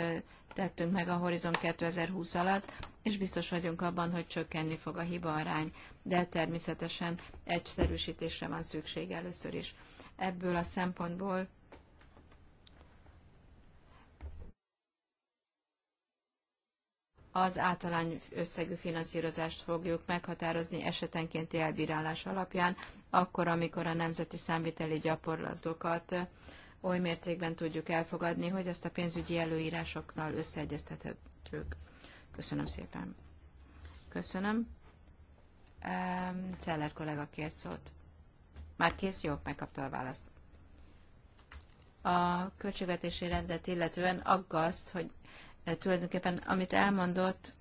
tettünk meg a Horizon 2020 alatt, és biztos vagyunk abban, hogy csökkenni fog a hiba arány, de természetesen egyszerűsítésre van szükség először is. Ebből a szempontból az általány összegű finanszírozást fogjuk meghatározni esetenkénti elbírálás alapján, akkor, amikor a nemzeti számviteli gyakorlatokat oly mértékben tudjuk elfogadni, hogy ezt a pénzügyi előírásoknál összeegyeztethetjük. Köszönöm szépen. Köszönöm. Um, Celler kollega kért szót. Már kész? Jó, megkapta a választ. A költségvetési rendet illetően aggaszt, hogy eh, tulajdonképpen amit elmondott,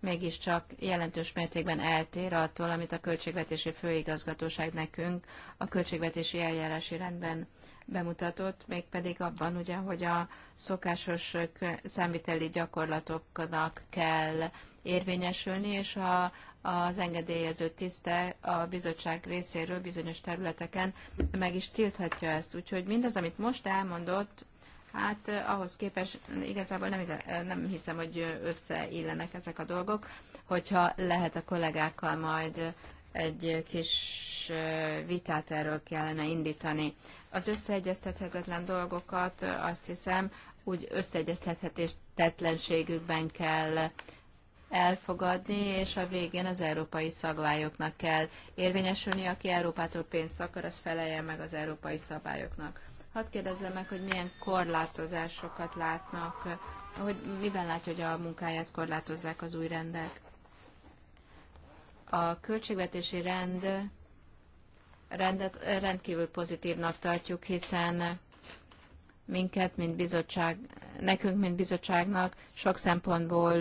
mégiscsak jelentős mértékben eltér attól, amit a költségvetési főigazgatóság nekünk a költségvetési eljárási rendben bemutatott, mégpedig abban ugye, hogy a szokásos számviteli gyakorlatoknak kell érvényesülni, és a, az engedélyező tiszte a bizottság részéről bizonyos területeken meg is tilthatja ezt. Úgyhogy mindaz, amit most elmondott, hát eh, ahhoz képest igazából nem, eh, nem hiszem, hogy összeillenek ezek a dolgok, hogyha lehet a kollégákkal majd egy kis eh, vitát erről kellene indítani az összeegyeztethetetlen dolgokat azt hiszem úgy összeegyeztethetetlenségükben kell elfogadni, és a végén az európai szabályoknak kell érvényesülni. Aki Európától pénzt akar, az felelje meg az európai szabályoknak. Hadd kérdezzem meg, hogy milyen korlátozásokat látnak, hogy miben látja, hogy a munkáját korlátozzák az új rendek. A költségvetési rend rendet, rendkívül pozitívnak tartjuk, hiszen minket, mint bizottság, nekünk, mint bizottságnak sok szempontból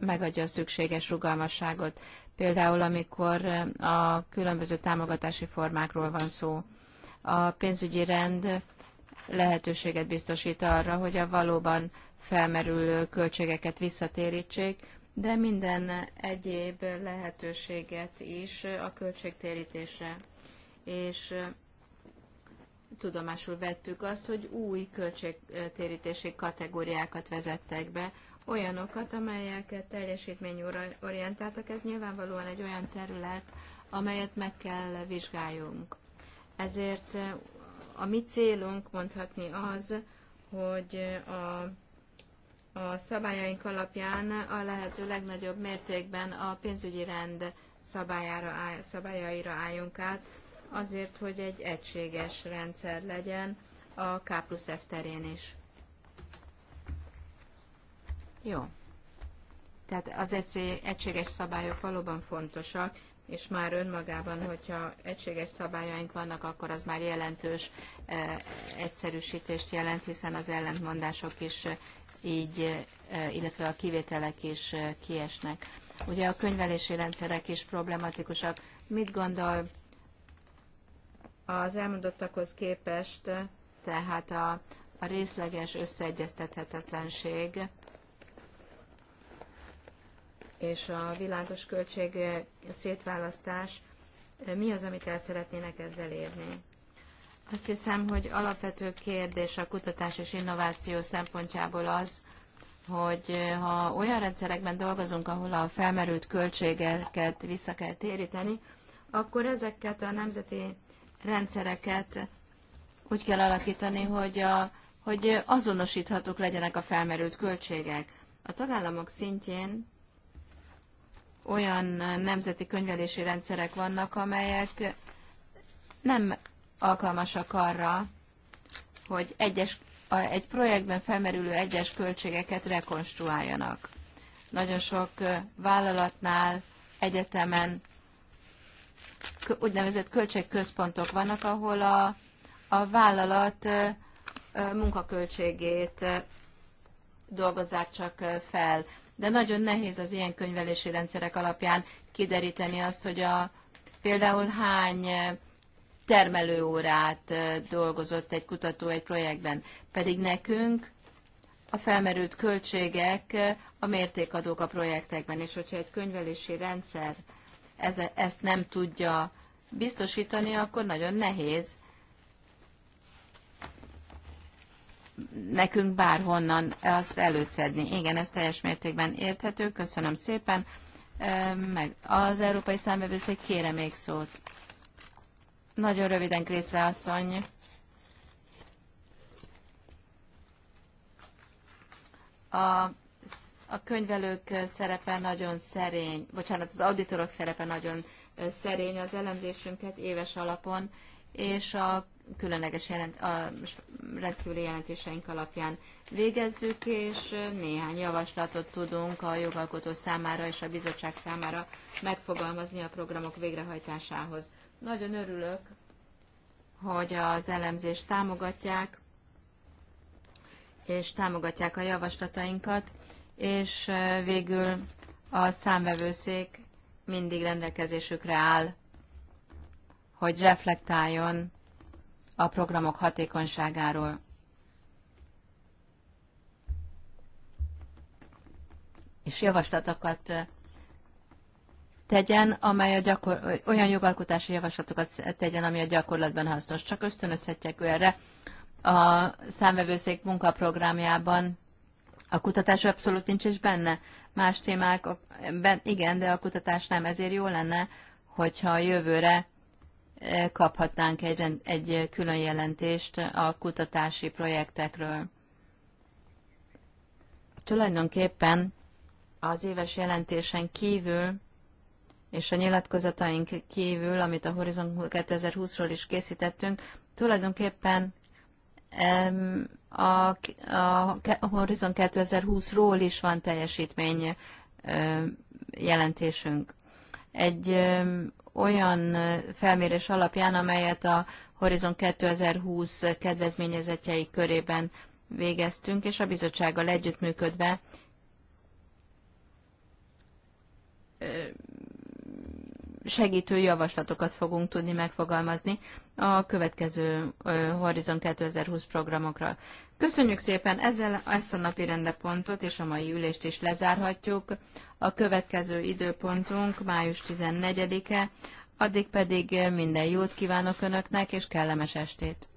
megadja a szükséges rugalmasságot. Például, amikor a különböző támogatási formákról van szó. A pénzügyi rend lehetőséget biztosít arra, hogy a valóban felmerülő költségeket visszatérítsék, de minden egyéb lehetőséget is a költségtérítésre és tudomásul vettük azt, hogy új költségtérítési kategóriákat vezettek be, olyanokat, amelyek teljesítményorientáltak. Ez nyilvánvalóan egy olyan terület, amelyet meg kell vizsgáljunk. Ezért a mi célunk mondhatni az, hogy a a szabályaink alapján a lehető legnagyobb mértékben a pénzügyi rend szabályára, szabályaira álljunk át, azért, hogy egy egységes rendszer legyen a K plusz F terén is. Jó. Tehát az egységes szabályok valóban fontosak, és már önmagában, hogyha egységes szabályaink vannak, akkor az már jelentős eh, egyszerűsítést jelent, hiszen az ellentmondások is eh, így, eh, illetve a kivételek is kiesnek. Ugye a könyvelési rendszerek is problematikusak. Mit gondol az elmondottakhoz képest tehát a, a részleges összeegyeztethetetlenség és a világos költség szétválasztás, mi az, amit el szeretnének ezzel érni? Azt hiszem, hogy alapvető kérdés a kutatás és innováció szempontjából az, hogy ha olyan rendszerekben dolgozunk, ahol a felmerült költségeket vissza kell téríteni, akkor ezeket a nemzeti rendszereket úgy kell alakítani, hogy, a, hogy azonosíthatók legyenek a felmerült költségek. A tagállamok szintjén olyan nemzeti könyvelési rendszerek vannak, amelyek nem alkalmasak arra, hogy egyes, a, egy projektben felmerülő egyes költségeket rekonstruáljanak. Nagyon sok vállalatnál, egyetemen úgynevezett költségközpontok vannak, ahol a, a vállalat munkaköltségét dolgozzák csak fel. De nagyon nehéz az ilyen könyvelési rendszerek alapján kideríteni azt, hogy a, például hány termelőórát dolgozott egy kutató egy projektben. Pedig nekünk a felmerült költségek a mértékadók a projektekben, és hogyha egy könyvelési rendszer ez, ezt nem tudja biztosítani, akkor nagyon nehéz nekünk bárhonnan azt előszedni. Igen, ez teljes mértékben érthető. Köszönöm szépen. Meg az Európai Számbevőszék kére még szót. Nagyon röviden, Kriszle asszony. A a könyvelők szerepe nagyon szerény, bocsánat, az auditorok szerepe nagyon szerény az elemzésünket éves alapon, és a különleges jelent, a rendkívüli jelentéseink alapján végezzük, és néhány javaslatot tudunk a jogalkotó számára és a bizottság számára megfogalmazni a programok végrehajtásához. Nagyon örülök, hogy az elemzést támogatják, és támogatják a javaslatainkat, és végül a számvevőszék mindig rendelkezésükre áll, hogy reflektáljon a programok hatékonyságáról. És javaslatokat tegyen, amely a gyakor- olyan jogalkotási javaslatokat tegyen, ami a gyakorlatban hasznos. Csak ösztönözhetjük erre a számvevőszék munkaprogramjában a kutatás abszolút nincs is benne. Más témák, igen, de a kutatás nem. Ezért jó lenne, hogyha a jövőre eh, kaphatnánk egy, egy külön jelentést a kutatási projektekről. Tulajdonképpen az éves jelentésen kívül és a nyilatkozataink kívül, amit a Horizon 2020-ról is készítettünk, tulajdonképpen a, a Horizon 2020-ról is van teljesítmény jelentésünk. Egy olyan felmérés alapján, amelyet a Horizon 2020 kedvezményezetjei körében végeztünk, és a bizottsággal együttműködve segítő javaslatokat fogunk tudni megfogalmazni a következő Horizon 2020 programokra. Köszönjük szépen, ezzel ezt a napi rendepontot és a mai ülést is lezárhatjuk. A következő időpontunk május 14-e, addig pedig minden jót kívánok Önöknek, és kellemes estét!